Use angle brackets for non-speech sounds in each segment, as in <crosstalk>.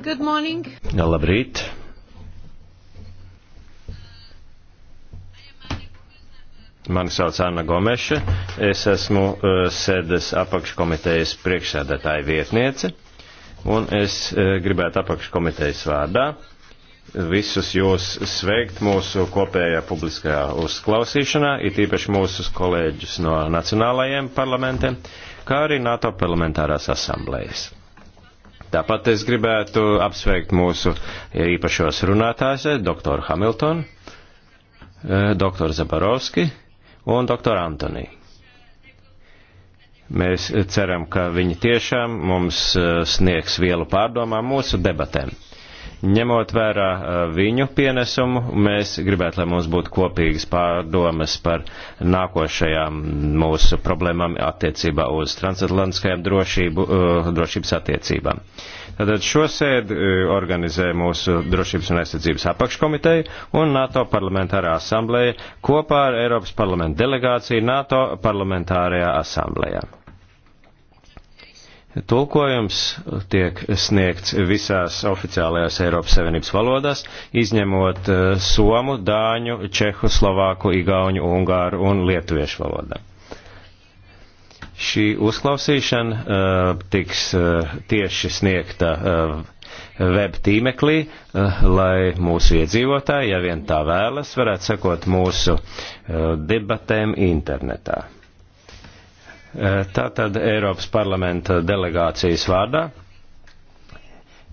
Good morning. Jā, labrīt. Mani sauc Anna Gomeša, es esmu uh, sēdes apakškomitejas priekšsēdētāja vietniece, un es uh, gribētu apakškomitejas vārdā visus jūs sveikt mūsu kopējā publiskajā uzklausīšanā, it īpaši mūsus kolēģus no nacionālajiem parlamentiem, kā arī NATO parlamentārās asamblējas. Tāpat es gribētu apsveikt mūsu īpašos runātājs, doktoru Hamiltonu, eh, doktoru Zabarovski un doktoru Antoniju. Mēs ceram, ka viņi tiešām mums eh, sniegs vielu pārdomām mūsu debatēm. Ņemot vērā viņu pienesumu, mēs gribētu, lai mums būtu kopīgas pārdomas par nākošajām mūsu problēmām attiecībā uz transatlantiskajām drošību, drošības attiecībām. Tātad šo sēdi organizē mūsu Drošības un aizsardzības apakškomiteja un NATO parlamentārā asamblēja kopā ar Eiropas parlamenta delegāciju NATO parlamentārajā asamblējā. Tulkojums tiek sniegts visās oficiālajās Eiropas Savienības valodās, izņemot eh, somu, dāņu, čehu, slovāku, igauņu, ungāru un lietuviešu valodā. Šī uzklausīšana uh, tiks uh, tieši sniegta uh, web tīmeklī, lai mūsu iedzīvotāji, ja vien tā vēlas, varētu sekot mūsu debatēm internetā. Eh, tātad Eiropas parlamenta delegācijas vārdā.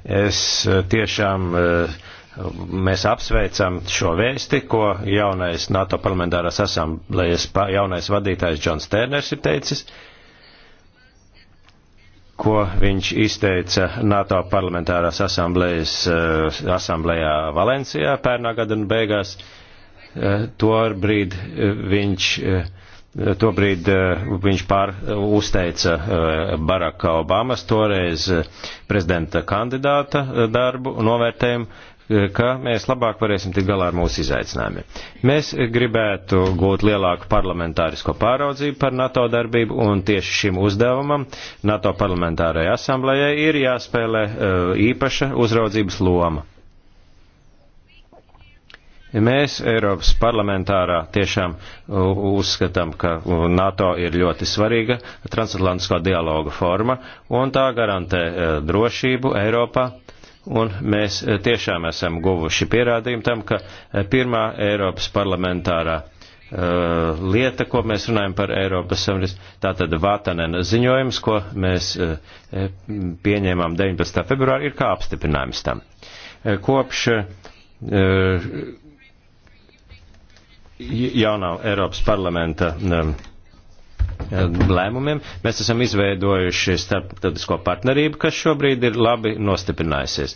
Es eh, tiešām eh, mēs apsveicam šo vēsti, ko jaunais NATO parlamentārās asamblējas jaunais vadītājs Džons Tērners ir teicis, ko viņš izteica NATO parlamentārās asamblējas asamblējā Valencijā pērnā gada beigās. Tobrīd viņš Tobrīd eh, viņš pār eh, uzteica eh, Baraka Obamas toreiz prezidenta kandidāta darbu novērtējumu, ka mēs labāk varēsim tikt galā ar mūsu izaicinājumiem. Mēs gribētu gūt lielāku parlamentārisko pāraudzību par NATO darbību, un tieši šim uzdevumam NATO parlamentārajai asamblējai ir jāspēlē īpaša uzraudzības loma. Mēs Eiropas parlamentārā tiešām uzskatām, ka NATO ir ļoti svarīga transatlantiskā dialoga forma un tā garantē e, drošību Eiropā. Un mēs e, tiešām esam guvuši pierādījumu tam, ka e, pirmā Eiropas parlamentārā lieta, ko mēs runājam par Eiropas Savienības, tātad Vātanena ziņojums, ko mēs pieņēmām 19. februāri, ir kā apstiprinājums tam. Kopš jaunā Eiropas parlamenta um, um, lēmumiem. Mēs esam izveidojuši starptautisko partnerību, kas šobrīd ir labi nostiprinājusies.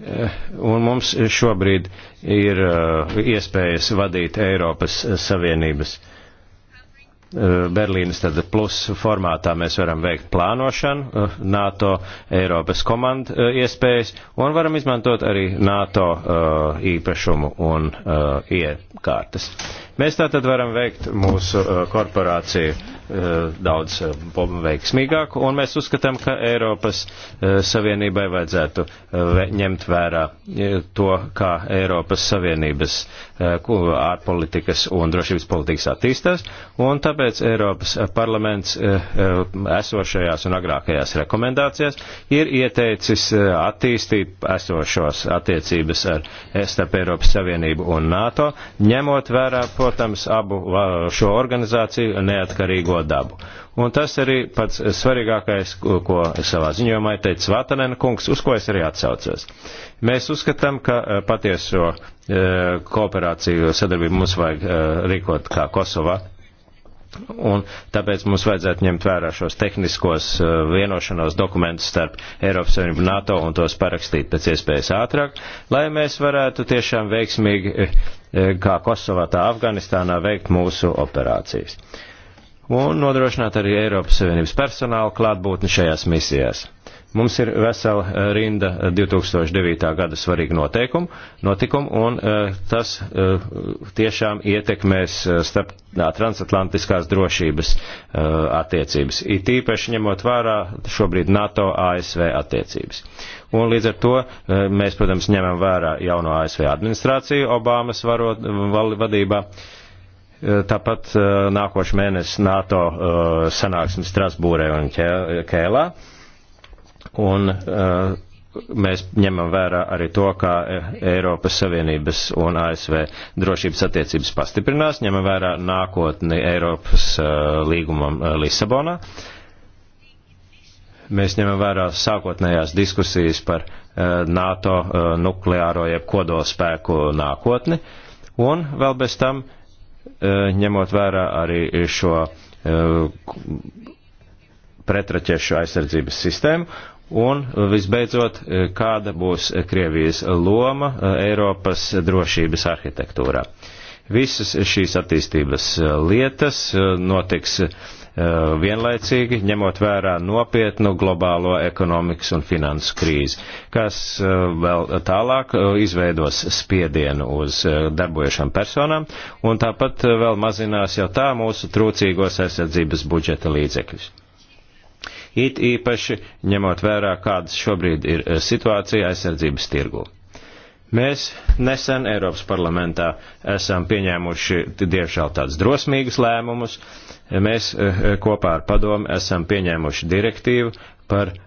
Eh, un mums šobrīd ir eh, iespējas vadīt Eiropas Savienības uh, Eh, Berlīnas tad plus formātā mēs varam veikt plānošanu, eh, NATO Eiropas komandu eh, iespējas un varam izmantot arī NATO īpašumu un iekārtas. Mēs tātad varam veikt mūsu uh, korporāciju uh, daudz uh, veiksmīgāku, un mēs uzskatām, ka Eiropas Savienībai vajadzētu ņemt vērā to, kā Eiropas Savienības ārpolitikas un drošības politikas attīstās, un tāpēc Eiropas parlaments esošajās un agrākajās rekomendācijās ir ieteicis attīstīt esošos attiecības ar starp Eiropas Savienību un NATO, ņemot vērā po protams, abu šo organizāciju neatkarīgo dabu. Un tas arī pats svarīgākais, ko savā ziņojumā teica Vatanena kungs, uz ko es arī atsaucos. Mēs uzskatām, ka e, patieso e, kooperāciju sadarbību mums vajag e, rīkot kā Kosovā Un tāpēc mums vajadzētu ņemt vērā šos tehniskos eh, vienošanos dokumentus starp Eiropas Savienību un NATO un tos parakstīt pēc iespējas ātrāk, lai mēs varētu tiešām veiksmīgi, eh, eh, kā Kosovā, tā Afganistānā, veikt mūsu operācijas. Un nodrošināt arī Eiropas Savienības personālu klātbūtni šajās misijās. Mums ir vesela eh, rinda 2009. Eh, gada svarīga noteikuma, notikuma, un eh, tas tiešām ietekmēs starp transatlantiskās drošības attiecības, it īpaši ņemot vērā šobrīd NATO-ASV attiecības. Un līdz ar to mēs, protams, ņemam vērā jauno ASV administrāciju Obamas varot, val, vadībā. Tāpat nākošais mēnesis NATO sanāksim Strasbūrē un Kēlā. Kēlā un uh, mēs ņemam vērā arī to, kā eh, Eiropas Savienības un ASV drošības attiecības pastiprinās, ņemam vērā nākotni Eiropas uh, līgumam uh, Lisabonā. Mēs ņemam vērā sākotnējās diskusijas par uh, NATO uh, nukleāro jeb kodolspēku nākotni un vēl bez tam uh, ņemot vērā arī šo uh, pretraķešu aizsardzības sistēmu Un eh, visbeidzot, eh, kāda būs eh, Krievijas loma Eiropas drošības arhitektūrā. Visas šīs attīstības lietas notiks vienlaicīgi, ņemot vērā nopietnu globālo ekonomikas un finanses krīzi, kas vēl tālāk izveidos spiedienu uz darbojušām personām un tāpat vēl mazinās jau tā mūsu trūcīgos aizsardzības budžeta līdzekļus it īpaši ņemot vērā, kādas šobrīd ir eh, situācija aizsardzības tirgu. Mēs nesen Eiropas parlamentā esam pieņēmuši, diemžēl, tādus drosmīgus lēmumus. Mēs eh, kopā ar padomu esam pieņēmuši direktīvu par eh,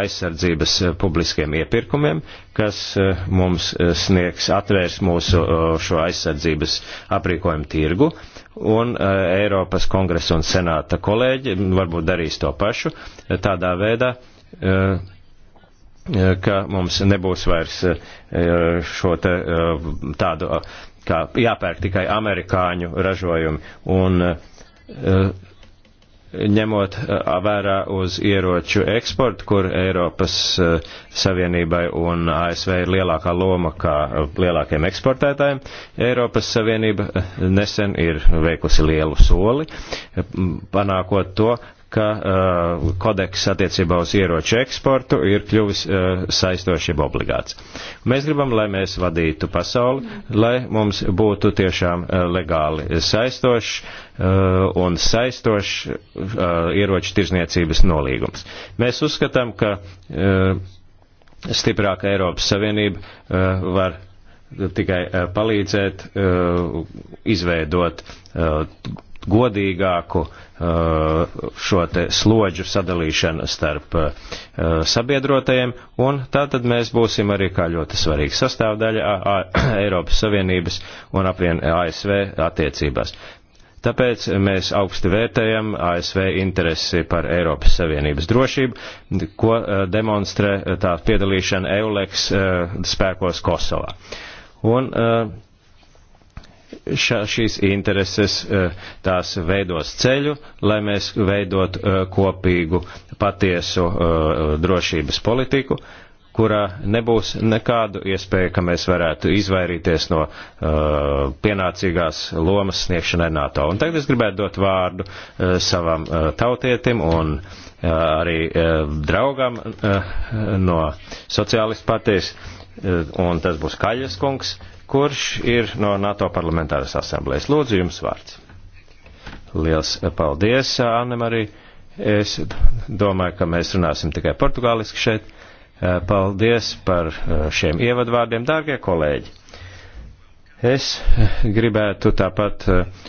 aizsardzības publiskiem iepirkumiem, kas mums sniegs atvērs mūsu šo aizsardzības aprīkojumu tirgu un uh, Eiropas kongresa un senāta kolēģi varbūt darīs to pašu e, tādā veidā, uh, ka mums nebūs vairs uh, šo te, uh, tādu, kā jāpērk tikai amerikāņu ražojumi. Un, uh, ņemot eh, vērā uz ieroču eksportu, kur Eiropas eh, Savienībai un ASV ir lielākā loma kā eh, lielākiem eksportētājiem, Eiropas Savienība nesen ir veikusi lielu soli, panākot to, ka uh, kodeks attiecībā uz ieroču eksportu ir kļuvis uh, saistoši obligāts. Mēs gribam, lai mēs vadītu pasauli, lai mums būtu tiešām uh, legāli saistošs uh, un saistošs uh, ieroču tirzniecības nolīgums. Mēs uzskatām, ka uh, stiprāka Eiropas Savienība uh, var tikai uh, palīdzēt uh, izveidot uh, godīgāku uh, šo te slodžu sadalīšanu starp uh, sabiedrotajiem, un tātad mēs būsim arī kā ļoti svarīga sastāvdaļa <clears throat> Eiropas Savienības un apvien ASV attiecībās. Tāpēc mēs augsti vērtējam ASV interesi par Eiropas Savienības drošību, ko uh, demonstrē tā piedalīšana EULEX spēkos Kosovā. Un uh, šā, šīs intereses e, tās veidos ceļu, lai mēs veidot e, kopīgu patiesu e, drošības politiku, kurā nebūs nekādu iespēju, ka mēs varētu izvairīties no pienācīgās lomas sniegšanai NATO. Un tagad es gribētu dot vārdu savam tautietim un arī draugam no sociālistu partijas, un tas būs Kaļas kungs kurš ir no NATO parlamentāras asamblējas. Lūdzu, jums vārds. Liels paldies, Anne Marija. Es domāju, ka mēs runāsim tikai portugāliski šeit. Paldies par šiem ievadvārdiem, dārgie kolēģi. Es gribētu tāpat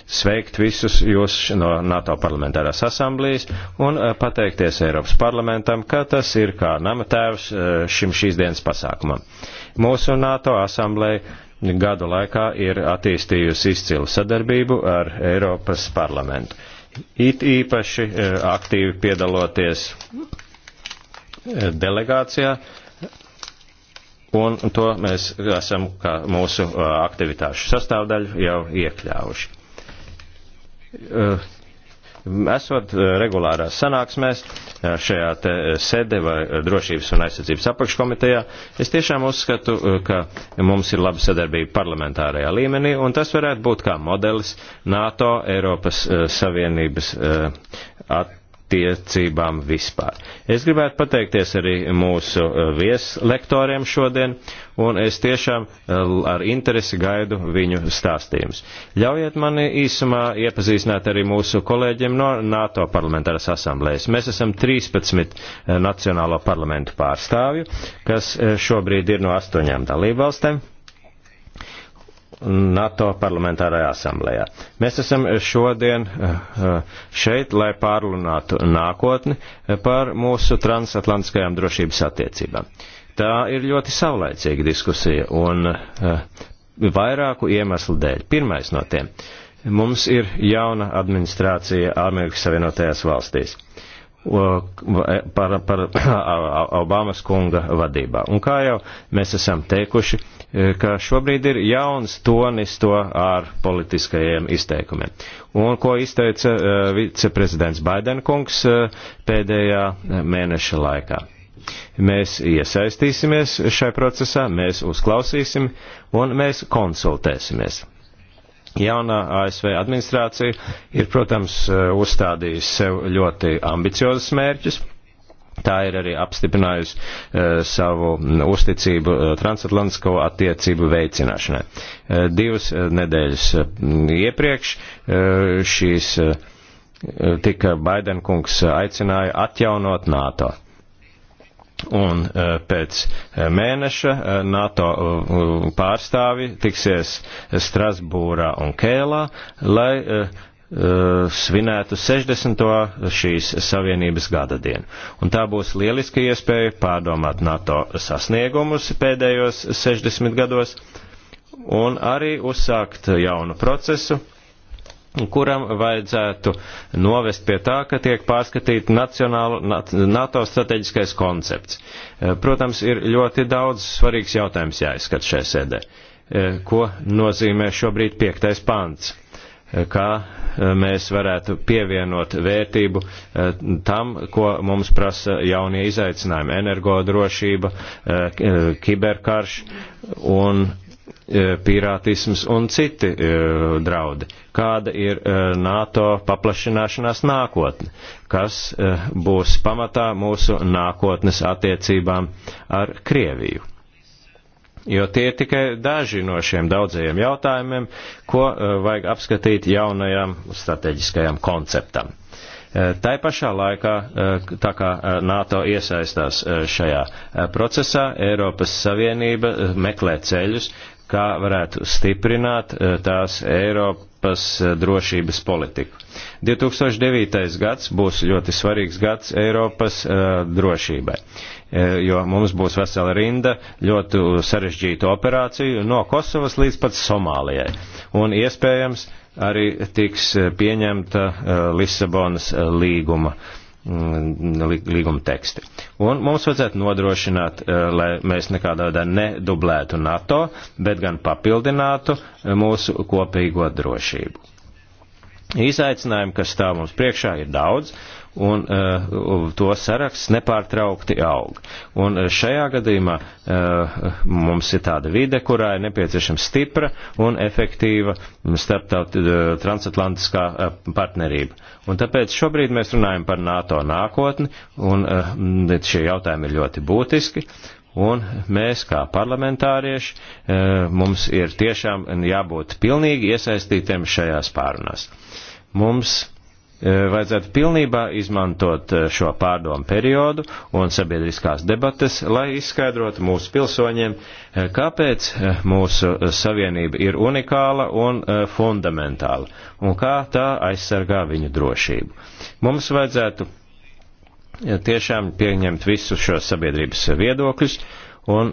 sveikt visus jūs no NATO parlamentārās asamblējas un pateikties Eiropas parlamentam, ka tas ir kā namatēvs šim šīs dienas pasākumam. Mūsu NATO asamblēja gadu laikā ir attīstījusi izcilu sadarbību ar Eiropas parlamentu. It īpaši eh, aktīvi piedaloties eh, delegācijā, un to mēs esam kā mūsu eh, aktivitāšu sastāvdaļu jau iekļāvuši Esot eh, regulārās sanāksmēs eh, šajā te eh, sede vai drošības un aizsardzības apakškomitejā, es tiešām uzskatu, ka mums ir laba sadarbība parlamentārajā līmenī, un tas varētu būt kā modelis NATO Eiropas Savienības at attiecībām vispār. Es gribētu pateikties arī mūsu eh, vieslektoriem šodien, un es tiešām eh, ar interesi gaidu viņu stāstījumus. Ļaujiet man īsumā iepazīstināt arī mūsu kolēģiem no NATO parlamentāras asamblējas. Mēs esam 13 eh, nacionālo parlamentu pārstāvju, kas šobrīd ir no astoņām dalībvalstēm. NATO parlamentārajā asamblējā. Mēs esam šodien eh, eh, šeit, lai pārlunātu nākotni eh, par mūsu transatlantiskajām drošības attiecībām. Tā ir ļoti saulaicīga diskusija un vairāku iemeslu dēļ. Pirmais no tiem. Mums ir jauna administrācija Amerikas Savienotajās valstīs par, par <clears throat> Obamas kunga vadībā. Un kā jau mēs esam teikuši, ka šobrīd ir jauns tonis to ar politiskajiem izteikumiem. Un ko izteica eh, viceprezidents Baidenkungs eh, pēdējā eh, mēneša laikā. Mēs iesaistīsimies šai procesā, mēs uzklausīsim un mēs konsultēsimies. Jaunā ASV administrācija ir, protams, uzstādījusi sev ļoti ambiciozus mērķus Tā ir arī apstiprinājusi e, savu uzticību e, transatlantisko attiecību veicināšanai. E, divas e, nedēļas e, iepriekš e, šīs e, tika Baidenkungs aicināja atjaunot NATO. Un pēc mēneša NATO pārstāvi tiksies Strasbūrā un Kēlā, lai Uh, svinētu 60. šīs savienības gada dienu. Un tā būs lieliska iespēja pārdomāt NATO sasniegumus pēdējos 60 gados un arī uzsākt jaunu procesu, kuram vajadzētu novest pie tā, ka tiek pārskatīt nacionālu, NATO strateģiskais koncepts. Uh, protams, ir ļoti daudz svarīgs jautājums jāizskat šai sēdē. Uh, ko nozīmē šobrīd piektais pants? kā eh, mēs varētu pievienot vērtību eh, tam, ko mums prasa jaunie izaicinājumi - energodrošība, eh, kiberkarš un pirātisms un citi draudi. Kāda ir NATO paplašināšanās nākotne? Kas būs pamatā mūsu nākotnes attiecībām ar Krieviju? jo tie ir tikai daži no šiem daudzajiem jautājumiem, ko eh, vajag apskatīt jaunajam strateģiskajam konceptam. Eh, tā pašā laikā, eh, tā kā NATO iesaistās šajā procesā, Eiropas Savienība meklē ceļus, kā varētu stiprināt tās Eiropas drošības politiku. 2009. gads būs ļoti svarīgs gads Eiropas drošībai. E, jo mums būs vesela rinda ļoti sarežģītu operāciju no Kosovas līdz pat Somālijai. Un iespējams arī tiks pieņemta e, Lisabonas e, līguma mm, līguma teksti. Un mums vajadzētu nodrošināt, lai mēs nekādā veidā nedublētu NATO, bet gan papildinātu mūsu kopīgo drošību. Izaicinājumi, kas stāv mums priekšā, ir daudz. Uh, un uh, to saraksts nepārtraukti aug. Un uh, šajā gadījumā uh, mums ir tāda vide, kurā ir nepieciešama stipra un efektīva starptaut uh, transatlantiskā uh, partnerība. Un tāpēc šobrīd mēs runājam par NATO nākotni, un uh, šie jautājumi ir ļoti būtiski. Un mēs, kā parlamentārieši, uh, mums ir tiešām jābūt pilnīgi iesaistītiem šajās pārunās. Mums Eh, vajadzētu pilnībā izmantot eh, šo pārdomu periodu un sabiedriskās debates, lai izskaidrotu mūsu pilsoņiem, eh, kāpēc mūsu savienība ir unikāla un fundamentāla un kā tā aizsargā viņu drošību. Mums vajadzētu tiešām pieņemt visus šos sabiedrības viedokļus un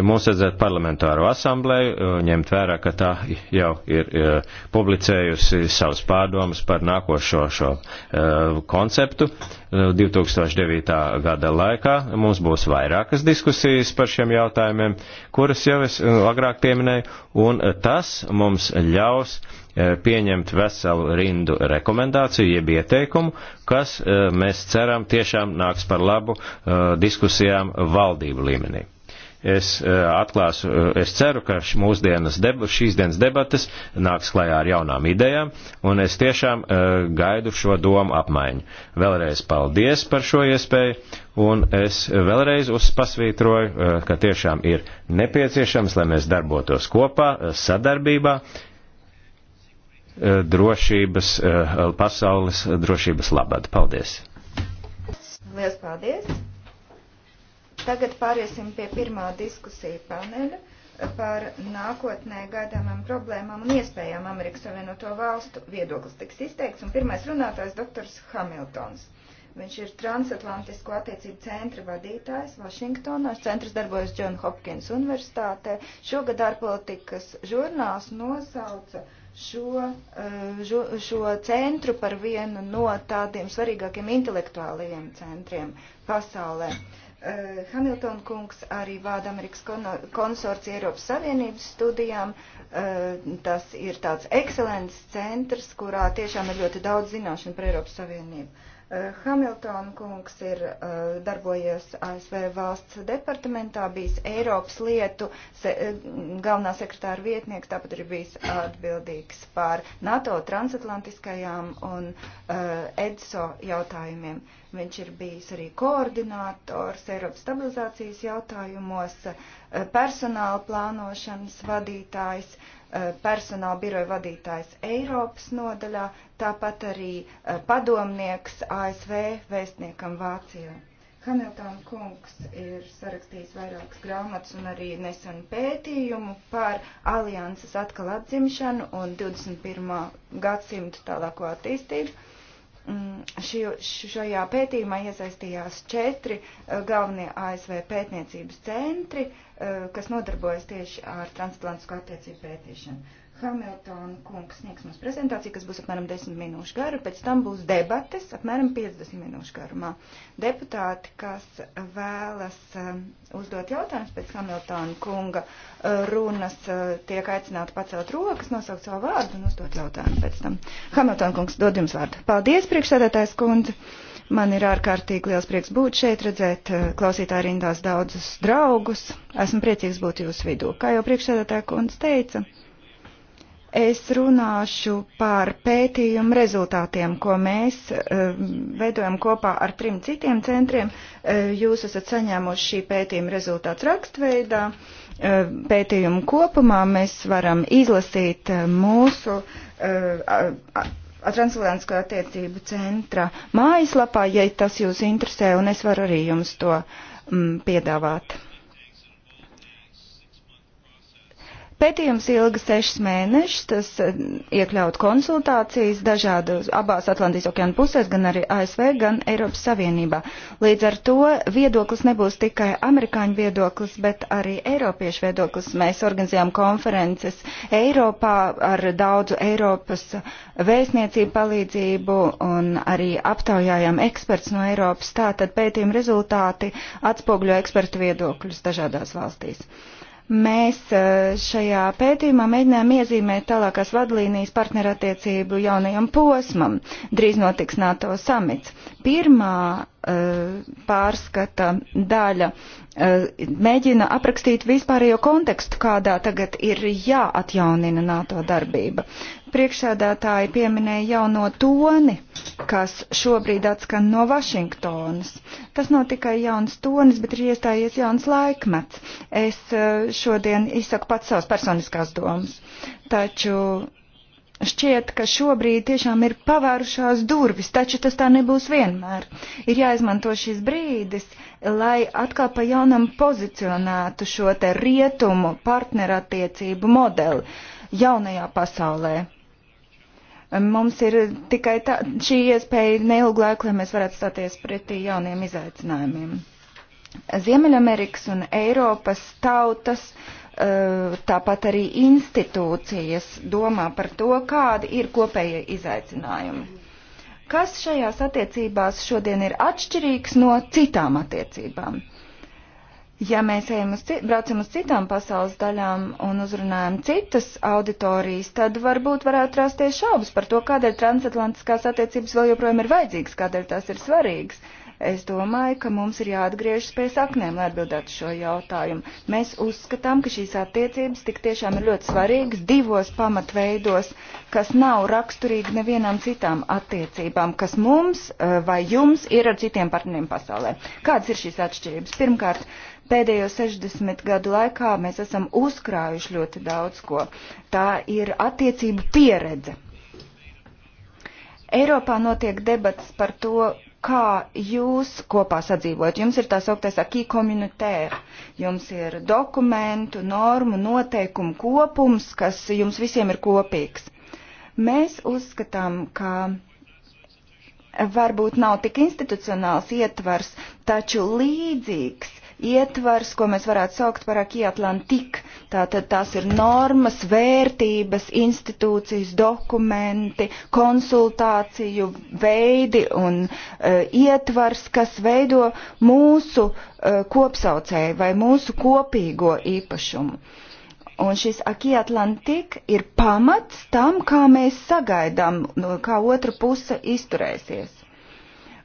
mums vajadzētu parlamentāro asamblēju e, ņemt vērā, ka tā jau ir e, publicējusi savus pārdomas par nākošo šo e, konceptu. 2009. gada laikā mums būs vairākas diskusijas par šiem jautājumiem, kuras jau es agrāk pieminēju, un tas mums ļaus pieņemt veselu rindu rekomendāciju, jeb ieteikumu, kas, mēs ceram, tiešām nāks par labu diskusijām valdību līmenī. Es eh, atklāšu, eh, es ceru, ka mūsdienas deba, šīs dienas debatas nāks klajā ar jaunām idejām, un es tiešām eh, gaidu šo domu apmaiņu. Vēlreiz paldies par šo iespēju, un es vēlreiz uzpasvītroju, ka tiešām ir nepieciešams, lai mēs darbotos kopā, sadarbībā, drošības, pasaules drošības labad. Paldies! Lielas paldies! Tagad pāriesim pie pirmā diskusija paneļa par nākotnē gaidāmām problēmām un iespējām Amerikas Savienoto valstu viedoklis tiks izteikts. Un pirmais runātājs doktors Hamiltons. Viņš ir transatlantisko attiecību centra vadītājs Vašingtonā. Centrs darbojas John Hopkins universitātē. Šogad ārpolitikas žurnāls nosauca šo, šo, eh, šo centru par vienu no tādiem svarīgākiem intelektuālajiem centriem pasaulē. Uh, Eh, Hamiltona kungs arī vāda Amerikas konsorcija Eiropas Savienības studijām. Eh, tas ir tāds ekscelents centrs, kurā tiešām ir ļoti daudz zināšanu par Eiropas Savienību. Eh, Hamiltona kungs ir uh, darbojies ASV valsts departamentā, bijis Eiropas lietu se, eh, galvenā sekretāra vietnieks, tāpat ir bijis atbildīgs par NATO transatlantiskajām un uh, EDSO jautājumiem. Viņš ir bijis arī koordinators Eiropas stabilizācijas jautājumos, uh, personāla plānošanas vadītājs. Uh, Eh, personāla biroja vadītājs Eiropas nodaļā, tāpat arī eh, padomnieks ASV vēstniekam Vācijā. Hamilton kungs ir sarakstījis vairākas grāmatas un arī nesenu pētījumu par alianses atkal atzimšanu un 21. gadsimtu tālāko attīstību. Mm, šajā pētījumā iesaistījās četri eh, galvenie ASV pētniecības centri, eh, kas nodarbojas tieši ar transatlantisko attiecību pētīšanu. Hamiltona kungs sniegs mums prezentāciju, kas būs apmēram 10 minūšu garu, pēc tam būs debates apmēram 50 minūšu garumā. Deputāti, kas vēlas um, uzdot jautājumus pēc Hamiltona kunga uh, runas, uh, tiek aicināti pacelt rokas, nosaukt savu vārdu un uzdot jautājumu pēc tam. Hamiltona kungs, dod jums vārdu. Paldies, priekšsēdētājs kundze. Man ir ārkārtīgi liels prieks būt šeit, redzēt uh, klausītāju rindās daudzus draugus. Esmu priecīgs būt jūsu vidū. Kā jau priekšsēdētāja kundze teica, Es runāšu par pētījumu rezultātiem, ko mēs uh, veidojam kopā ar trim citiem centriem. Uh, jūs esat saņēmuši šī pētījuma rezultāts rakstveidā. Uh, pētījumu kopumā mēs varam izlasīt mūsu Translēnsko attiecību centra mājaslapā, ja tas jūs interesē, un es varu arī jums to mm, piedāvāt. Pētījums ilga sešas mēnešus, tas eh, iekļaut konsultācijas dažādos abās Atlantijas okeāna pusēs, gan arī ASV, gan Eiropas Savienībā. Līdz ar to viedoklis nebūs tikai amerikāņu viedoklis, bet arī eiropiešu viedoklis. Mēs organizējām konferences Eiropā ar daudzu Eiropas vēstniecību palīdzību un arī aptaujājām eksperts no Eiropas. Tātad pētījuma rezultāti atspogļo ekspertu viedokļus dažādās valstīs. Mēs eh, šajā pētījumā mēģinām iezīmēt tālākās vadlīnijas partnerattiecību jaunajam posmam. Drīz notiks NATO samits. Pirmā eh, pārskata daļa eh, mēģina aprakstīt vispārējo kontekstu, kādā tagad ir jāatjaunina NATO darbība. Priekšsēdētāji pieminēja jauno toni, kas šobrīd atskan no Vašingtonas. Tas nav tikai jauns tonis, bet ir iestājies jauns laikmets. Es eh, šodien izsaku pats savas personiskās domas. Taču Šķiet, ka šobrīd tiešām ir pavērušās durvis, taču tas tā nebūs vienmēr. Ir jāizmanto šis brīdis, lai atkal pa jaunam pozicionētu šo te rietumu partnerattiecību modeli jaunajā pasaulē. Mums ir tikai tā, šī iespēja neilgu laiku, lai mēs varētu stāties pretī jauniem izaicinājumiem. Ziemeļamerikas un Eiropas tautas, eh, tāpat arī institūcijas domā par to, kādi ir kopējie izaicinājumi. Kas šajās attiecībās šodien ir atšķirīgs no citām attiecībām? Ja mēs ejam uz, braucam uz citām pasaules daļām un uzrunājam citas auditorijas, tad varbūt varētu rasties šaubas par to, kādēļ transatlantiskās attiecības vēl joprojām ir vajadzīgas, kādēļ tās ir svarīgas. Es domāju, ka mums ir jāatgriežas pie saknēm, lai atbildētu šo jautājumu. Mēs uzskatām, ka šīs attiecības tik tiešām ir ļoti svarīgas divos pamatveidos, kas nav raksturīgi nevienām citām attiecībām, kas mums eh, vai jums ir ar citiem partneriem pasaulē. Kādas ir šīs atšķirības? Pirmkārt, Pēdējo 60 gadu laikā mēs esam uzkrājuši ļoti daudz ko. Tā ir attiecību pieredze. Eiropā notiek debats par to, kā jūs kopā sadzīvot. Jums ir tā sauktais akī komunitēra. Jums ir dokumentu, normu, noteikumu kopums, kas jums visiem ir kopīgs. Mēs uzskatām, ka varbūt nav tik institucionāls ietvars, taču līdzīgs ietvars, ko mēs varētu saukt par Aki Atlantika. Tātad tās ir normas, vērtības, institūcijas, dokumenti, konsultāciju veidi un uh, ietvars, kas veido mūsu uh, kopsaucēju vai mūsu kopīgo īpašumu. Un šis Aki Atlantika ir pamats tam, kā mēs sagaidām, kā otra puse izturēsies.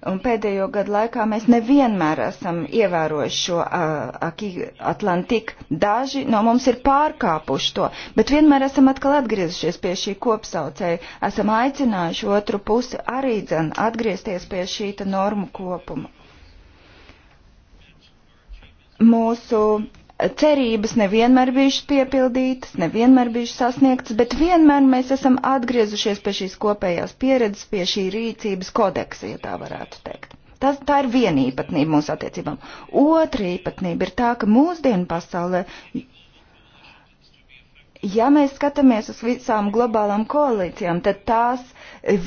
Un pēdējo gadu laikā mēs nevienmēr esam ievērojuši šo uh, Atlantiku. Daži no mums ir pārkāpuši to, bet vienmēr esam atkal atgriezušies pie šī kopsaucēja. Esam aicinājuši otru pusi arī dzen atgriezties pie šīta normu kopuma. Mūsu cerības nevienmēr bijušas piepildītas, nevienmēr bijušas sasniegtas, bet vienmēr mēs esam atgriezušies pie šīs kopējās pieredzes, pie šī rīcības kodeksa, ja tā varētu teikt. Tas, tā ir viena īpatnība mūsu attiecībām. Otra īpatnība ir tā, ka mūsdienu pasaulē Ja mēs skatāmies uz visām globālām koalīcijām, tad tās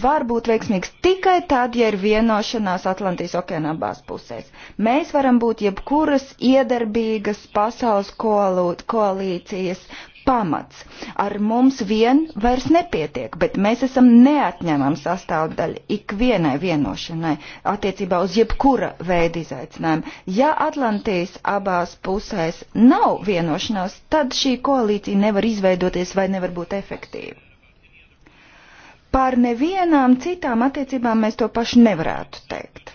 var būt veiksmīgas tikai tad, ja ir vienošanās Atlantijas okeāna abās pusēs. Mēs varam būt jebkuras iedarbīgas pasaules koalīcijas pamats. Ar mums vien vairs nepietiek, bet mēs esam neatņemama sastāvdaļa ikvienai vienošanai attiecībā uz jebkura veida izaicinājumu. Ja Atlantijas abās pusēs nav vienošanās, tad šī koalīcija nevar izveidoties vai nevar būt efektīva. Par nevienām citām attiecībām mēs to pašu nevarētu teikt.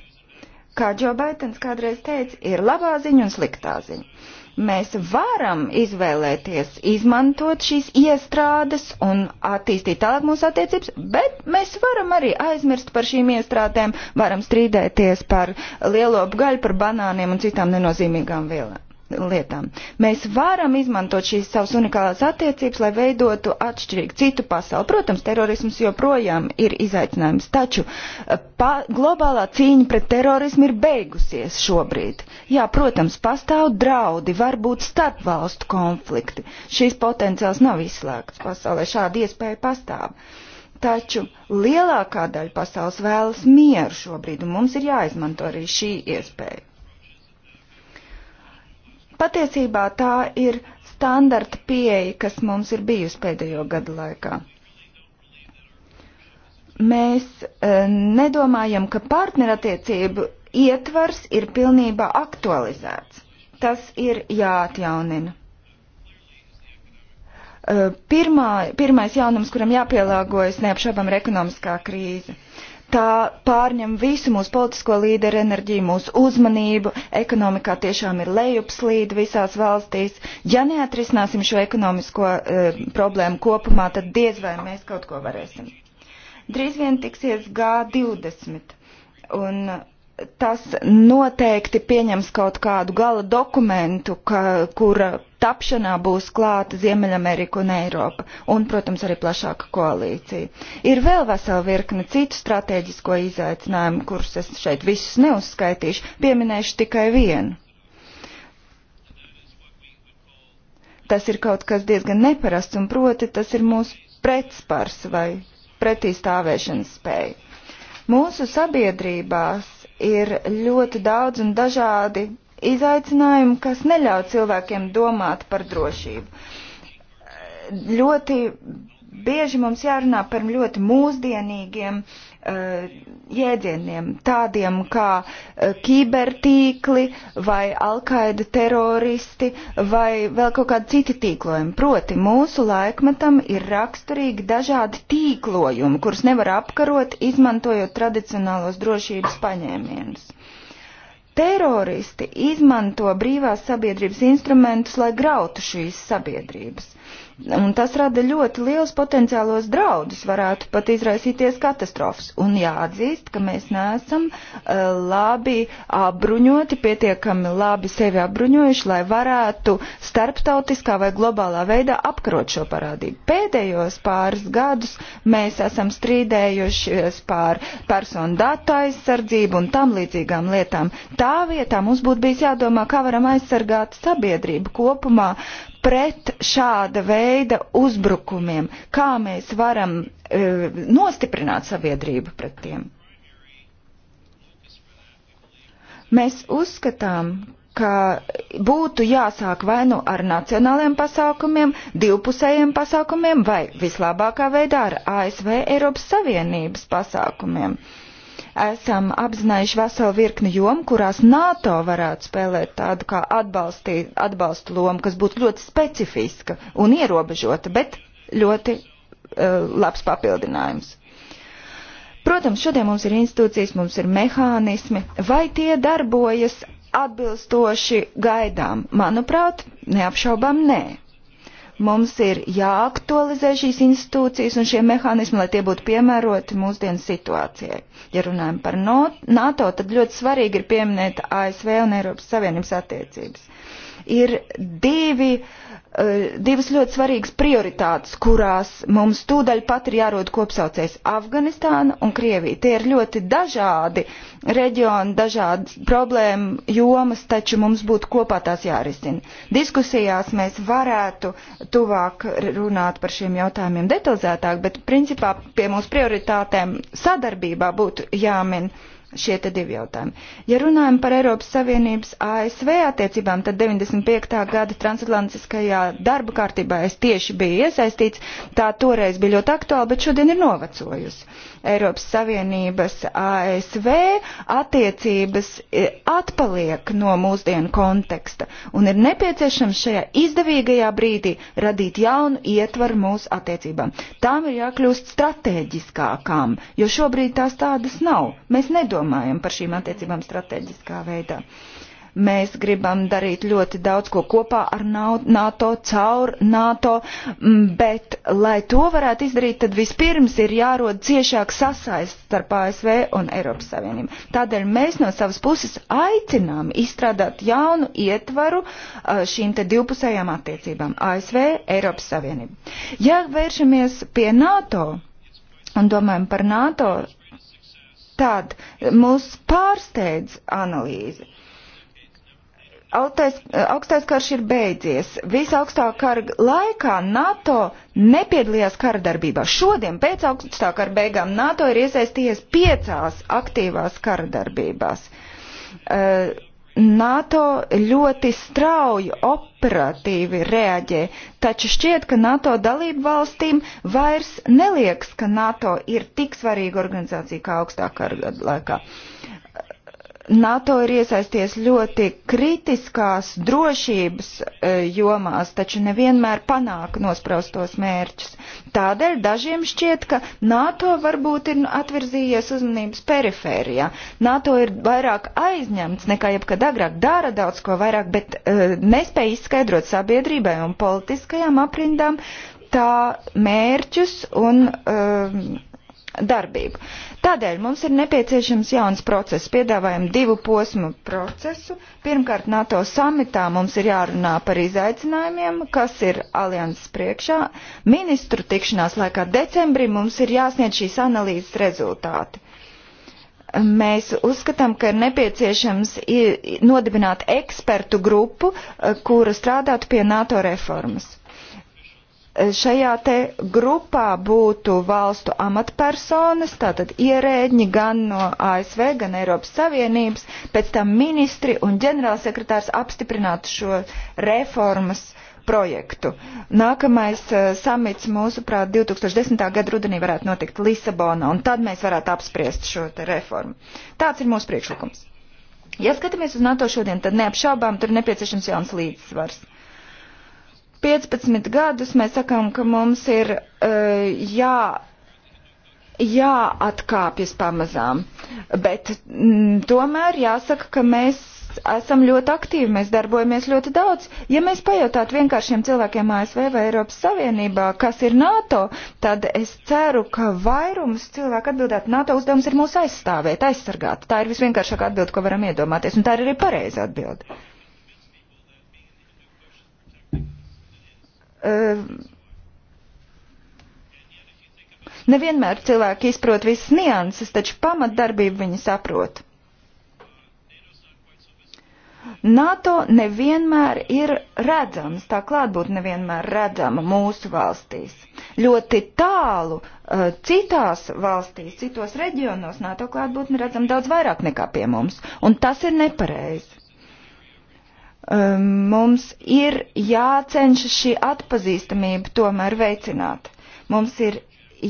Kā Džo Baitens kādreiz teica, ir labā ziņa un sliktā ziņa Mēs varam izvēlēties, izmantot šīs iestrādes un attīstīt tālāk mūsu attiecības, bet mēs varam arī aizmirst par šīm iestrādēm, varam strīdēties par lielo gaļu, par banāniem un citām nenozīmīgām vielām lietām. Mēs varam izmantot šīs savas unikālās attiecības, lai veidotu atšķirīgu citu pasauli. Protams, terorisms joprojām ir izaicinājums, taču eh, pa, globālā cīņa pret terorismu ir beigusies šobrīd. Jā, protams, pastāv draudi, var būt starpvalstu konflikti. Šīs potenciāls nav izslēgts pasaulē, šāda iespēja pastāv. Taču lielākā daļa pasaules vēlas mieru šobrīd, un mums ir jāizmanto arī šī iespēja. Patiesībā tā ir standarta pieeja, kas mums ir bijusi pēdējo gadu laikā mēs e, nedomājam, ka partnerattiecību ietvars ir pilnībā aktualizēts. Tas ir jāatjaunina. E, pirmā, pirmais jaunums, kuram jāpielāgojas, neapšaubām ir ekonomiskā krīze tā pārņem visu mūsu politisko līderu enerģiju, mūsu uzmanību, ekonomikā tiešām ir lejupslīde visās valstīs. Ja neatrisināsim šo ekonomisko e, problēmu kopumā, tad diez vai mēs kaut ko varēsim. Drīz vien tiksies G20 un tas noteikti pieņems kaut kādu gala dokumentu, ka, kura tapšanā būs klāta Ziemeļamerika un Eiropa, un, protams, arī plašāka koalīcija. Ir vēl vesela virkne citu strateģisko izaicinājumu, kurus es šeit visus neuzskaitīšu, pieminēšu tikai vienu. Tas ir kaut kas diezgan neparasts, un proti tas ir mūsu pretspars vai pretī stāvēšanas spēja. Mūsu sabiedrībās ir ļoti daudz un dažādi izaicinājumi, kas neļauj cilvēkiem domāt par drošību. Ļoti bieži mums jārunā par ļoti mūsdienīgiem uh, Eh, jēdzieniem, tādiem kā eh, kibertīkli vai alkaida teroristi vai vēl kaut kādi citi tīklojumi. Proti, mūsu laikmetam ir raksturīgi dažādi tīklojumi, kurus nevar apkarot, izmantojot tradicionālos drošības paņēmienus. Teroristi izmanto brīvās sabiedrības instrumentus, lai grautu šīs sabiedrības. Un tas rada ļoti liels potenciālos draudus, varētu pat izraisīties katastrofas. Un jāatzīst, ka mēs neesam uh, labi apbruņoti, pietiekami labi sevi apbruņojuši, lai varētu starptautiskā vai globālā veidā apkarot šo parādību. Pēdējos pāris gadus mēs esam strīdējušies pār personu datu aizsardzību un tam līdzīgām lietām. Tā vietā mums būtu bijis jādomā, kā varam aizsargāt sabiedrību kopumā pret šāda veida uzbrukumiem, kā mēs varam e, nostiprināt sabiedrību pret tiem. Mēs uzskatām, ka būtu jāsāk vai nu ar nacionāliem pasākumiem, divpusējiem pasākumiem vai vislabākā veidā ar ASV Eiropas Savienības pasākumiem. Uh, esam apzinājuši veselu virkni jomu, kurās NATO varētu spēlēt tādu kā atbalstī, atbalstu lomu, kas būtu ļoti specifiska un ierobežota, bet ļoti uh, labs papildinājums. Protams, šodien mums ir institūcijas, mums ir mehānismi, vai tie darbojas atbilstoši gaidām? Manuprāt, neapšaubām nē. Mums ir jāaktualizē šīs institūcijas un šie mehānismi, lai tie būtu piemēroti mūsdienu situācijai. Ja runājam par no, NATO, tad ļoti svarīgi ir pieminēt ASV un Eiropas Savienības attiecības. Ir divi uh, Eh, divas ļoti svarīgas prioritātes, kurās mums tūdaļ pat ir jārod kopsaucējs - Afganistāna un Krievija. Tie ir ļoti dažādi reģioni, dažādas problēma jomas, taču mums būtu kopā tās jārisina. Diskusijās mēs varētu tuvāk runāt par šiem jautājumiem detalizētāk, bet principā pie mūsu prioritātēm sadarbībā būtu jāmin. Uh, šie te divi jautājumi. Ja runājam par Eiropas Savienības ASV attiecībām, tad 95. gada transatlantiskajā darba kārtībā es tieši biju iesaistīts, tā toreiz bija ļoti aktuāla, bet šodien ir novecojusi. Eiropas Savienības ASV attiecības e, atpaliek no mūsdienu konteksta un ir nepieciešams šajā izdevīgajā brīdī radīt jaunu ietvaru mūsu attiecībām. Tām ir jākļūst strateģiskākām, jo šobrīd tās tādas nav. Mēs nedomājam domājam par šīm attiecībām strateģiskā veidā. Mēs gribam darīt ļoti daudz ko kopā ar NATO, caur NATO, mm, bet, lai to varētu izdarīt, tad vispirms ir jārod ciešāk sasaist starp ASV un Eiropas Savienību. Tādēļ mēs no savas puses aicinām izstrādāt jaunu ietvaru šīm te divpusējām attiecībām ASV, Eiropas Savienību. Ja vēršamies pie NATO, un domājam par NATO, Tad mūs pārsteidz analīze. Autais, augstais karš ir beidzies. Visaugstā kara laikā NATO nepiedalījās kara darbībā. Šodien pēc augstā kara beigām NATO ir iesaistījies piecās aktīvās kara darbībās. Uh, NATO ļoti strauji operatīvi reaģē, taču šķiet, ka NATO dalību valstīm vairs neliekas, ka NATO ir tik svarīga organizācija kā augstā kara laikā. NATO ir iesaisties ļoti kritiskās drošības eh, jomās, taču nevienmēr panāk nospraustos mērķus. Tādēļ dažiem šķiet, ka NATO varbūt ir atvirzījies uzmanības perifērijā. NATO ir vairāk aizņemts nekā jebkad agrāk, dara daudz ko vairāk, bet uh, nespēja izskaidrot sabiedrībai un politiskajām aprindām tā mērķus un uh, darbību. Tādēļ mums ir nepieciešams jauns process. Piedāvājam divu posmu procesu. Pirmkārt, NATO samitā mums ir jārunā par izaicinājumiem, kas ir alianses priekšā. Ministru tikšanās laikā decembrī mums ir jāsniedz šīs analīzes rezultāti mēs uzskatām, ka ir nepieciešams nodibināt ekspertu grupu, eh, kura strādātu pie NATO reformas šajā te grupā būtu valstu amatpersonas, tātad ierēģi gan no ASV, gan Eiropas Savienības, pēc tam ministri un ģenerālsekretārs apstiprinātu šo reformas projektu. Nākamais uh, samits, mūsuprāt, 2010. gada rudenī varētu notikt Lisabona, un tad mēs varētu apspriest šo te reformu. Tāds ir mūsu priekšlikums. Ja skatāmies uz NATO šodien, tad neapšaubām tur nepieciešams jauns līdzsvars. Uh, 15 gadus mēs sakām, ka mums ir uh, jā, jāatkāpjas pamazām, bet mm, tomēr jāsaka, ka mēs esam ļoti aktīvi, mēs darbojamies ļoti daudz. Ja mēs pajautātu vienkāršiem cilvēkiem ASV vai Eiropas Savienībā, kas ir NATO, tad es ceru, ka vairums cilvēku atbildētu, NATO uzdevums ir mūs aizstāvēt, aizsargāt. Tā ir visvienkāršākā atbilde, ko varam iedomāties, un tā ir arī pareiza atbilde. Eh, nevienmēr cilvēki izprot visas nianses, taču pamatdarbību viņi saprot. NATO nevienmēr ir redzams, tā klātbūtne nevienmēr redzama mūsu valstīs. Ļoti tālu eh, citās valstīs, citos reģionos NATO klātbūtne redzama daudz vairāk nekā pie mums, un tas ir nepareizi. Um, mums ir jācenšas šī atpazīstamība tomēr veicināt. Mums ir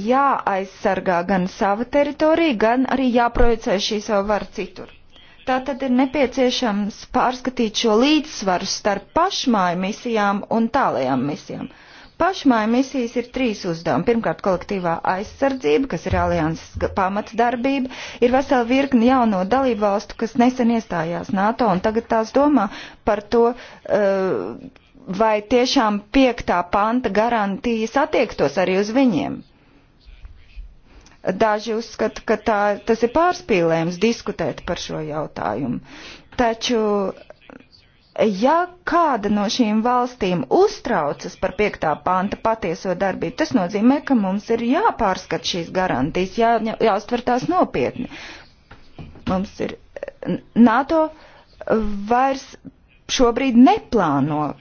jāaizsargā gan sava teritorija, gan arī jāprojicē šī savu varu citur. Tā tad ir nepieciešams pārskatīt šo līdzsvaru starp pašmāju misijām un tālajām misijām. Uh, Pašmai misijas ir trīs uzdevumi. Pirmkārt, kolektīvā aizsardzība, kas ir alianses pamatdarbība. Ir vesela virkni jauno dalību valstu, kas nesen iestājās NATO un tagad tās domā par to, eh, vai tiešām piektā panta garantijas attiektos arī uz viņiem. Daži uzskata, ka tā, tas ir pārspīlējums diskutēt par šo jautājumu. Taču uh, ja kāda no šīm valstīm uztraucas par 5. panta patieso darbību, tas nozīmē, ka mums ir jāpārskat šīs garantijas, jā, jāuztver tās nopietni. Mums ir NATO vairs šobrīd neplāno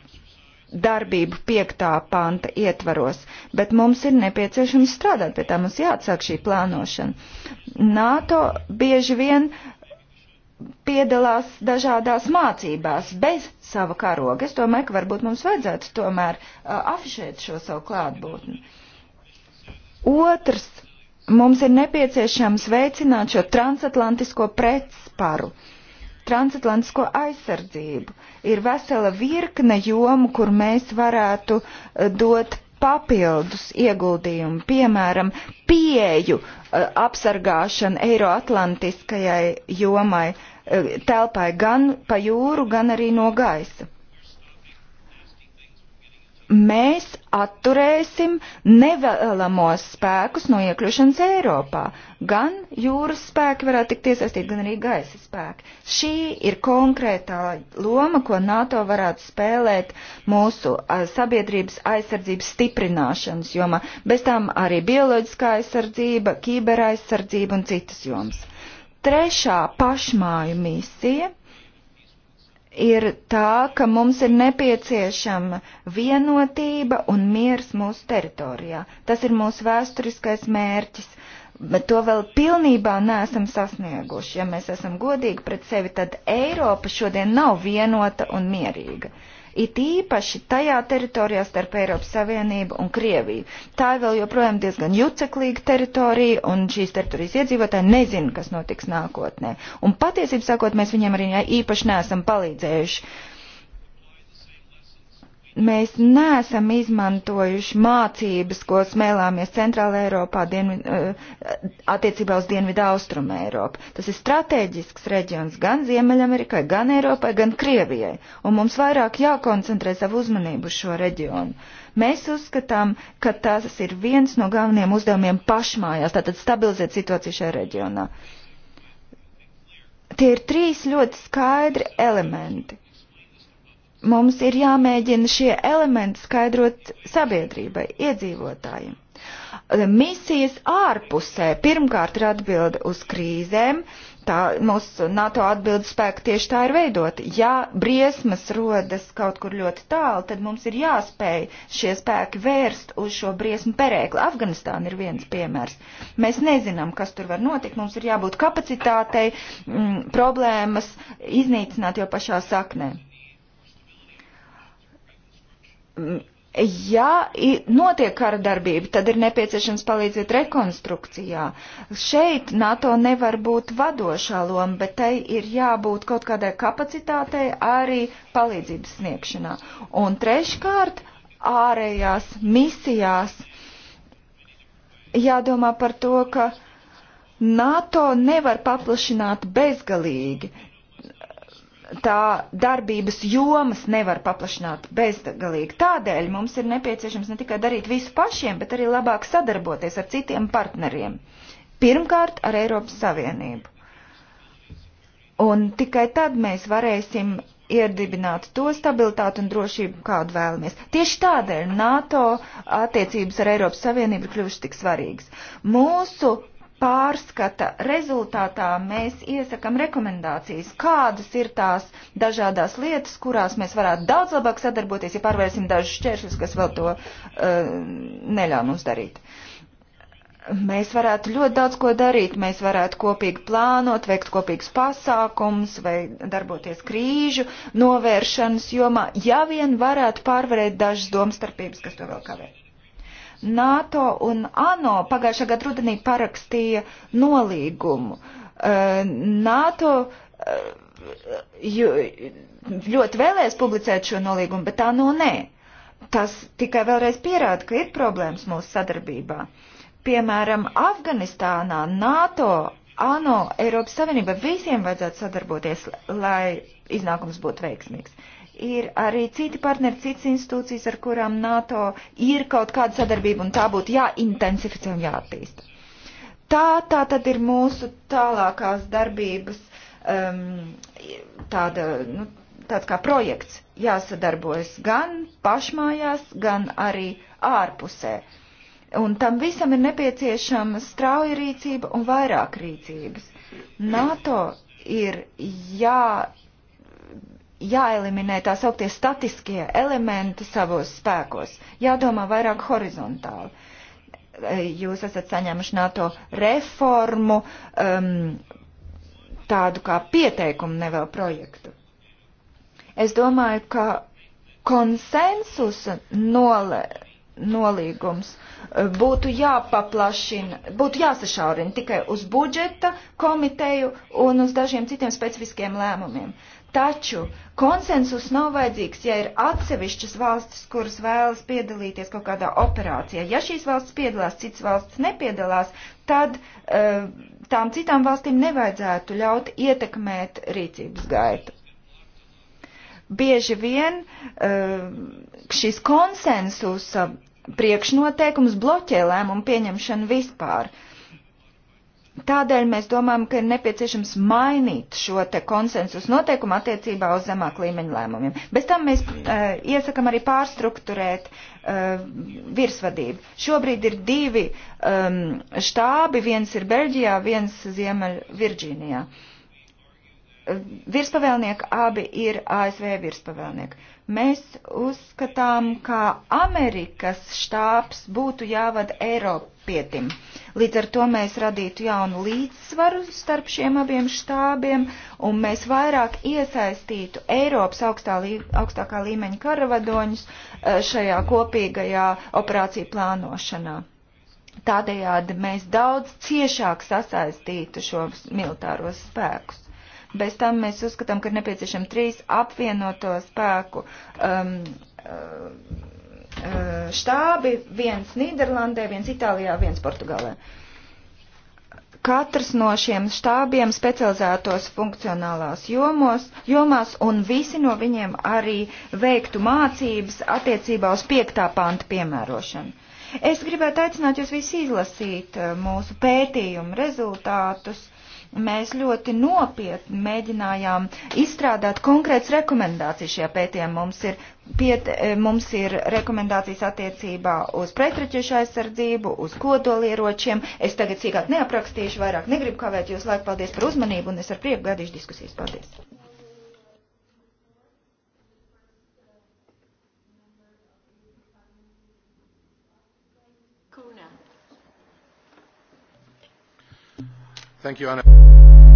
darbību 5. panta ietvaros, bet mums ir nepieciešams strādāt pie tā, mums jāatsāk šī plānošana. NATO bieži vien uh, piedalās dažādās mācībās bez sava karoga. Es domāju, ka varbūt mums vajadzētu tomēr uh, afišēt šo savu klātbūtni. Otrs, mums ir nepieciešams veicināt šo transatlantisko pretsparu, transatlantisko aizsardzību. Ir vesela virkne jomu, kur mēs varētu uh, dot papildus ieguldījumu, piemēram, pieeju eh, apsargāšanu Eiroatlantiskajai jomai eh, telpai gan pa jūru, gan arī no gaisa mēs atturēsim nevēlamos spēkus no iekļūšanas Eiropā. Gan jūras spēki varētu tikt iesaistīti, gan arī gaisa spēki. Šī ir konkrētā loma, ko NATO varētu spēlēt mūsu sabiedrības aizsardzības stiprināšanas jomā. Bez tām arī bioloģiskā aizsardzība, kiberaizsardzība un citas jomas. Trešā pašmāju misija ir tā, ka mums ir nepieciešama vienotība un miers mūsu teritorijā. Tas ir mūsu vēsturiskais mērķis, bet to vēl pilnībā neesam sasnieguši. Ja mēs esam godīgi pret sevi, tad Eiropa šodien nav vienota un mierīga. Uh, it īpaši tajā teritorijā starp Eiropas Savienību un Krieviju. Tā ir vēl joprojām diezgan juceklīga teritorija, un šīs teritorijas iedzīvotāji nezina, kas notiks nākotnē. Un patiesībā sakot, mēs viņiem arī īpaši neesam palīdzējuši Mēs neesam izmantojuši mācības, ko smēlāmies Centrāla Eiropā dienvi, eh, attiecībā uz Dienvidu Austrumu Eiropu. Tas ir strateģisks reģions gan Ziemeļamerikai, gan Eiropai, gan Krievijai, un mums vairāk jākoncentrē savu uzmanību uz šo reģionu. Mēs uzskatām, ka tas ir viens no galvenajiem uzdevumiem pašmājās, tātad stabilizēt situāciju šajā reģionā. Tie ir trīs ļoti skaidri elementi Mums ir jāmēģina šie elementi skaidrot sabiedrībai, iedzīvotājiem. Misijas ārpusē pirmkārt ir atbilde uz krīzēm, tā mūsu NATO atbildes spēka tieši tā ir veidot. Ja briesmas rodas kaut kur ļoti tālu, tad mums ir jāspēj šie spēki vērst uz šo briesmu perēkli. Afganistāna ir viens piemērs. Mēs nezinām, kas tur var notikt. Mums ir jābūt kapacitātei m, mm, problēmas iznīcināt jau pašā saknē ja notiek kara darbība, tad ir nepieciešams palīdzēt rekonstrukcijā. Šeit NATO nevar būt vadošā loma, bet tai ir jābūt kaut kādai kapacitātei arī palīdzības sniegšanā. Un treškārt, ārējās misijās jādomā par to, ka NATO nevar paplašināt bezgalīgi tā darbības jomas nevar paplašināt bezgalīgi. Tādēļ mums ir nepieciešams ne tikai darīt visu pašiem, bet arī labāk sadarboties ar citiem partneriem. Pirmkārt, ar Eiropas Savienību. Un tikai tad mēs varēsim iedibināt to stabilitātu un drošību, kādu vēlamies. Tieši tādēļ NATO attiecības ar Eiropas Savienību ir kļuvušas tik svarīgas. Mūsu pārskata rezultātā mēs iesakam rekomendācijas, kādas ir tās dažādās lietas, kurās mēs varētu daudz labāk sadarboties, ja pārvērsim dažus šķēršļus, kas vēl to uh, neļauj mums darīt. Mēs varētu ļoti daudz ko darīt, mēs varētu kopīgi plānot, veikt kopīgus pasākums vai darboties krīžu novēršanas jomā, ja vien varētu pārvarēt dažas domstarpības, kas to vēl kavē. NATO un ANO pagājušā gada rudenī parakstīja nolīgumu. Eh, NATO eh, ļoti vēlēs publicēt šo nolīgumu, bet tā no nu nē. Tas tikai vēlreiz pierāda, ka ir problēmas mūsu sadarbībā. Piemēram, Afganistānā NATO, ANO, Eiropas Savienība visiem vajadzētu sadarboties, lai iznākums būtu veiksmīgs ir arī citi partneri, citas institūcijas, ar kurām NATO ir kaut kāda sadarbība, un tā būtu jāintensificē un jāattīsta. Tā, tā tad ir mūsu tālākās darbības um, tāda, nu, tāds kā projekts jāsadarbojas gan pašmājās, gan arī ārpusē. Un tam visam ir nepieciešama strauja rīcība un vairāk rīcības. NATO ir jā jāeliminē tā sauktie statiskie elementi savos spēkos, jādomā vairāk horizontāli. E, jūs esat saņēmuši NATO reformu, um, tādu kā pieteikumu, ne vēl projektu. Es domāju, ka konsensusa nole, nolīgums e, būtu jāpaplašina, būtu jāsašaurina tikai uz budžeta komiteju un uz dažiem citiem specifiskiem lēmumiem. Uh, Taču konsensus nav vajadzīgs, ja ir atsevišķas valstis, kuras vēlas piedalīties kaut kādā operācijā. Ja šīs valstis piedalās, citas valstis nepiedalās, tad uh, tām citām valstīm nevajadzētu ļaut ietekmēt rīcības gaitu. Bieži vien uh, šis konsensus priekšnoteikums bloķē lēmumu pieņemšanu vispār. Uh, Tādēļ mēs domājam, ka ir nepieciešams mainīt šo te konsensus noteikumu attiecībā uz zemāk līmeņa lēmumiem. Bez tam mēs uh, iesakam arī pārstruktūrēt uh, virsvadību. Šobrīd ir divi um, štābi, viens ir Beļģijā, viens Ziemeļ Virģīnijā. Uh, virspavēlnieki abi ir ASV virspavēlnieki. Mēs uzskatām, ka Amerikas štābs būtu jāvada Eiropietim. Līdz ar to mēs radītu jaunu līdzsvaru starp šiem abiem štābiem, un mēs vairāk iesaistītu Eiropas augstā lī, augstākā līmeņa karavadoņus eh, šajā kopīgajā operāciju plānošanā. Tādējādi mēs daudz ciešāk sasaistītu šos militāros spēkus. Bez tam mēs uzskatām, ka ir nepieciešama trīs apvienoto spēku um, uh, štābi, viens Nīderlandē, viens Itālijā, viens Portugālē. Katrs no šiem štābiem specializētos funkcionālās jomos, jomās un visi no viņiem arī veiktu mācības attiecībā uz piektā panta piemērošanu. Es gribētu aicināt jūs visus izlasīt uh, mūsu pētījumu rezultātus mēs ļoti nopietni mēģinājām izstrādāt konkrētas rekomendācijas šajā pētījumā. Mums ir, piet, eh, mums ir rekomendācijas attiecībā uz pretraķiešu aizsardzību, uz kodolieročiem. Es tagad sīkāk neaprakstīšu, vairāk negribu kavēt jūs laiku. Paldies par uzmanību un es ar prieku gadīšu diskusijas. Paldies! Thank you, Anna.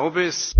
glaube es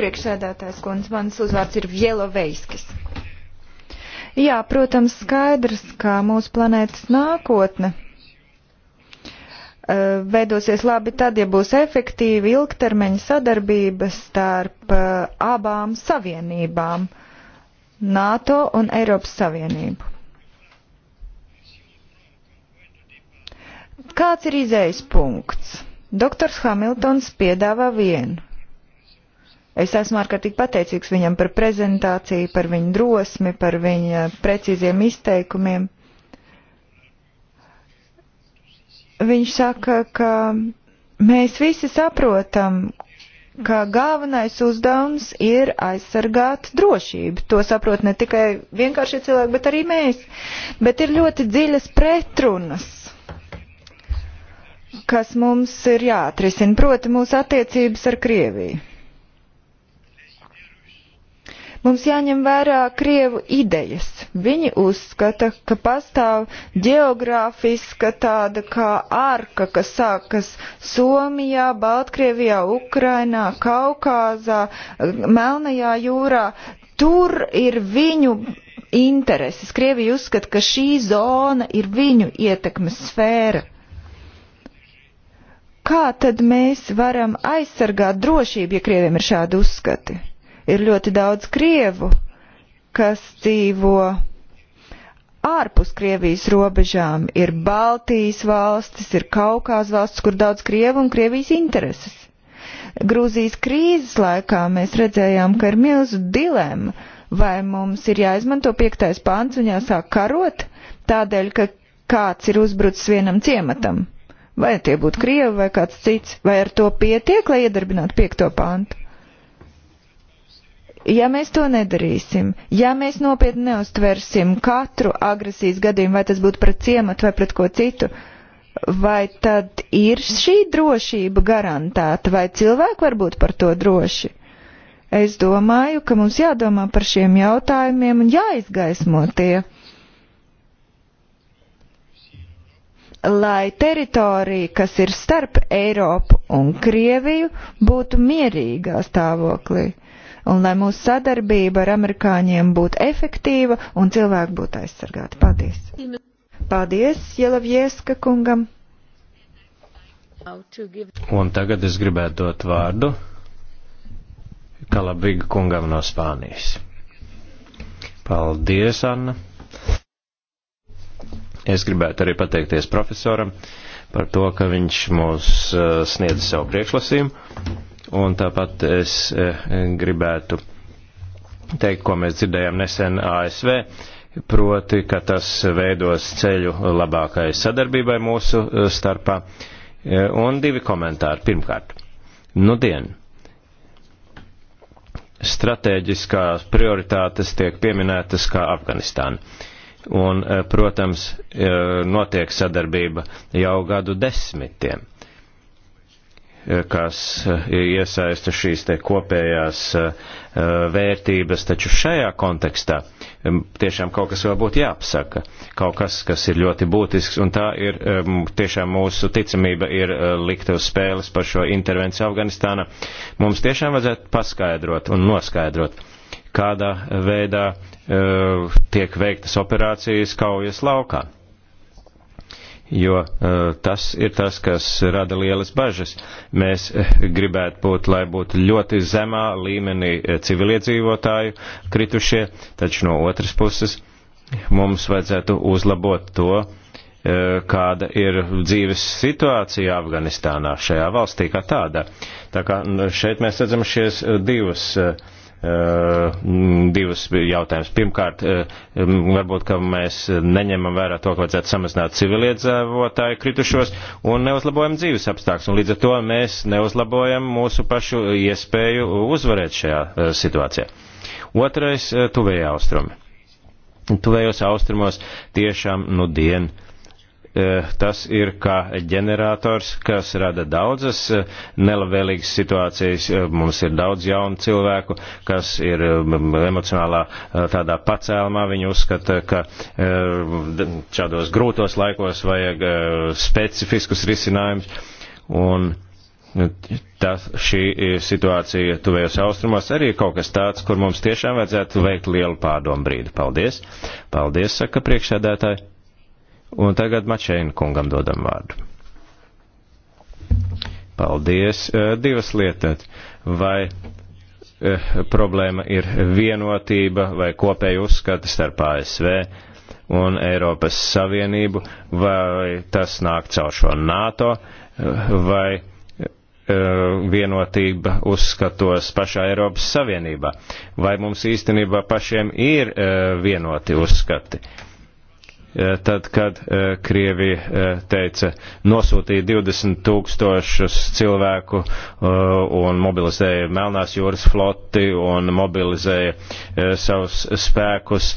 priekšsēdētājs kundze. Mans uzvārds ir Vieloveiskis. Jā, protams, skaidrs, ka mūsu planētas nākotne eh, veidosies labi tad, ja būs efektīva ilgtermeņa sadarbība starp eh, abām savienībām - NATO un Eiropas Savienību. Kāds ir izējas punkts? Doktors Hamiltons piedāvā vienu Es esmu ārkārtīgi pateicīgs viņam par prezentāciju, par viņa drosmi, par viņa precīziem izteikumiem. Viņš saka, ka mēs visi saprotam, ka galvenais uzdevums ir aizsargāt drošību. To saprot ne tikai vienkāršie cilvēki, bet arī mēs. Bet ir ļoti dziļas pretrunas kas mums ir jāatrisina, proti mūsu attiecības ar Krieviju. Mums jāņem vērā Krievu idejas. Viņi uzskata, ka pastāv geogrāfiska tāda kā ārka, kas sākas Somijā, Baltkrievijā, Ukrainā, Kaukāzā, Melnajā jūrā. Tur ir viņu intereses. Krievija uzskata, ka šī zona ir viņu ietekmes sfēra. Kā tad mēs varam aizsargāt drošību, ja krieviem ir šādi uzskati? Ir ļoti daudz Krievu, kas dzīvo ārpus Krievijas robežām. Ir Baltijas valstis, ir Kaukās valstis, kur daudz Krievu un Krievijas intereses. Grūzijas krīzes laikā mēs redzējām, ka ir milzu dilema, vai mums ir jāizmanto piektais pāns un jāsāk karot tādēļ, ka kāds ir uzbrucis vienam ciematam. Vai tie būtu Krievi vai kāds cits, vai ar to pietiek, lai iedarbinātu piekto pāntu? Ja mēs to nedarīsim, ja mēs nopietni neuztversim katru agresijas gadījumu, vai tas būtu pret ciematu vai pret ko citu, vai tad ir šī drošība garantēta, vai cilvēki var būt par to droši? Es domāju, ka mums jādomā par šiem jautājumiem un jāizgaismo tie. lai teritorija, kas ir starp Eiropu un Krieviju, būtu mierīgā stāvoklī un lai mūsu sadarbība ar amerikāņiem būtu efektīva un cilvēki būtu aizsargāti. Paldies! Paldies Jelavieska kungam! Un tagad es gribētu dot vārdu Kalabiga kungam no Spānijas. Paldies, Anna! Es gribētu arī pateikties profesoram par to, ka viņš mums eh, sniedz savu priekšlasījumu Un tāpat es eh, gribētu teikt, ko mēs dzirdējām nesen ASV, proti, ka tas veidos ceļu labākai sadarbībai mūsu eh, starpā. Eh, un divi komentāri. Pirmkārt, nudien stratēģiskās prioritātes tiek pieminētas kā Afganistāna. Un, protams, notiek sadarbība jau gadu desmitiem kas e, iesaista šīs te kopējās e, e, vērtības, taču šajā kontekstā tiešām kaut kas vēl būtu jāpasaka, kaut kas, kas ir ļoti būtisks, un tā ir tiešām mūsu ticamība ir likta uz spēles par šo intervenciju Afganistāna. Mums tiešām vajadzētu paskaidrot un noskaidrot, kādā veidā tiek veiktas operācijas kaujas laukā jo eh, tas ir tas, kas rada lielas bažas. Mēs eh, gribētu būt, lai būtu ļoti zemā līmenī eh, civiliedzīvotāju kritušie, taču no otras puses mums vajadzētu uzlabot to, kāda ir dzīves situācija Afganistānā, šajā valstī kā tāda. Tā kā šeit mēs redzam šies divas uh, Eh, mm, divus jautājumus. Pirmkārt, eh, mm, varbūt, ka mēs neņemam vērā to, ka vajadzētu samazināt civiliedzīvotāju kritušos un neuzlabojam dzīves apstākļus. Un līdz ar to mēs neuzlabojam mūsu pašu iespēju uzvarēt šajā eh, situācijā. Otrais - tuvējā austrumi. Tuvējos austrumos tiešām nu dienu Eh, tas ir kā ģenerators, kas rada daudzas eh, nelabvēlīgas situācijas. Eh, mums ir daudz jaunu cilvēku, kas ir mm, mm, emocionālā tādā pacēlumā. Viņi uzskata, ka šādos grūtos laikos vajag specifiskus risinājumus. Un Tā, šī situācija tuvējos austrumos arī ir kaut kas tāds, kur mums tiešām vajadzētu veikt lielu pārdomu brīdi. Paldies! Paldies, saka priekšsēdētāji! Un tagad Mačēna kungam dodam vārdu. Paldies. Eh, divas lietas. Vai eh, problēma ir vienotība vai kopēja uzskata starp ASV un Eiropas Savienību, vai tas nāk caur šo NATO, eh, vai vienotība uzskatos pašā Eiropas Savienībā, vai mums īstenībā pašiem ir vienoti uzskati Eh, tad, kad eh, Krievija eh, teica nosūtīja 20 tūkstošus cilvēku un mobilizēja Melnās jūras floti un mobilizēja savus spēkus.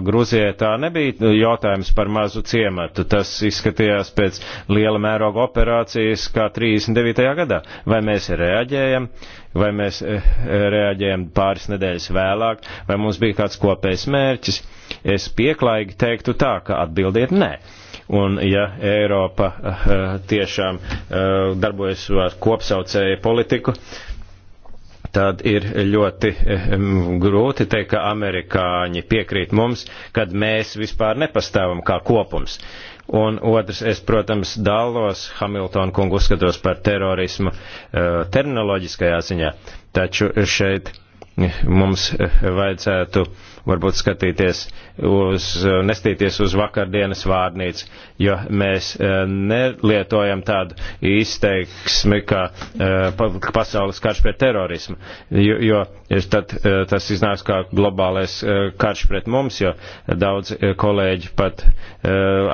Gruzijai tā nebija jautājums par mazu ciematu. Tas izskatījās pēc liela mēroga operācijas kā 39. gadā. Vai mēs reaģējam? Uh, vai mēs eh, eh, reaģējam pāris nedēļas vēlāk, vai mums bija kāds kopējs mērķis. Es pieklājīgi teiktu tā, ka atbildiet nē. Un ja Eiropa eh, tiešām darbojas ar kopsaucēju politiku, tad ir ļoti grūti teikt, ka amerikāņi piekrīt mums, kad mēs vispār nepastāvam kā kopums. Uh, Un otrs, es, protams, dālos Hamiltonu kungu uzskatos par terorismu eh, terminoloģiskajā ziņā, taču šeit eh, mums eh, vajadzētu varbūt skatīties uz, nestīties uz vakardienas vārnīcu jo mēs e, nelietojam tādu izteiksmi, kā e, pasaules karš pret terorismu, jo, jo tad e, tas iznāks kā globālais karš pret mums, jo daudz kolēģi pat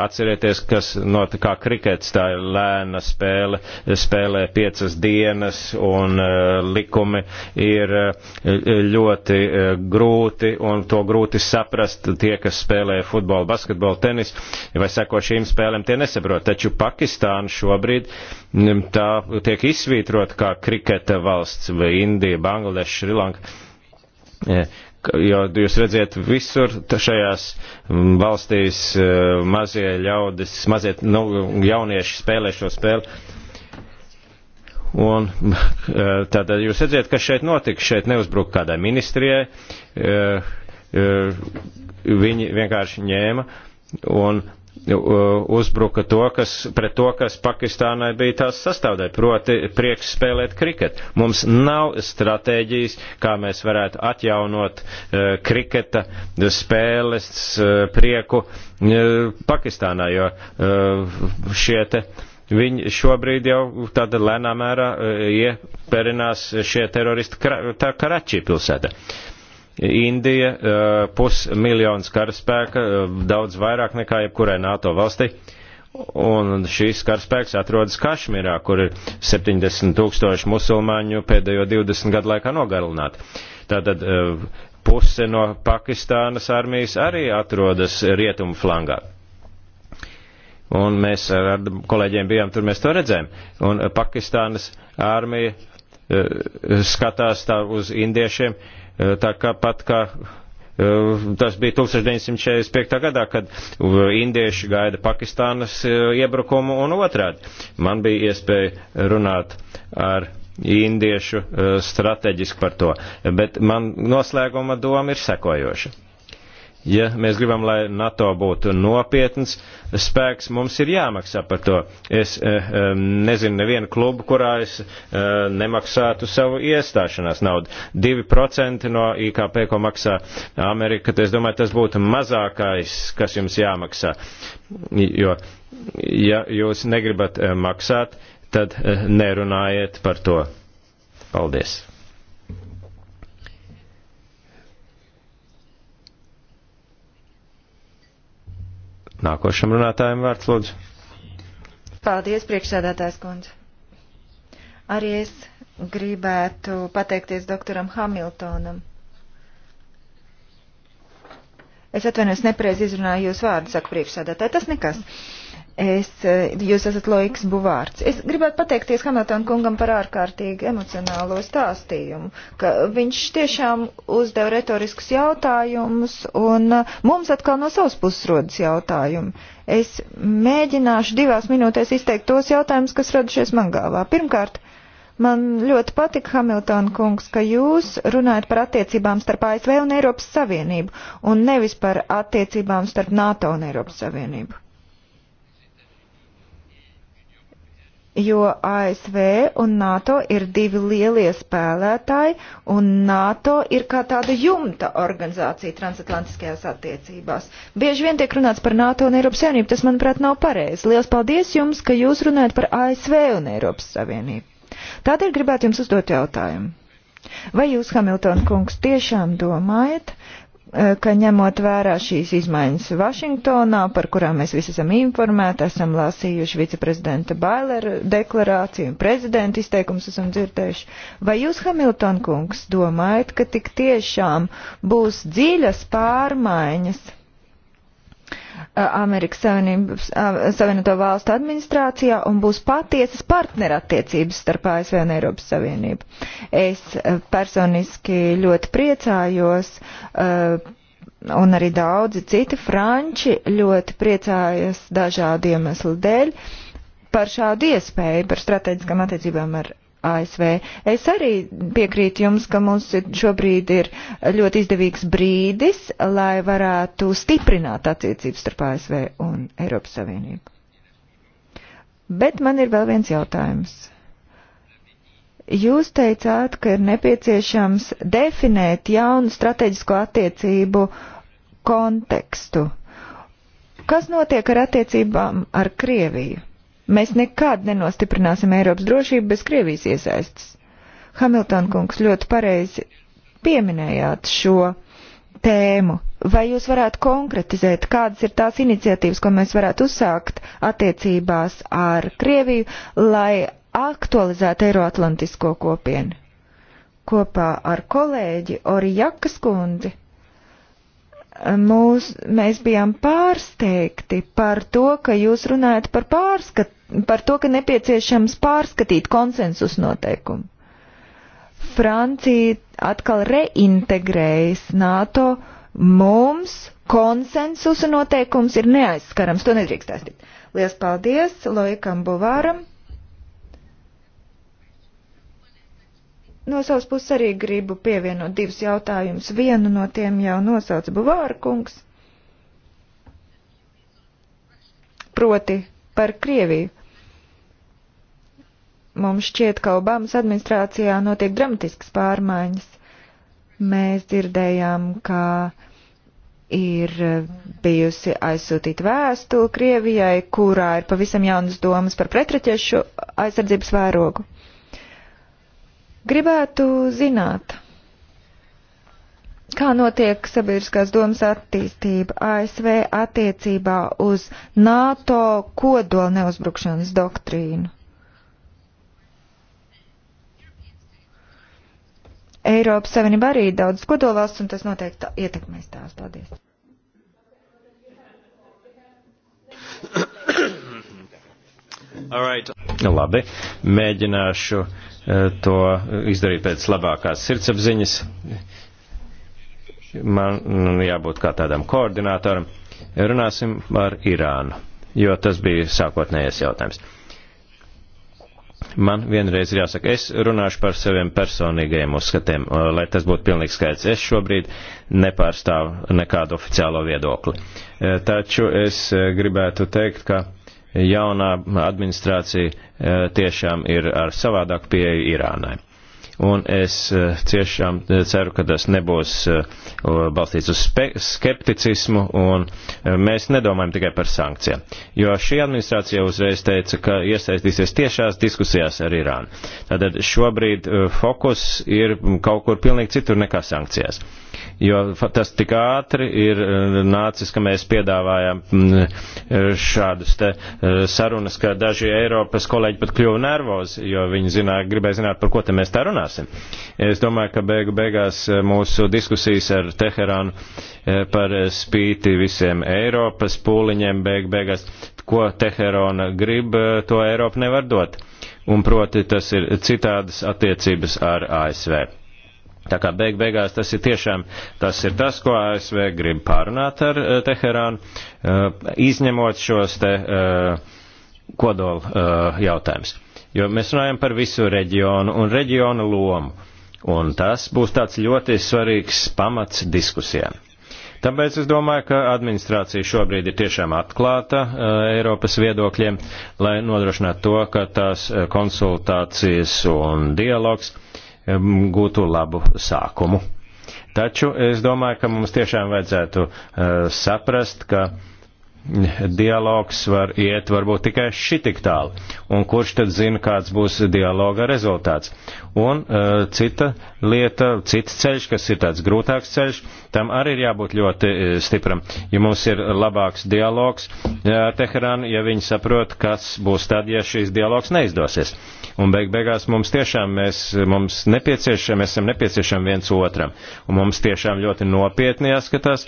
atcerieties, kas notika kā krikets, tā ir lēna spēle, spēlē piecas dienas un likumi ir ļoti grūti un to grūti saprast tie, kas spēlē futbolu, basketbolu, tenis vai seko šīm spēlēm spēlēm tie nesaprot, taču Pakistāna šobrīd mm, tā tiek izsvītrot kā kriketa valsts vai Indija, Bangladeša, Šrilanka. Eh, jo jūs redziet, visur šajās mm, valstīs eh, mazie ļaudis, mazie nu, jaunieši spēlē šo spēli. Un eh, tātad jūs redzat, kas šeit notika, šeit neuzbruka kādai ministrijai, viņi vienkārši ņēma un uzbruka to, kas, pret to, kas Pakistānai bija tās sastāvdaļa, proti priekš spēlēt kriket. Mums nav stratēģijas, kā mēs varētu atjaunot e, kriketa spēles e, prieku e, Pakistānā, jo šie te viņi šobrīd jau tāda lēnā mērā ieperinās šie teroristi Karačī pilsēta. Indija eh, pusmiljons karaspēka, eh, daudz vairāk nekā jebkurai NATO valstī. Un šīs karaspēks atrodas Kašmirā, kur ir 70 tūkstoši musulmaņu pēdējo 20 gadu laikā nogalināti. Tātad eh, puse no Pakistānas armijas arī atrodas rietumu flangā. Un mēs ar kolēģiem bijām tur, mēs to redzējām. Un Pakistānas armija skatās tā uz indiešiem Eh, tā kā pat kā eh, tas bija 1945. gadā, kad eh, indieši gaida Pakistānas iebrukumu un otrādi. Man bija iespēja runāt ar indiešu strateģiski par to, bet man noslēguma doma ir sekojoša. Ja mēs gribam, lai NATO būtu nopietns spēks, mums ir jāmaksā par to. Es eh, eh, nezinu nevienu klubu, kurā es eh, nemaksātu savu iestāšanās naudu. 2% no IKP, ko maksā Amerika, es domāju, tas būtu mazākais, kas jums jāmaksā. Jo, ja jūs negribat maksāt, tad nerunājiet par to. Paldies! Nākošam runātājiem vārds lūdzu. Paldies, priekšsēdētājs kundze. Arī es gribētu pateikties doktoram Hamiltonam. Es atvainojos, nepareiz izrunāju jūsu vārdu, saka priekšsēdētāji. Tas nekas. Uh, Es, eh, jūs esat Loiks Buvārds. Es gribētu pateikties Hamilton kungam par ārkārtīgi emocionālo stāstījumu, ka viņš tiešām uzdeva retoriskus jautājumus un eh, mums atkal no savas puses rodas jautājumi. Es mēģināšu divās minūtēs izteikt tos jautājumus, kas radušies man galvā. Pirmkārt, man ļoti patika Hamilton kungs, ka jūs runājat par attiecībām starp ASV un Eiropas Savienību un nevis par attiecībām starp NATO un Eiropas Savienību jo ASV un NATO ir divi lielie spēlētāji, un NATO ir kā tāda jumta organizācija transatlantiskajās attiecībās. Bieži vien tiek runāts par NATO un Eiropas Savienību, tas, manuprāt, nav pareizi. Liels paldies jums, ka jūs runājat par ASV un Eiropas Savienību. Tādēļ gribētu jums uzdot jautājumu. Vai jūs, Hamilton kungs, tiešām domājat, Eh, ka ņemot vērā šīs izmaiņas Vašingtonā, par kurām mēs visi esam informēti, esam lasījuši viceprezidenta Bailera deklarāciju un prezidenta izteikums esam dzirdējuši, vai jūs, Hamilton kungs, domājat, ka tik tiešām būs dziļas pārmaiņas Amerikas Savienības, Savienoto Valstu administrācijā un būs patiesas partnerattiecības starp ASV un Eiropas Savienību. Es personiski ļoti priecājos un arī daudzi citi franči ļoti priecājas dažādu iemeslu dēļ par šādu iespēju, par strateģiskām attiecībām ar ASV. Es arī piekrītu jums, ka mums šobrīd ir ļoti izdevīgs brīdis, lai varētu stiprināt attiecības starp ASV un Eiropas Savienību. Bet man ir vēl viens jautājums. Jūs teicāt, ka ir nepieciešams definēt jaunu strateģisko attiecību kontekstu. Kas notiek ar attiecībām ar Krieviju? Mēs nekad nenostiprināsim Eiropas drošību bez Krievijas iesaistas. Hamilton kungs ļoti pareizi pieminējāt šo tēmu. Vai jūs varētu konkretizēt, kādas ir tās iniciatīvas, ko mēs varētu uzsākt attiecībās ar Krieviju, lai aktualizētu Eiroatlantisko kopienu? Kopā ar kolēģi Ori Jakas kundzi mūs, mēs bijām pārsteigti par to, ka jūs runājat par, pārskat, par to, ka nepieciešams pārskatīt konsensus noteikumu. Francija atkal reintegrējas NATO, mums konsensusa noteikums ir neaizskarams, to nedrīkst aizstīt. Lielas paldies Loikam Buvāram! No savas puses arī gribu pievienot divus jautājumus. Vienu no tiem jau nosauca Bavārkungs, proti par Krieviju. Mums šķiet, ka Obamas administrācijā notiek dramatiskas pārmaiņas. Mēs dzirdējām, ka ir bijusi aizsūtīta vēstule Krievijai, kurā ir pavisam jaunas domas par pretraķešu aizsardzības vērogu. Gribētu zināt, kā notiek sabiedriskās domas attīstība ASV attiecībā uz NATO kodola neuzbrukšanas doktrīnu? Eiropas Savienība arī ir daudz kodolvalsts, un tas noteikti ietekmēs tās. Paldies! <coughs> All right. Labi, mēģināšu to izdarīt pēc labākās sirdsapziņas. Man jābūt kā tādam koordinātoram. Runāsim par Irānu, jo tas bija sākotnējais jautājums. Man vienreiz ir jāsaka, es runāšu par saviem personīgajiem uzskatiem, lai tas būtu pilnīgi skaidrs. Es šobrīd nepārstāvu nekādu oficiālo viedokli. Taču es gribētu teikt, ka jaunā administrācija e, tiešām ir ar savādāku pieeju Irānai. Un es e, tiešām e, ceru, ka tas nebūs balstīts uz skepticismu, un mēs nedomājam tikai par sankcijām. Jo šī administrācija uzreiz teica, ka iesaistīsies tiešās diskusijās ar Irānu. Tātad šobrīd fokus ir kaut kur pilnīgi citur nekā sankcijās jo tas tik ātri ir eh, nācis, ka mēs piedāvājām mm, eh, šādus te eh, sarunas, ka daži Eiropas kolēģi pat kļuva nervozi, jo viņi zināja, gribēja zināt, par ko te mēs tā runāsim. Es domāju, ka beigu beigās mūsu diskusijas ar Teherānu par spīti visiem Eiropas pūliņiem beigu beigās, ko Teherāna grib, to Eiropa nevar dot. Un proti tas ir citādas attiecības ar ASV. Tā kā beig beigās tas ir tiešām, tas ir tas, ko ASV grib pārunāt ar uh, Teherānu, uh, izņemot šos te uh, eh, kodolu uh, jautājumus. Jo mēs runājam par visu reģionu un reģionu lomu. Un tas būs tāds ļoti svarīgs pamats diskusijām. Tāpēc es domāju, ka administrācija šobrīd ir tiešām atklāta uh, Eiropas viedokļiem, lai nodrošinātu to, ka tās konsultācijas un dialogs uh, gūtu labu sākumu. Taču es domāju, ka mums tiešām vajadzētu uh, saprast, ka uh, dialogs var iet varbūt tikai šitik tālu, un kurš tad zina, kāds būs dialoga rezultāts. Un uh, cita lieta, cits ceļš, kas ir tāds grūtāks ceļš, tam arī ir jābūt ļoti e, stipram. Ja mums ir labāks dialogs ar e, Teherānu, ja viņi saprot, kas būs tad, ja šīs dialogs neizdosies. Un beig beigās mums tiešām mēs, mums nepieciešam, mēs esam nepieciešami viens otram, un mums tiešām ļoti nopietni jāskatās,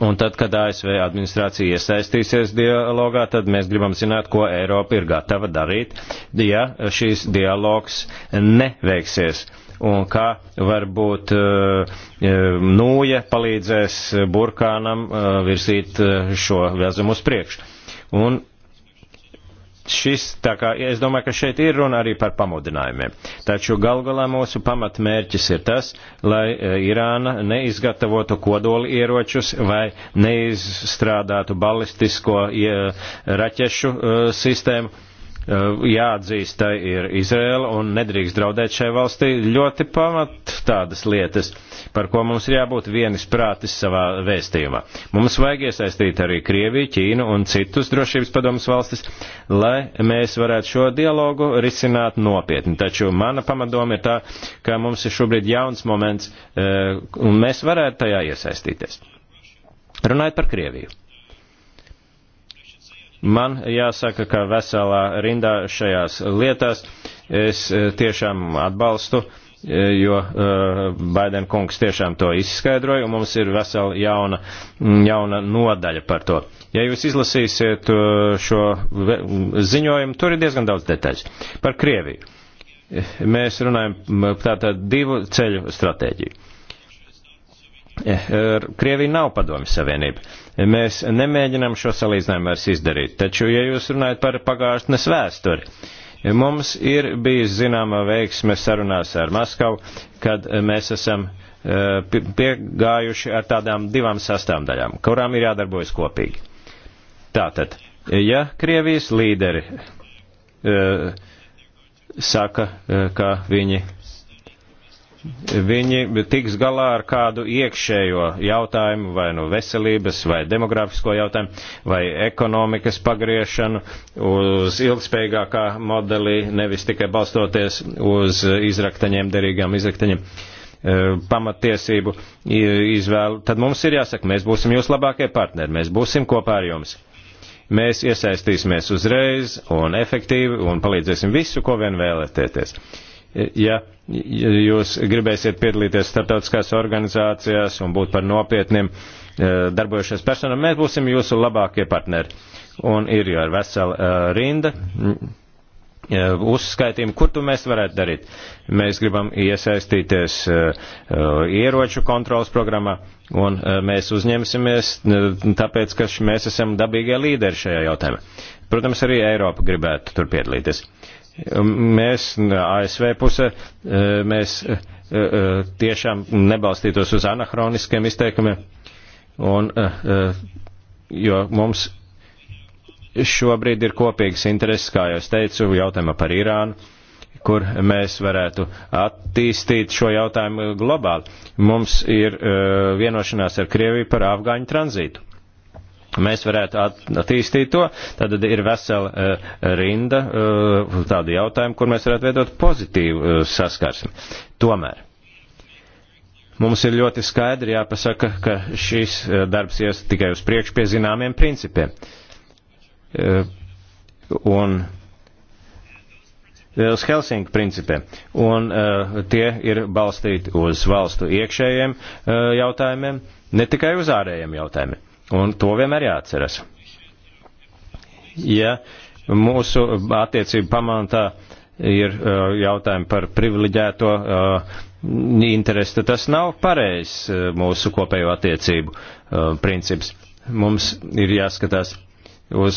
Un tad, kad ASV administrācija iesaistīsies dialogā, tad mēs gribam zināt, ko Eiropa ir gatava darīt, ja šīs dialogs neveiksies. Un kā varbūt eh, eh, nūja palīdzēs burkānam eh, virzīt šo vēzumu uz priekšu. Un šis, tā kā es domāju, ka šeit ir runa arī par pamudinājumiem. Taču galgalā mūsu pamatmērķis ir tas, lai e, Irāna neizgatavotu kodoli ieročus vai neizstrādātu balistisko raķešu e, sistēmu. E, jāatzīst, tai ir Izraela un nedrīkst draudēt šai valstī ļoti pamat tādas lietas par ko mums ir jābūt vienis prātis savā vēstījumā. Mums vajag iesaistīt arī Krieviju, Ķīnu un citus drošības padomus valstis, lai mēs varētu šo dialogu risināt nopietni. Taču mana pamatdoma ir tā, ka mums ir šobrīd jauns moments, e, un mēs varētu tajā iesaistīties. Runājot par Krieviju. Man jāsaka, ka veselā rindā šajās lietās es e, tiešām atbalstu uh, E, jo e, Baidena kungs tiešām to izskaidroja, un mums ir vesela jauna, jauna nodaļa par to. Ja jūs izlasīsiet e, šo ziņojumu, tur ir diezgan daudz detaļas par Krieviju. Mēs runājam tātad divu ceļu stratēģiju. Krievija nav padomju savienība. Mēs nemēģinām šo salīdzinājumu vairs izdarīt. Taču, ja jūs runājat par pagātnes vēsturi, uh, Mums ir bijis zināma veiksme sarunās ar Maskavu, kad mēs esam eh, piegājuši ar tādām divām sastāvdaļām, kurām ir jādarbojas kopīgi. Tātad, ja Krievijas līderi eh, saka, eh, ka viņi viņi tiks galā ar kādu iekšējo jautājumu, vai nu veselības, vai demografisko jautājumu, vai ekonomikas pagriešanu uz ilgspējīgākā modelī, nevis tikai balstoties uz izraktaņiem, derīgām izraktaņiem e, pamatiesību izvēlu, tad mums ir jāsaka, mēs būsim jūs labākie partneri, mēs būsim kopā ar jums. Mēs iesaistīsimies uzreiz un efektīvi un palīdzēsim visu, ko vien vēlētieties. E, ja ja jūs gribēsiet piedalīties starptautiskās organizācijās un būt par nopietniem eh, darbojušies personam, mēs būsim jūsu labākie partneri. Un ir jau ar veselu eh, rinda mm, eh, uzskaitījumu, kur tu mēs varētu darīt. Mēs gribam iesaistīties ieroču kontrolas programmā, un mēs uzņemsimies, tāpēc, ka mēs esam dabīgie līderi šajā jautājumā. Protams, arī Eiropa gribētu tur piedalīties. Uh, Um, mēs, ASV puse, uh, mēs uh, uh, tiešām nebalstītos uz anahroniskiem izteikumiem, un, jo mums šobrīd ir kopīgas intereses, kā jau es teicu, jautājumā par Irānu kur mēs varētu attīstīt šo jautājumu globāli. Mums ir uh, vienošanās ar Krieviju par afgāņu tranzītu mēs varētu attīstīt to, tad ir vesela eh, rinda eh, tādu jautājumu, kur mēs varētu veidot pozitīvu eh, saskarsmi. Tomēr. Mums ir ļoti skaidri jāpasaka, ka šis darbs ies tikai uz priekšu pie zināmiem principiem. Un uz Helsinku principiem. Un uh, tie ir balstīti uz valstu iekšējiem uh, jautājumiem, ne tikai uz ārējiem jautājumiem. Un to vienmēr jāatceras. Ja mūsu attiecību pamatā ir uh, jautājumi par privileģēto uh, interesi, tad tas nav pareizs uh, mūsu kopējo attiecību princips. Mums ir jāskatās uz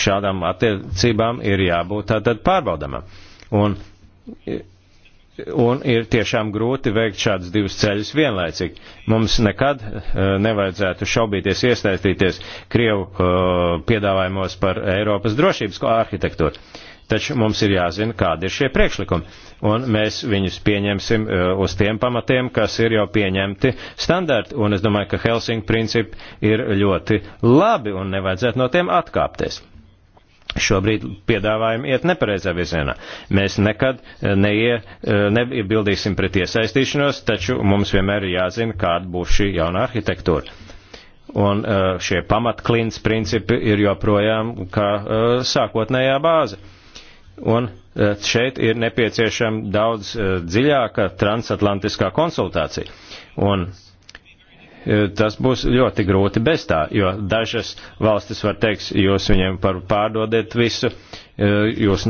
šādām attiecībām, ir jābūt tātad pārbaudamam. Un un ir tiešām grūti veikt šādus divus ceļus vienlaicīgi. Mums nekad eh, nevajadzētu šaubīties iesaistīties Krievu eh, piedāvājumos par Eiropas drošības arhitektūru. Taču mums ir jāzina, kādi ir šie priekšlikumi, un mēs viņus pieņemsim eh, uz tiem pamatiem, kas ir jau pieņemti standarti, un es domāju, ka Helsinki principi ir ļoti labi, un nevajadzētu no tiem atkāpties šobrīd piedāvājumi iet nepareizā virzienā. Mēs nekad eh, neie, eh, nebildīsim pret iesaistīšanos, taču mums vienmēr ir jāzina, kāda būs šī jauna arhitektūra. Un eh, šie pamatklīns principi ir joprojām kā sākotnējā bāze. Un šeit ir nepieciešama daudz dziļāka transatlantiskā konsultācija. Un E, tas būs ļoti grūti bez tā, jo dažas valstis var teikt, jūs viņiem par pārdodiet visu, e, jūs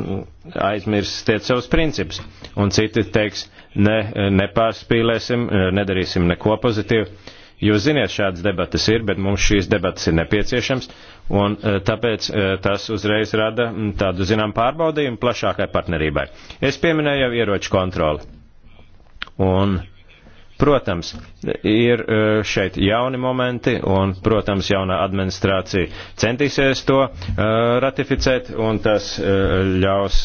aizmirstiet savus principus, un citi teiks, ne, e, nepārspīlēsim, nedarīsim neko pozitīvu. Jūs ziniet, šādas debatas ir, bet mums šīs debatas ir nepieciešams, un tāpēc tas uzreiz rada tādu, zinām, pārbaudījumu plašākai partnerībai. Es pieminēju jau ieroču kontroli. Un uh, Protams, ir e, šeit jauni momenti un, protams, jaunā administrācija centīsies to e, ratificēt un tas e, ļaus.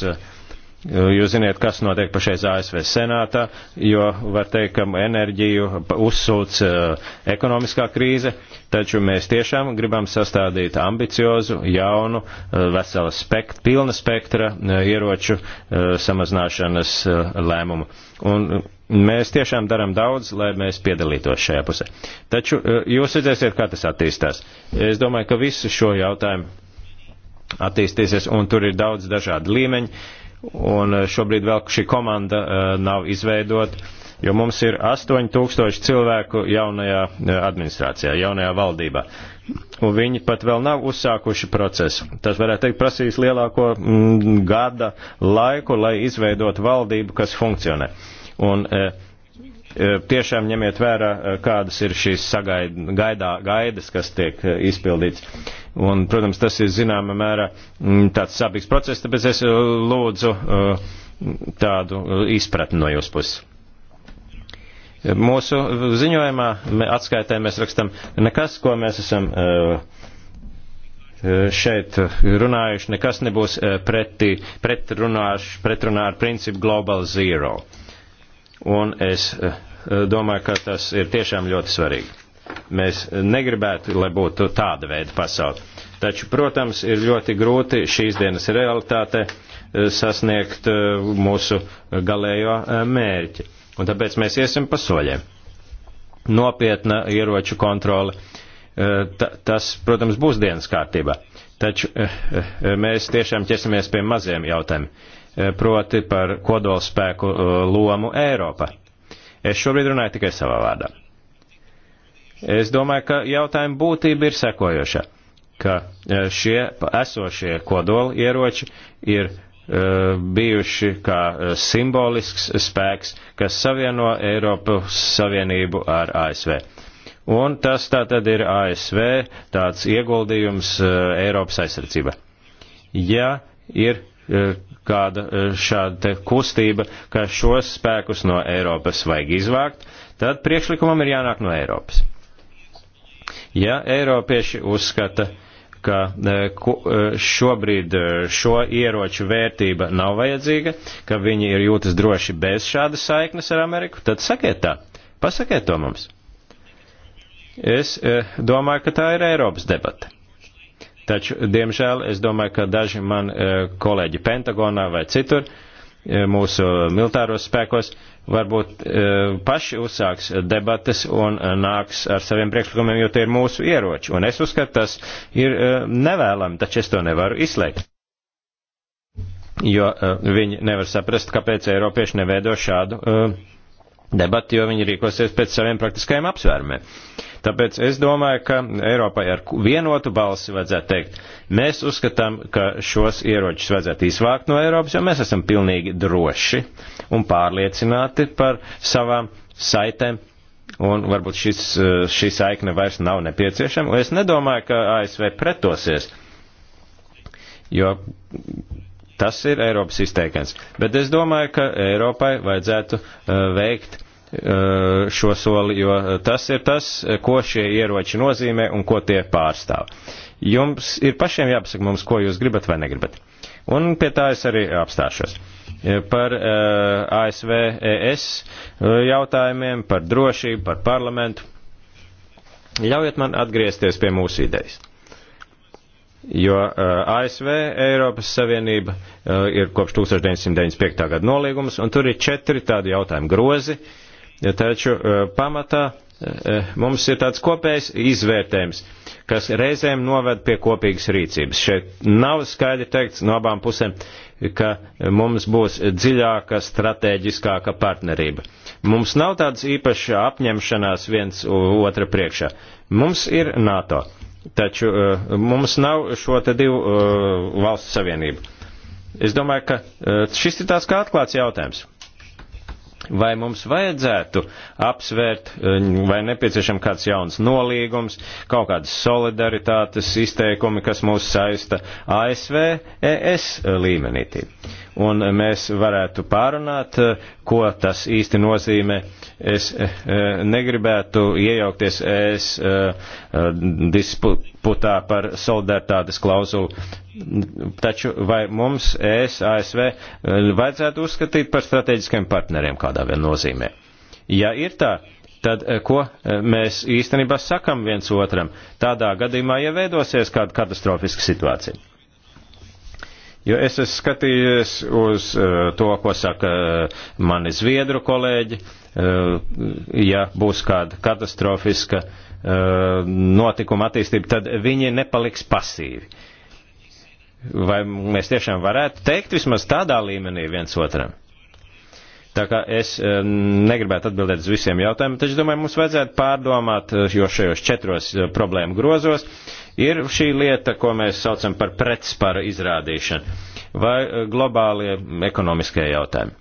Jūs ziniet, kas notiek pašais ASV senātā, jo var teikt, ka enerģiju uzsūc ekonomiskā krīze, taču mēs tiešām gribam sastādīt ambiciozu, jaunu, vesela spekt, pilna spektra ieroču samazināšanas lēmumu. Un Mēs tiešām darām daudz, lai mēs piedalītos šajā pusē. Taču eh, jūs redzēsiet, kā tas attīstās. Es domāju, ka visu šo jautājumu attīstīsies, un tur ir daudz dažādu līmeņu, un eh, šobrīd vēl šī komanda eh, nav izveidota, jo mums ir 8000 cilvēku jaunajā administrācijā, jaunajā valdībā. Un viņi pat vēl nav uzsākuši procesu. Tas, varētu teikt, prasīs lielāko mm, gada laiku, lai izveidot valdību, kas funkcionē. Uh, Un, e, e, Tiešām ņemiet vērā, e, kādas ir šīs sagaid, gaidā, gaidas, kas tiek izpildīts. Un, protams, tas ir zināma mērā tāds sāpīgs process, tāpēc es lūdzu tādu izpratni no jūsu puses. Mūsu ziņojumā, atskaitē mēs rakstam nekas, ko mēs esam šeit runājuši, nekas nebūs pretī, pretrunā pret ar principu global zero un es eh, eh, domāju, ka tas ir tiešām ļoti svarīgi. Mēs eh, negribētu, lai būtu tāda veida pasauli. Taču, protams, ir ļoti grūti šīs dienas realitāte sasniegt mūsu galējo mērķi. Un tāpēc mēs iesim pa soļiem. Nopietna ieroču kontrole. Tas, protams, būs dienas kārtībā. Taču mēs tiešām ķersimies pie maziem jautājumiem Eh, proti par kodolspēku eh, lomu Eiropā. Es šobrīd runāju tikai savā vārdā. Es domāju, ka jautājuma būtība ir sekojoša, ka eh, šie esošie kodoli ieroči ir bijuši kā simbolisks spēks, kas savieno Eiropas Savienību ar ASV. Un tas tātad ir ASV tāds ieguldījums Eiropas aizsardzība. Ja ir E, kāda e, šāda kustība, ka šos spēkus no Eiropas vajag izvākt, tad priekšlikumam ir jānāk no Eiropas. Ja Eiropieši uzskata, ka e, šobrīd šo ieroču vērtība nav vajadzīga, ka viņi ir jūtas droši bez šādas saiknes ar Ameriku, tad sakiet tā. Pasakiet to mums. Es domāju, ka tā ir Eiropas debata. Taču, diemžēl, es domāju, ka daži man e, kolēģi Pentagonā vai citur e, mūsu militāros spēkos varbūt e, paši uzsāks debates un nāks ar saviem priekšlikumiem, jo tie ir mūsu ieroči. Un es uzskatu, tas ir nevēlami, taču es to nevaru izslēgt. Jo viņi nevar saprast, kāpēc Eiropieši neveido šādu debatu, jo viņi rīkosies pēc saviem praktiskajiem apsvērumiem. Uh, Tāpēc es domāju, ka Eiropai ar vienotu balsi vajadzētu teikt, mēs uzskatām, ka šos ieročus vajadzētu izvākt no Eiropas, jo mēs esam pilnīgi droši un pārliecināti par savām saitēm un varbūt šis, šī saikne vairs nav nepieciešama. Es nedomāju, ka ASV pretosies, jo tas ir Eiropas izteikums. Bet es domāju, ka Eiropai vajadzētu eh, veikt Eh, šo soli, jo tas ir tas, ko šie ieroči nozīmē un ko tie pārstāv. Jums ir pašiem jāpasaka mums, ko jūs gribat vai negribat. Un pie tā es arī apstāšos. Eh, par eh, ASV ES jautājumiem, par drošību, par parlamentu. Ļaujiet man atgriezties pie mūsu idejas jo uh, ASV Eiropas Savienība uh, ir kopš 1995. gada nolīgums, un tur ir četri tādi jautājumi grozi, uh, Taču e, pamatā e, mums ir tāds kopējs izvērtējums, kas reizēm noved pie kopīgas rīcības. Šeit nav skaidri teikts no abām pusēm, ka mums būs dziļāka, strateģiskāka partnerība. Mums nav tāds īpašs apņemšanās viens otra priekšā. Mums ir NATO, taču e, mums nav šo te divu valstu savienību. Es domāju, ka šis ir tāds kā atklāts jautājums. Vai mums vajadzētu apsvērt, eh, vai nepieciešam kāds jauns nolīgums, kaut kādas solidaritātes izteikumi, kas mūs saista ASV, ES līmenī? Tīm un mēs varētu pārunāt, eh, ko tas īsti nozīmē. Es eh, eh, negribētu iejaukties es disputā par solidaritātes klauzulu, taču vai mums es ASV vajadzētu uzskatīt par strateģiskiem partneriem kādā vien nozīmē? Ja ir tā, tad ko mēs īstenībā sakam viens otram? Tādā gadījumā ieveidos ja kāda katastrofiska situācija. Jo es esmu skatījies uz uh, to, ko saka uh, mani zviedru kolēģi, uh, ja būs kāda katastrofiska uh, notikuma attīstība, tad viņi nepaliks pasīvi. Vai mēs tiešām varētu teikt vismaz tādā līmenī viens otram? Tā kā es uh, negribētu atbildēt uz visiem jautājumiem, taču domāju, mums vajadzētu pārdomāt, jo šajos četros problēmu grozos uh, Ir šī lieta, ko mēs saucam par pretspara izrādīšanu vai e, globālie ekonomiskie jautājumi.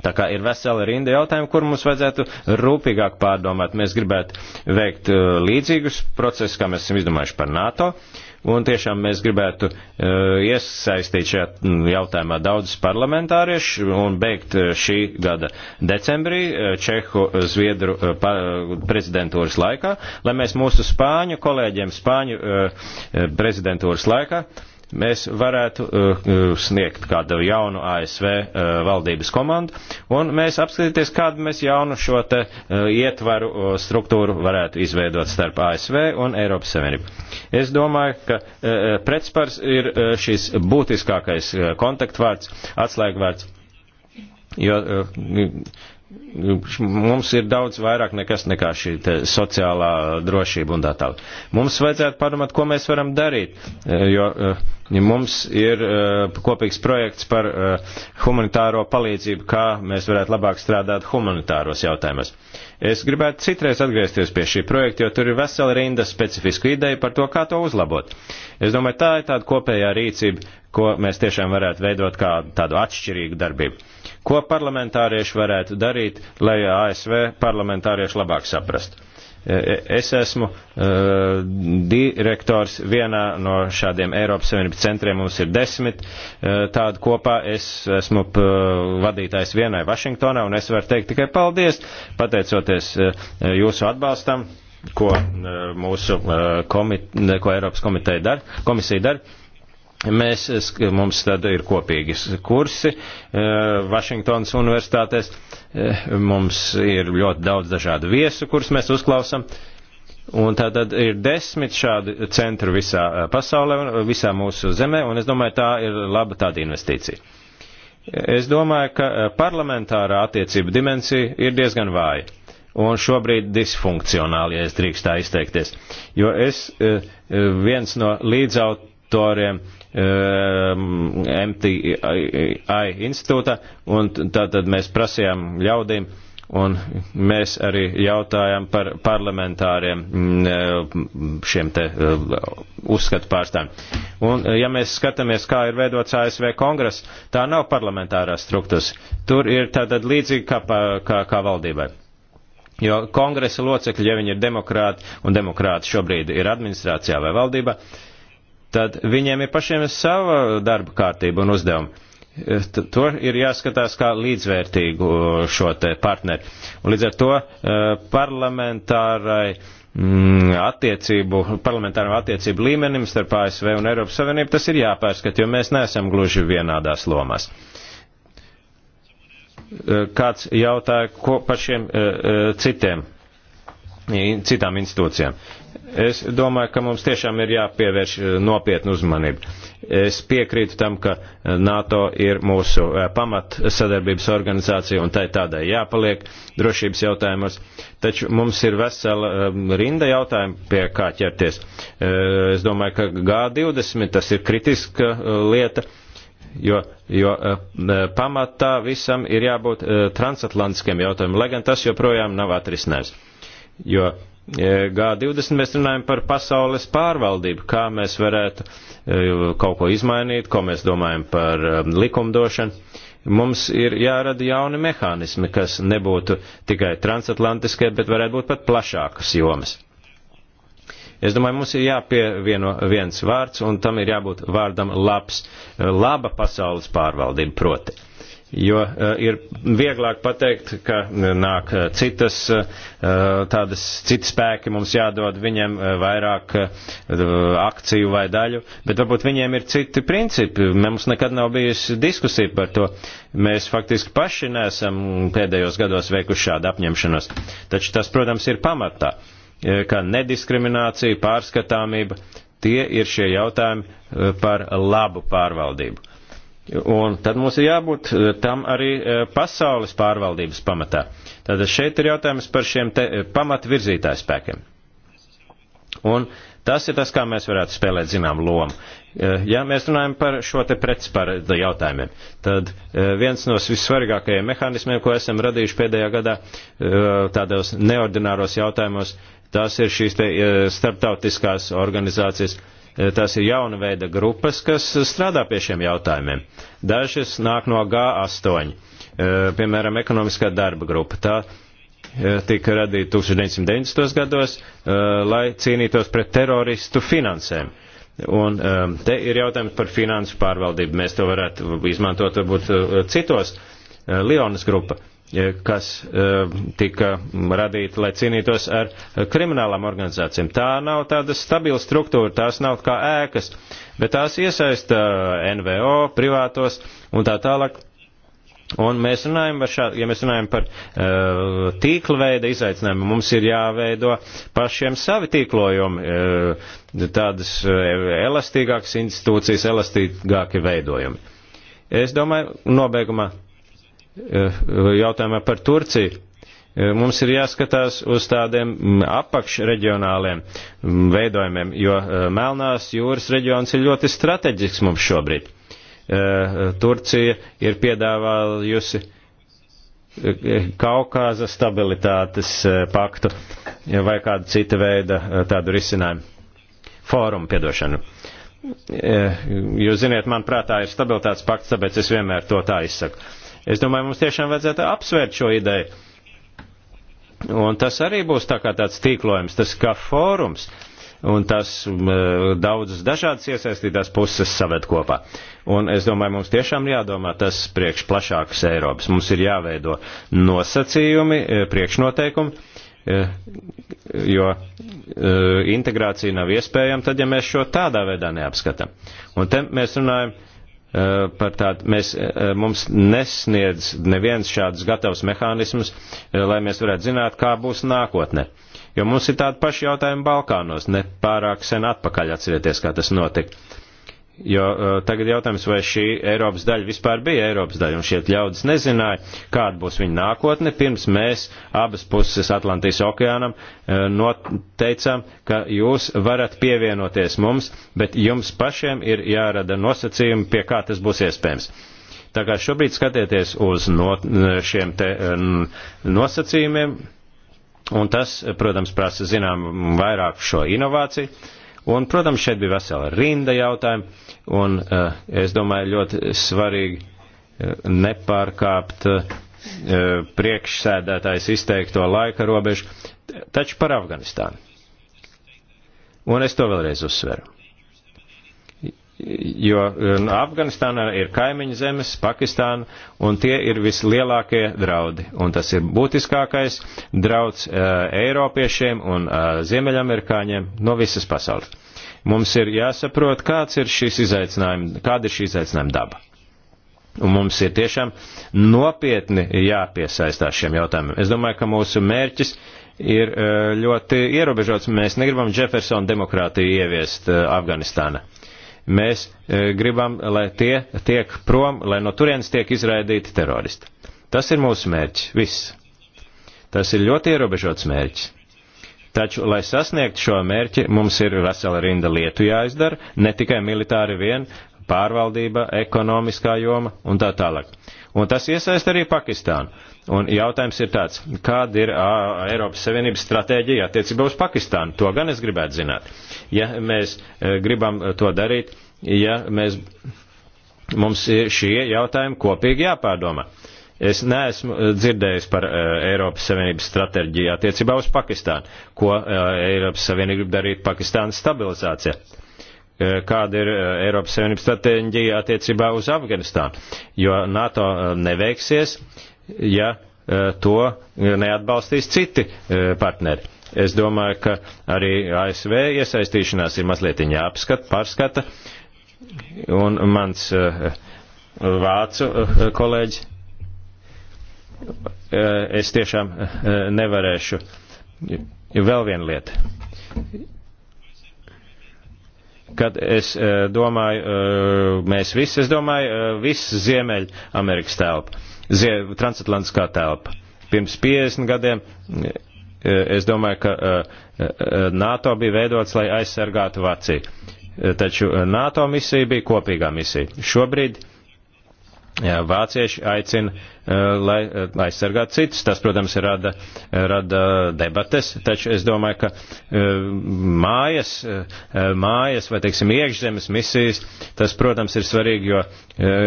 Tā kā ir vesela rinda jautājumu, kur mums vajadzētu rūpīgāk pārdomāt. Mēs gribētu veikt e, līdzīgus procesus, kā mēs esam izdomājuši par NATO. Uh, Un tiešām mēs gribētu eh, iesaistīt šajā mm, jautājumā daudzus parlamentāriešus un beigt eh, šī gada decembrī eh, Čehu Zviedru prezidentūras laikā, lai mēs mūsu Spāņu kolēģiem Spāņu prezidentūras laikā mēs varētu uh, sniegt kādu jaunu ASV uh, eh, valdības komandu, un mēs apskatīties, kādu mēs jaunu šo te uh, ietvaru uh, struktūru varētu izveidot starp ASV un Eiropas Savienību. Es domāju, ka uh, pretspars ir uh, šis būtiskākais uh, kontaktvārds, atslēgvārds, jo uh, mums ir daudz vairāk nekas nekā šī sociālā drošība un tā tālāk. Mums vajadzētu padomāt, ko mēs varam darīt, e, jo ja e, mums ir e, kopīgs projekts par humanitāro palīdzību, kā mēs varētu labāk strādāt humanitāros jautājumus. Es gribētu citreiz atgriezties pie šī projekta, jo tur ir vesela rinda specifisku ideju par to, kā to uzlabot. Es domāju, tā ir tāda kopējā rīcība, ko mēs tiešām varētu veidot kā tādu atšķirīgu darbību. Ko parlamentārieši varētu darīt, lai ASV parlamentārieši labāk saprastu? E, e, es esmu uh, direktors vienā no šādiem Eiropas Savienības centriem. Mums ir desmit uh, tādu kopā. Es esmu uh, vadītājs vienai Vašingtonā un es varu teikt tikai paldies, pateicoties uh, jūsu atbalstam, ko uh, mūsu uh, komit, ko Eiropas komiteja dar, komisija dara Mēs, mums tad ir kopīgi kursi eh, Vašingtonas universitātēs, eh, mums ir ļoti daudz dažādu viesu, kurus mēs uzklausam. Un tātad ir desmit šādu centru visā eh, pasaulē, visā mūsu zemē, un es domāju, tā ir laba tāda investīcija. Es domāju, ka parlamentārā attiecība dimensija ir diezgan vāja un šobrīd disfunkcionāli, ja es drīkst tā izteikties. Jo es viens no līdzautoriem MTI um, institūta, un tātad mēs prasījām ļaudīm, un mēs arī jautājām par parlamentāriem mm, eh, šiem te eh, uzskatu pārstāvjiem. Un eh, ja mēs skatāmies, kā ir veidots ASV kongress, tā nav parlamentārā struktūras. Tur ir tātad līdzīgi kā, kā, kā valdībai. Jo kongresa locekļi, ja viņi ir demokrāti, un demokrāti šobrīd ir administrācijā vai valdībā, uh, tad viņiem ir pašiem sava darba kārtība un uzdevumi. E, to ir jāskatās kā līdzvērtīgu šo te partneri. Un līdz ar to e, parlamentārai mm, attiecību, parlamentāram attiecību līmenim starp ASV un Eiropas Savienību tas ir jāpārskat, jo mēs neesam gluži vienādās lomās. E, kāds jautāja, ko par šiem citiem, citām institūcijām. Es domāju, ka mums tiešām ir jāpievērš eh, nopietnu uzmanību. Es piekrītu tam, ka eh, NATO ir mūsu eh, pamat sadarbības organizācija un tai tādai jāpaliek drošības jautājumos, taču mums ir vesela rinda jautājumu, pie kā ķerties. Es domāju, ka G20 tas ir kritiska lieta, jo, jo pamatā visam ir jābūt transatlantiskiem jautājumiem, lai gan tas joprojām nav atrisinājums. Jo E, G20 mēs runājam par pasaules pārvaldību, kā mēs varētu e, kaut ko izmainīt, ko mēs domājam par e, likumdošanu. Mums ir jārada jauni mehānismi, kas nebūtu tikai transatlantiskie, bet varētu būt pat plašākas jomas. Es domāju, mums ir jāpievieno viens vārds, un tam ir jābūt vārdam labs, laba pasaules pārvaldība proti jo eh, ir vieglāk pateikt, ka eh, nāk eh, citas, tādas citas spēki mums jādod viņiem vairāk akciju vai daļu, bet varbūt viņiem ir citi principi. Mums nekad nav bijusi diskusija par to. Mēs faktiski paši nesam pēdējos gados veikuši šādu apņemšanos. Taču tas, protams, ir pamatā, ka nediskriminācija, pārskatāmība, tie ir šie jautājumi par labu pārvaldību Un tad mums ir jābūt eh, tam arī eh, pasaules pārvaldības pamatā. Tātad šeit ir jautājums par šiem eh, pamatvirzītāju spēkiem. Un tas ir tas, kā mēs varētu spēlēt zinām lomu. Ja mēs runājam par šo te pretspāru jautājumiem, tad viens no vissvarīgākajiem mehānismiem, ko esam radījuši pēdējā gadā tādos neordināros jautājumos, tas ir šīs te starptautiskās organizācijas, E, Tās ir jauna veida grupas, kas strādā pie šiem jautājumiem. Dažas nāk no G8, e, piemēram, ekonomiskā darba grupa. Tā e, tika radīta 1990. gados, lai cīnītos pret teroristu finansēm. Un te ir jautājums par finansu pārvaldību. Mēs to varētu izmantot varbūt citos. Lionas grupa Eh, kas eh, tika radīta, lai cīnītos ar eh, kriminālām organizācijām. Tā nav tāda stabila struktūra, tās nav kā ēkas, bet tās iesaista NVO, privātos un tā tālāk. Un mēs runājam par šādu, ja mēs runājam par uh, tīkla veida izaicinājumu, mums ir jāveido pašiem savi tīklojumi, uh, tādas uh, elastīgākas institūcijas, elastīgāki veidojumi. Es domāju, nobeigumā Eh, jautājumā par Turciju. Eh, mums ir jāskatās uz tādiem mm, apakšreģionāliem mm, veidojumiem, jo eh, Melnās jūras reģions ir ļoti strateģisks mums šobrīd. Turcija ir piedāvājusi Kaukāza stabilitātes paktu vai kādu citu veidu tādu risinājumu. Fórumu piedošanu. Jūs ziniet, man prātā ir stabilitātes pakts, tāpēc es vienmēr to tā izsaku. Es domāju, mums tiešām vajadzētu apsvērt šo ideju. Un tas arī būs tā kā tāds tīklojums, tas kā fórums, un tas daudzas dažādas iesaistītās puses saved kopā. Un es domāju, mums tiešām jādomā tas priekš plašākas Eiropas. Mums ir jāveido nosacījumi, e, priekšnoteikumi, e, jo e, integrācija nav iespējama, tad ja mēs šo tādā veidā neapskatām. Un te mēs runājam Eh, par tādu, mēs, eh, eh, mums nesniedz neviens šādus gatavs mehānismus, lai mēs varētu zināt, kā būs nākotne. Jo mums ir tādi paši jautājumi Balkānos, ne pārāk sen atpakaļ atcerieties, kā tas notika. Jo uh, tagad jautājums, vai šī Eiropas daļa vispār bija Eiropas daļa, un šie ļaudis nezināja, kāda būs viņa nākotne, pirms mēs abas puses Atlantijas okeānam uh, noteicām, ka jūs varat pievienoties mums, bet jums pašiem ir jārada nosacījumi, pie kā tas būs iespējams. Tā kā šobrīd skatieties uz no, uh, šiem te um, nosacījumiem, un tas, protams, prasa zinām vairāk šo inovāciju, un, protams, šeit bija vesela rinda jautājumu Un eh, es domāju, ļoti svarīgi eh, nepārkāpt eh, priekšsēdētājs izteikto laika robežu, taču par Afganistānu. Un es to vēlreiz uzsveru. Jo Afganistāna ir kaimiņu zemes, Pakistāna, un tie ir vislielākie draudi. Un tas ir būtiskākais drauds uh, Eiropiešiem un uh, Ziemeļamerikāņiem no visas pasaules. Mums ir jāsaprot, kāds ir šis izaicinājums, kāda ir šī izaicinājuma daba. Un mums ir tiešām nopietni jāpiesaistās šiem jautājumiem. Es domāju, ka mūsu mērķis ir e, ļoti ierobežots. Mēs negribam Jeffersona demokrātiju ieviest e, Afganistāna. Mēs e, gribam, lai tie tiek prom, lai no turienes tiek izraidīti teroristi. Tas ir mūsu mērķis. Viss. Tas ir ļoti ierobežots mērķis. Taču, lai sasniegtu šo mērķi, mums ir vesela rinda lietu jāizdara, ne tikai militāri vien, pārvaldība, ekonomiskā joma un tā tālāk. Un tas iesaist arī Pakistānu. Un jautājums ir tāds, kāda ir ā, Eiropas Savienības stratēģija attiecībā uz Pakistānu? To gan es gribētu zināt. Ja mēs e, gribam to darīt, ja mēs, mums ir šie jautājumi kopīgi jāpārdomā. E, Es neesmu eh, dzirdējis par uh, Eiropas Savienības stratēģiju attiecībā uz Pakistānu, ko uh, Eiropas Savienība grib darīt Pakistānas stabilizācijā. Uh, kāda ir uh, Eiropas Savienības stratēģija attiecībā uz Afganistānu? Jo NATO uh, neveiksies, ja uh, to neatbalstīs citi uh, partneri. Es domāju, ka arī ASV iesaistīšanās ir mazliet jāapskata, pārskata. Un mans uh, vācu uh, kolēģis es tiešām eh, eh, nevarēšu. Ir vēl viena lieta. Kad es eh, domāju, mēs visi, es domāju, viss Ziemeļamerikas telpa, transatlantiskā telpa. Pirms 50 gadiem es domāju, ka NATO bija veidots, lai aizsargātu Vāciju. Taču NATO misija bija kopīgā misija. Šobrīd uh, Jā, vācieši aicina, eh, lai eh, aizsargātu citus. Tas, protams, rada, rada debates, taču es domāju, ka eh, mājas, mājas vai, teiksim, iekšzemes misijas, tas, protams, ir svarīgi, jo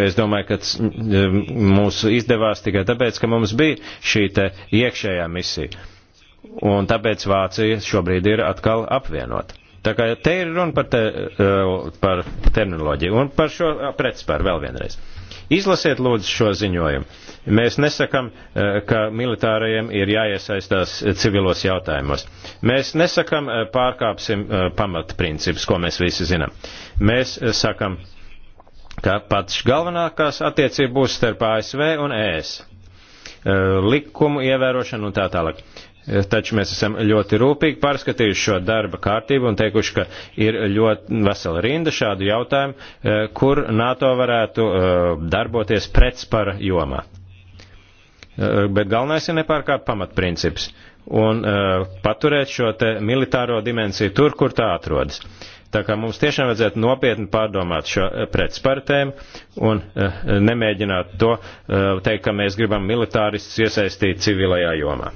es domāju, ka mm, mūs izdevās tikai tāpēc, ka mums bija šī te iekšējā misija. Un tāpēc Vācija šobrīd ir atkal apvienota. Tā kā te ir runa par, te, par terminoloģiju un par šo pretsparu vēl vienreiz. Izlasiet lūdzu šo ziņojumu. Mēs nesakam, eh, ka militārajiem ir jāiesaistās eh, civilos jautājumos. Mēs nesakam, eh, pārkāpsim pamatprincipus, ko mēs visi zinām. Mēs sakam, ka pats galvenākās attiecības būs starp ASV un ES likumu ievērošanu un tā tālāk. Taču mēs esam ļoti rūpīgi pārskatījuši šo darba kārtību un teikuši, ka ir ļoti vesela rinda šādu jautājumu, eh, kur NATO varētu eh, darboties pretspara jomā. Eh, bet galvenais ir nepārkāpt pamatprincips un paturēt šo te militāro dimensiju tur, kur tā atrodas. Tā kā mums tiešām vajadzētu nopietni pārdomāt šo pretspartēm un nemēģināt to teikt, ka mēs gribam militāristus iesaistīt civilajā jomā.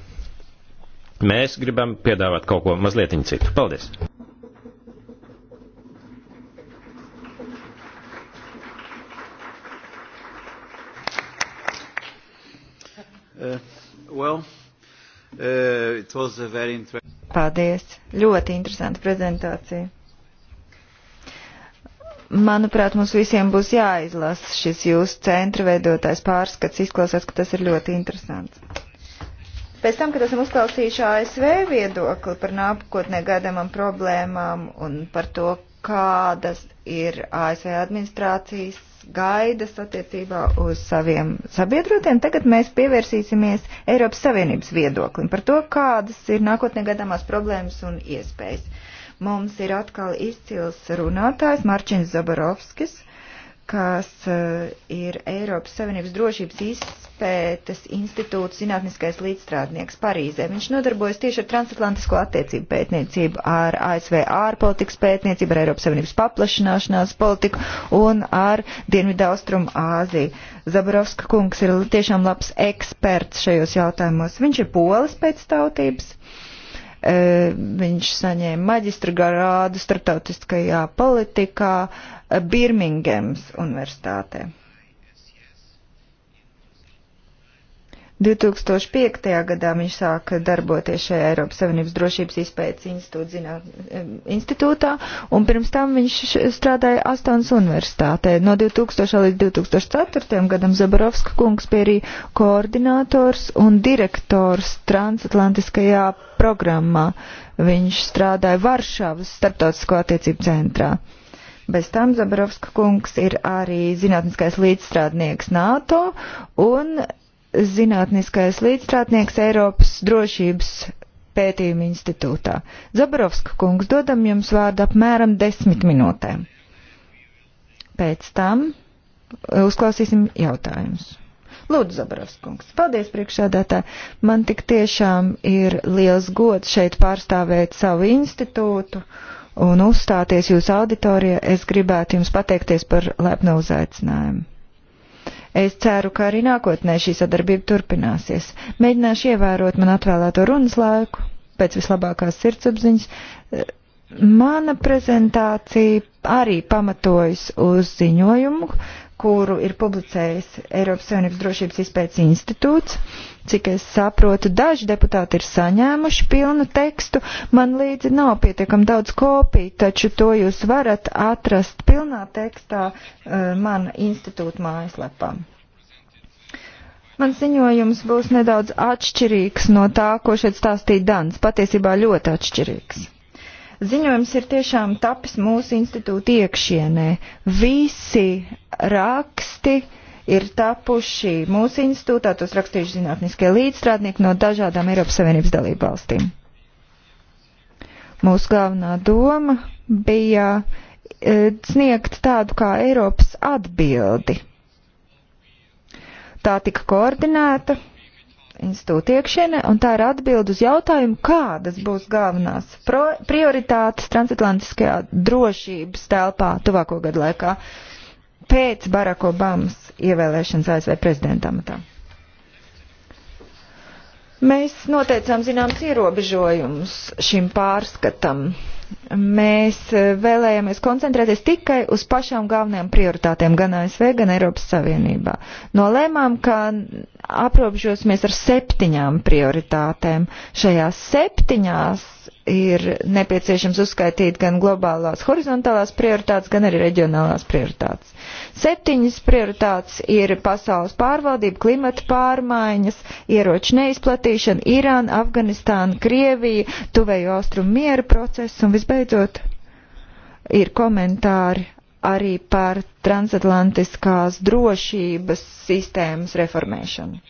Mēs gribam piedāvāt kaut ko mazliet citu. Paldies! Uh, well, uh, it was a very interesting... Paldies! Ļoti interesanta prezentācija manuprāt, mums visiem būs jāizlasa šis jūsu centra veidotais pārskats. Izklausās, ka tas ir ļoti interesants. Pēc tam, kad esam uzklausījuši ASV viedokli par nākotnē gadamam problēmām un par to, kādas ir ASV administrācijas gaidas attiecībā uz saviem sabiedrotiem, tagad mēs pievērsīsimies Eiropas Savienības viedoklim par to, kādas ir nākotnē gadāmās problēmas un iespējas. Mums ir atkal izcils runātājs Marčins Zabarovskis. Uh, kas eh, ir Eiropas Savienības drošības izpētes institūts zinātniskais līdzstrādnieks Parīzē. Viņš nodarbojas tieši ar transatlantisko attiecību pētniecību, ar ASV ārpolitikas pētniecību, ar Eiropas Savienības paplašināšanās politiku un ar Dienvidaustrumu Āziju. Zabarovska kungs ir tiešām labs eksperts šajos jautājumos. Viņš ir polis pēc tautības eh, viņš saņēma maģistra grādu startautiskajā politikā, Birmingems universitātē. 2005. gadā viņš sāka darboties šajā Eiropas Savienības drošības izpētes institūta, institūtā, un pirms tam viņš strādāja Astonas universitātē. No 2000 līdz 2004. gadam Zabarovska kungs bija arī koordinators un direktors transatlantiskajā programmā. Viņš strādāja Varšavas starptautisko attiecību centrā. Bez tam Zabrovska kungs ir arī zinātniskais līdzstrādnieks NATO un zinātniskais līdzstrādnieks Eiropas drošības pētījuma institūtā. Zabrovska kungs, dodam jums vārdu apmēram desmit minūtēm. Pēc tam e, uzklausīsim jautājumus. Lūdzu, Zabarovskungs. Paldies, priekšsādātā. Man tik tiešām ir liels gods šeit pārstāvēt savu institūtu un uzstāties jūsu auditorijā, es gribētu jums pateikties par lepnu uzaicinājumu. Es ceru, ka arī nākotnē šī sadarbība turpināsies. Mēģināšu ievērot man atvēlēto runas laiku pēc vislabākās sirdsapziņas. Mana prezentācija arī pamatojas uz ziņojumu, kuru ir publicējis Eiropas Savienības drošības izpētes institūts Cik es saprotu, daži deputāti ir saņēmuši pilnu tekstu, man līdzi nav pietiekam daudz kopiju, taču to jūs varat atrast pilnā tekstā uh, eh, mana institūta mājaslapā. Man ziņojums būs nedaudz atšķirīgs no tā, ko šeit stāstīja Dans, patiesībā ļoti atšķirīgs. Ziņojums ir tiešām tapis mūsu institūta iekšienē. Visi raksti, uh, ir tapuši mūsu institūtā, tos rakstījuši zinātniskie līdzstrādnieki no dažādām Eiropas Savienības dalību valstīm. Mūsu galvenā doma bija e, sniegt tādu kā Eiropas atbildi. Tā tika koordinēta institūta iekšienē, un tā ir atbildi uz jautājumu, kādas būs galvenās prioritātes transatlantiskajā drošības telpā tuvāko gadu laikā. Uh, pēc Baraka Obamas ievēlēšanas ASV prezidenta amatā. Mēs noteicām zināms ierobežojumus šim pārskatam. Mēs e, vēlējāmies koncentrēties tikai uz pašām galvenajām prioritātēm gan ASV, gan Eiropas Savienībā. Nolēmām, ka aprobežosimies ar septiņām prioritātēm. Šajās septiņās ir nepieciešams uzskaitīt gan globālās horizontālās prioritātes, gan arī reģionālās prioritātes. Septiņas prioritātes ir pasaules pārvaldība, klimata pārmaiņas, ieroču neizplatīšana, Irāna, Afganistāna, Krievija, tuvējo austrumu miera process un visbeidzot ir komentāri arī par transatlantiskās drošības sistēmas reformēšanu.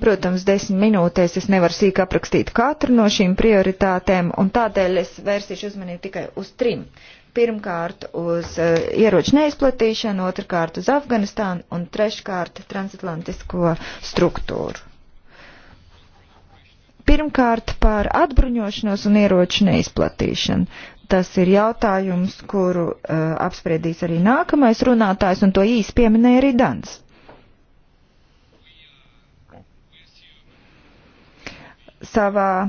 Protams, desmit minūtēs es nevaru sīk aprakstīt katru no šīm prioritātēm, un tādēļ es vērsīšu uzmanību tikai uz trim. Pirmkārt, uz uh, ieroču neizplatīšanu, otrkārt, uz Afganistānu un treškārt, transatlantisko struktūru. Pirmkārt, par atbruņošanos un ieroču neizplatīšanu. Tas ir jautājums, kuru uh, apspriedīs arī nākamais runātājs, un to īsi pieminēja arī Dans. savā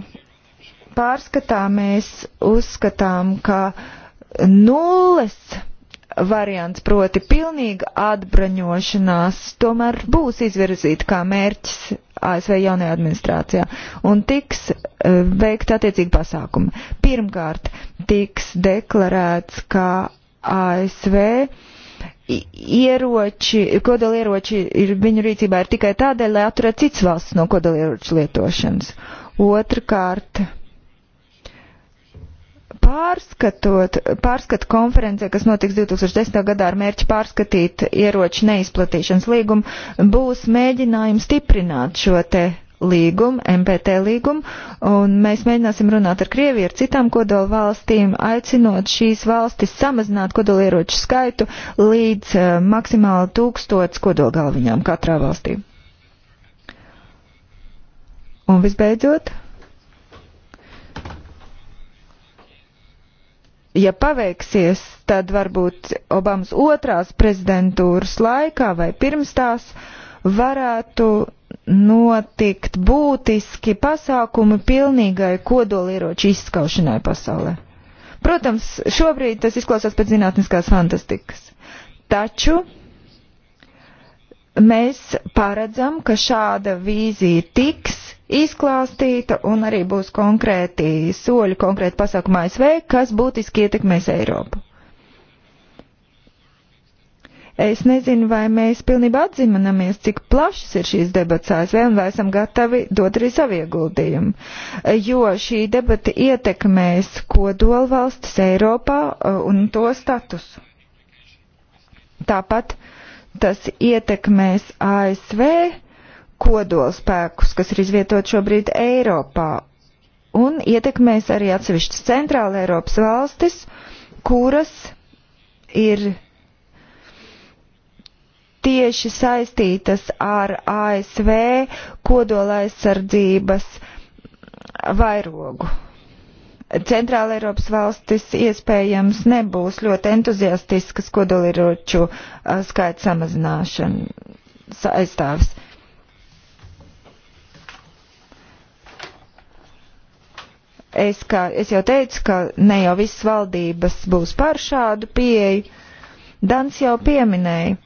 pārskatā mēs uzskatām, ka nulles variants, proti pilnīga atbraņošanās, tomēr būs izvirzīta kā mērķis ASV jaunajā administrācijā un tiks eh, veikta attiecīgi pasākumi. Pirmkārt, tiks deklarēts, ka ASV ieroči, kodolieroči ir viņu rīcībā ir tikai tādēļ, lai atturētu citas valsts no kodolieroču lietošanas. Uh, Otrakārt, pārskatot, pārskatu konferencē, kas notiks 2010. gadā ar mērķi pārskatīt ieroču neizplatīšanas līgumu, būs mēģinājums stiprināt šo te līgumu, MPT līgumu, un mēs mēģināsim runāt ar Krieviju, ar citām kodola valstīm, aicinot šīs valstis samazināt kodolieroču skaitu līdz uh, maksimāli tūkstots kodolgalviņām katrā valstī. Un visbeidzot, ja paveiksies, tad varbūt Obamas otrās prezidentūras laikā vai pirms tās varētu notikt būtiski pasākumi pilnīgai kodolieroču izskaušanai pasaulē. Protams, šobrīd tas izklausās pēc zinātniskās fantastikas. Taču mēs paredzam, ka šāda vīzija tiks izklāstīta un arī būs konkrēti soļi, konkrēti pasākumi ASV, kas būtiski ietekmēs Eiropu. Es nezinu, vai mēs pilnībā atzīmanamies, cik plašas ir šīs debats ASV un vai esam gatavi dot arī savu ieguldījumu. Jo šī debata ietekmēs kodolvalstis Eiropā uh, un to statusu. Tāpat tas ietekmēs ASV kodolspēkus, kas ir izvietot šobrīd Eiropā, un ietekmēs arī atsevišķas centrāla Eiropas valstis, kuras ir tieši saistītas ar ASV kodolaizsardzības vairogu. Centrāla Eiropas valstis iespējams nebūs ļoti entuziastiskas kodoliroču skaita samazināšana aizstāvis. Uh, Es, kā, es jau teicu, ka ne jau visas valdības būs par šādu pieeju. Dans jau pieminēja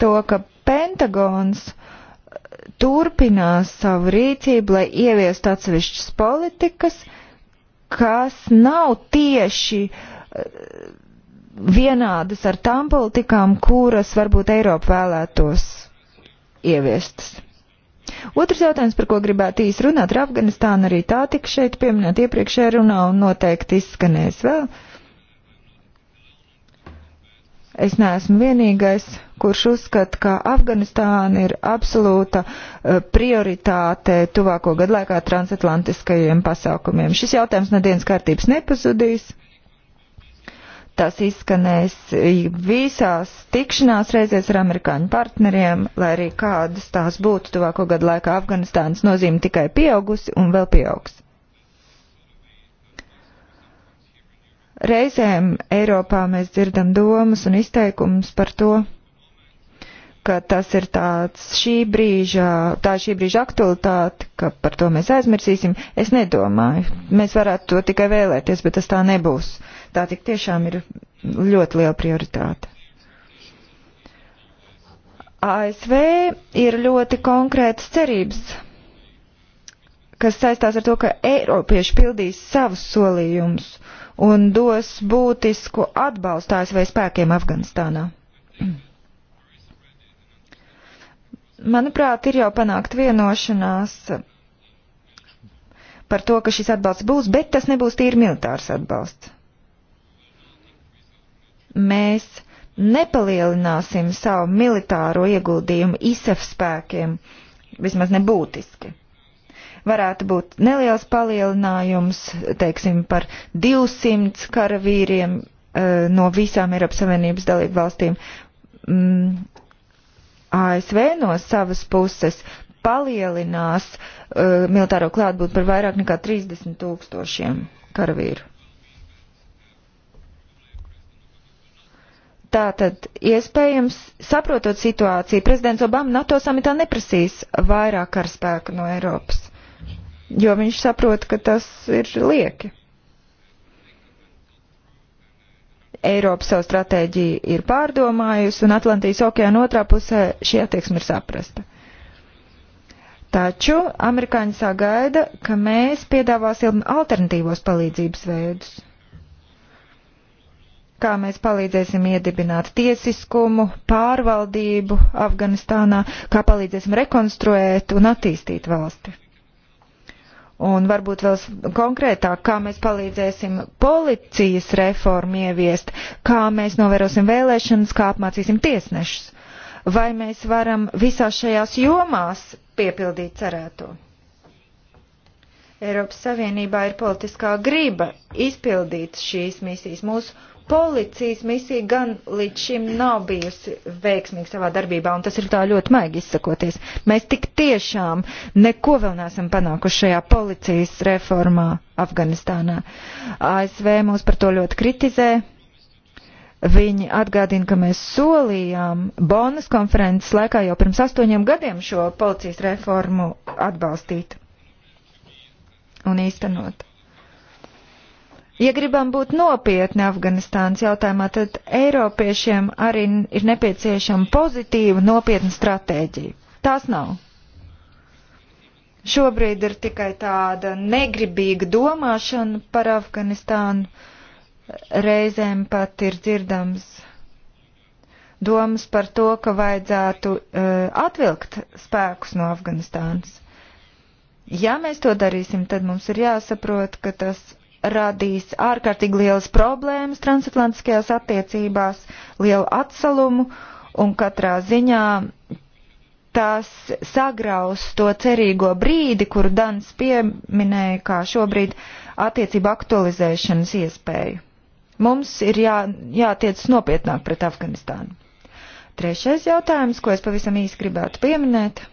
to, ka Pentagons uh, turpinās savu rīcību, lai ieviestu atsevišķas politikas, kas nav tieši uh, vienādas ar tām politikām, kuras varbūt Eiropa vēlētos ieviestas. Otrs jautājums, par ko gribētu īsti runāt, ir Afganistāna. Arī tā tika šeit pieminēta iepriekšējā runā un noteikti izskanēs vēl. Es neesmu vienīgais, kurš uzskata, ka Afganistāna ir absolūta eh, prioritāte tuvāko gadu laikā transatlantiskajiem pasākumiem. Šis jautājums no dienas kārtības nepazudīs. Tas izskanēs visās tikšanās reizēs ar amerikāņu partneriem, lai arī kādas tās būtu tuvāko gadu laikā Afganistānas nozīme tikai pieaugusi un vēl pieaugs. Reizēm Eiropā mēs dzirdam domas un izteikumus par to, ka tas ir tāds šī brīža, tā šī brīža aktualitāte, ka par to mēs aizmirsīsim. Es nedomāju. Mēs varētu to tikai vēlēties, bet tas tā nebūs. Uh, Tā tik tiešām ir ļoti liela prioritāte. ASV ir ļoti konkrētas cerības, kas saistās ar to, ka Eiropieši pildīs savus solījumus un dos būtisku atbalstu ASV spēkiem Afganistānā. <clears throat> Manuprāt, ir jau panākt vienošanās par to, ka šis atbalsts būs, bet tas nebūs tīri militārs atbalsts mēs nepalielināsim savu militāro ieguldījumu ISAF e spēkiem, vismaz nebūtiski. Varētu būt neliels palielinājums, teiksim, par 200 karavīriem uh, no visām Eiropas Savienības dalību valstīm. Mm, ASV no savas puses palielinās uh, militāro klātbūt par vairāk nekā 30 tūkstošiem karavīru. Tātad, iespējams, saprotot situāciju, prezidents Obama NATO samitā neprasīs vairāk karaspēku no Eiropas, jo viņš saprot, ka tas ir lieki. Eiropa savu stratēģiju ir pārdomājusi, un Atlantijas okeāna otrā pusē šī attieksme ir saprasta. Taču amerikāņi sagaida, ka mēs piedāvāsim alternatīvos palīdzības veidus kā mēs palīdzēsim iedibināt tiesiskumu, pārvaldību Afganistānā, kā palīdzēsim rekonstruēt un attīstīt valsti. Un varbūt vēl konkrētāk, kā mēs palīdzēsim policijas reformu ieviest, kā mēs novērosim vēlēšanas, kā apmācīsim tiesnešus. Vai mēs varam visās šajās jomās piepildīt cerēto? Eiropas Savienībā ir politiskā griba izpildīt šīs misijas. Mūsu Policijas misija gan līdz šim nav bijusi veiksmīga savā darbībā, un tas ir tā ļoti maigi izsakoties. Mēs tik tiešām neko vēl neesam panākuši šajā policijas reformā Afganistānā. ASV mūs par to ļoti kritizē. Viņi atgādina, ka mēs solījām Bonas konferences laikā jau pirms astoņiem gadiem šo policijas reformu atbalstīt un īstenot. Ja gribam būt nopietni Afganistānas jautājumā, tad Eiropiešiem arī ir nepieciešama pozitīva, nopietna stratēģija. Tās nav. Šobrīd ir tikai tāda negribīga domāšana par Afganistānu. Reizēm pat ir dzirdams domas par to, ka vajadzētu uh, atvilkt spēkus no Afganistānas. Ja mēs to darīsim, tad mums ir jāsaprot, ka tas radīs ārkārtīgi lielas problēmas transatlantiskajās attiecībās, lielu atsalumu un katrā ziņā tas sagraus to cerīgo brīdi, kuru Dans pieminēja kā šobrīd attiecību aktualizēšanas iespēju. Mums ir jā, jātiec nopietnāk pret Afganistānu. Trešais jautājums, ko es pavisam īsti gribētu pieminēt,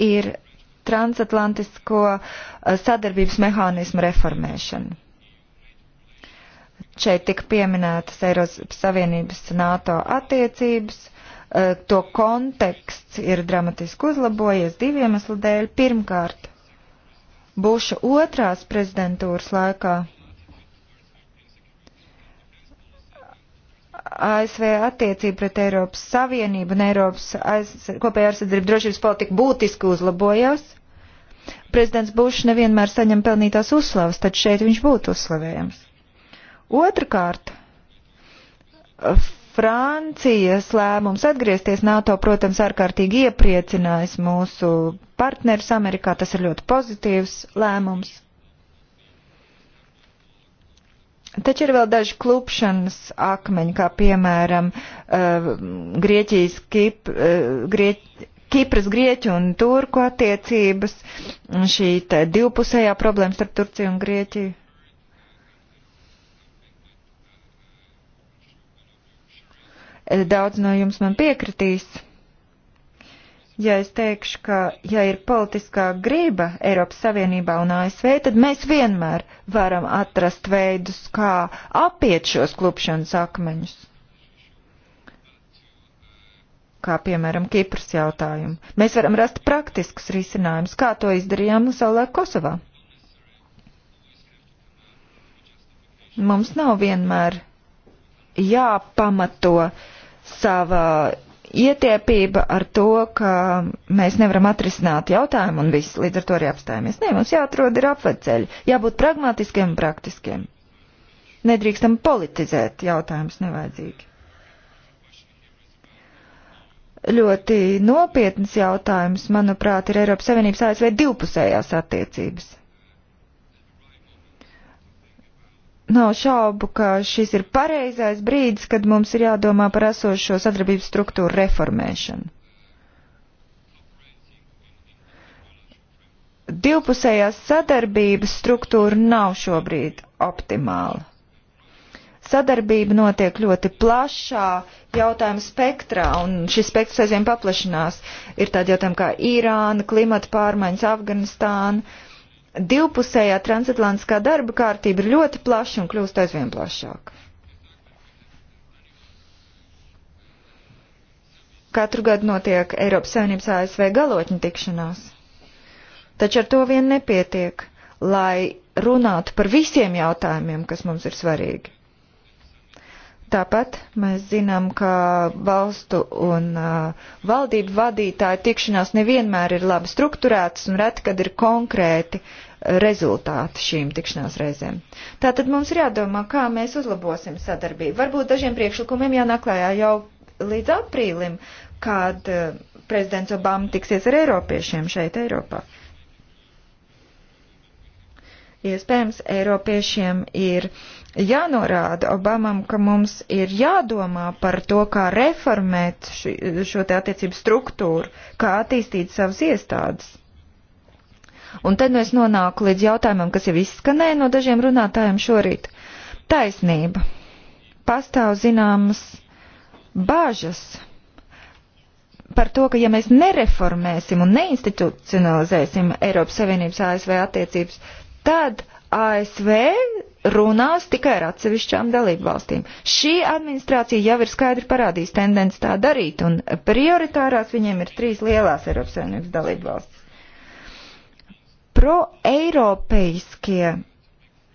ir transatlantisko eh, sadarbības mehānismu reformēšanu. Šeit tika pieminētas Eiropas Savienības NATO attiecības. Eh, to konteksts ir dramatiski uzlabojies diviem eslu dēļ. Pirmkārt, būšu otrās prezidentūras laikā ASV attiecība pret Eiropas Savienību un Eiropas kopējā aizsardzību drošības politika būtiski uzlabojās. Prezidents Bušs nevienmēr saņem pelnītās uzslavas, taču šeit viņš būtu uzslavējams. Otrakārt, Francijas lēmums atgriezties NATO, protams, ārkārtīgi iepriecinājis mūsu partnerus Amerikā. Tas ir ļoti pozitīvs lēmums. Taču ir vēl daži klupšanas akmeņi, kā piemēram uh, Grieķijas, Kip, uh, eh, Grieķ, Kipras, Grieķu un Turku attiecības, šī divpusējā problēma starp Turciju un Grieķiju. Eh, daudz no jums man piekritīs. Uh, ja es teikšu, ka ja ir politiskā grība Eiropas Savienībā un ASV, tad mēs vienmēr varam atrast veidus, kā apiet šos klupšanas akmeņus. Kā piemēram Kipras jautājumu. Mēs varam rast praktiskus risinājumus, kā to izdarījām savulaik Kosovā. Mums nav vienmēr jāpamato sava ietiepība ar to, ka mēs nevaram atrisināt jautājumu un viss, līdz ar to arī apstājamies. Nē, mums jāatrod ir apveceļi, jābūt pragmatiskiem un praktiskiem. Nedrīkstam politizēt jautājumus nevajadzīgi. Ļoti nopietns jautājums, manuprāt, ir Eiropas Savienības ASV divpusējās attiecības. Nav šaubu, ka šis ir pareizais brīdis, kad mums ir jādomā par esošo sadarbības struktūru reformēšanu. Divpusējās sadarbības struktūra nav šobrīd optimāla sadarbība notiek ļoti plašā jautājuma spektrā, un šis spektrs aizvien paplašinās. Ir tādi jautājumi kā Irāna, klimata pārmaiņas, Afganistāna divpusējā transatlantiskā darba kārtība ir ļoti plaša un kļūst aizvien plašāka. Katru gadu notiek Eiropas Savienības ASV galotņu tikšanās. Taču ar to vien nepietiek, lai runātu par visiem jautājumiem, kas mums ir svarīgi. Tāpat mēs zinām, ka valstu un uh, valdību vadītāju tikšanās nevienmēr ir labi strukturētas un reti, kad ir konkrēti rezultāti šīm tikšanās reizēm. Tātad mums ir jādomā, kā mēs uzlabosim sadarbību. Varbūt dažiem priekšlikumiem jānaklājā jau līdz aprīlim, kad uh, prezidents Obama tiksies ar Eiropiešiem šeit Eiropā. Uh, Iespējams, Eiropiešiem ir jānorāda Obamam, ka mums ir jādomā par to, kā reformēt ši, šo te attiecību struktūru, kā attīstīt savas iestādes. Un tad nu es nonāku līdz jautājumam, kas jau izskanēja no dažiem runātājiem šorīt. Taisnība. Pastāv zināmas bāžas par to, ka ja mēs nereformēsim un neinstitucionalizēsim Eiropas Savienības ASV attiecības, tad ASV runās tikai ar atsevišķām dalību valstīm. Šī administrācija jau ir skaidri parādījusi tendenci tā darīt, un prioritārās viņiem ir trīs lielās Eiropas Savienības dalību valstis. Proeiropeiskie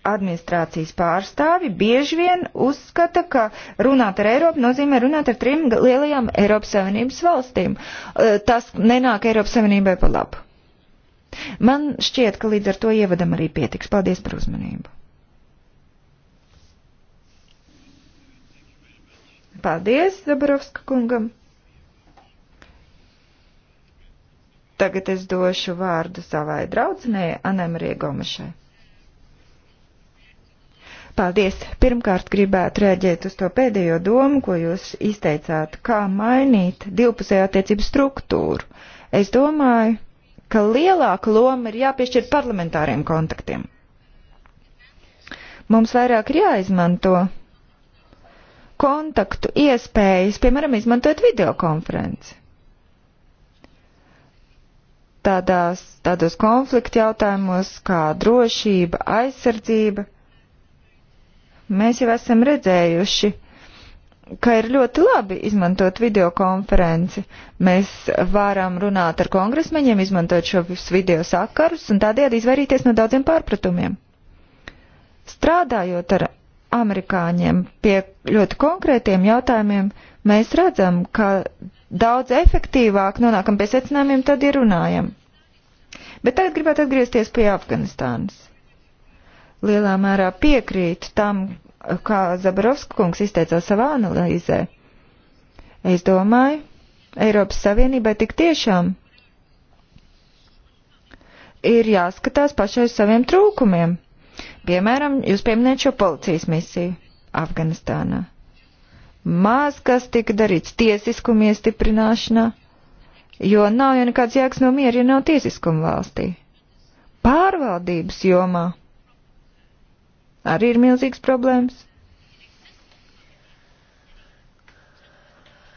administrācijas pārstāvi bieži vien uzskata, ka runāt ar Eiropu nozīmē runāt ar trim lielajām Eiropas Savienības valstīm. E, tas nenāk Eiropas Savienībai pa labu. Man šķiet, ka līdz ar to ievadam arī pietiks. Paldies par uzmanību. Paldies Zabarovska kungam. Tagad es došu vārdu savai draudzenei Anemarie Gomešai. Paldies! Pirmkārt gribētu rēģēt uz to pēdējo domu, ko jūs izteicāt, kā mainīt divpusējā attiecību struktūru. Es domāju, ka lielāka loma ir jāpiešķir parlamentāriem kontaktiem. Mums vairāk ir jāizmanto kontaktu iespējas, piemēram, izmantot videokonferenci. Tādās, tādos konflikta jautājumos kā drošība, aizsardzība, mēs jau esam redzējuši, ka ir ļoti labi izmantot videokonferenci. Mēs varam runāt ar kongresmeņiem, izmantot šos video sakarus un tādējādi izvairīties no daudziem pārpratumiem. Strādājot ar amerikāņiem pie ļoti konkrētiem jautājumiem, mēs redzam, ka daudz efektīvāk nonākam pie secinājumiem, tad ir runājam. Bet tagad gribētu atgriezties pie Afganistānas. Lielā mērā piekrītu tam, kā Zabarovskungs izteicās savā analīzē. Es domāju, Eiropas Savienībai tik tiešām ir jāskatās pašai uz saviem trūkumiem. Piemēram, jūs pieminējat šo policijas misiju Afganistānā. Maz kas tika darīts tiesiskumu iestiprināšanā, jo nav jau nekāds jēgas no miera, ja nav tiesiskuma valstī. Pārvaldības jomā arī ir milzīgs problēmas.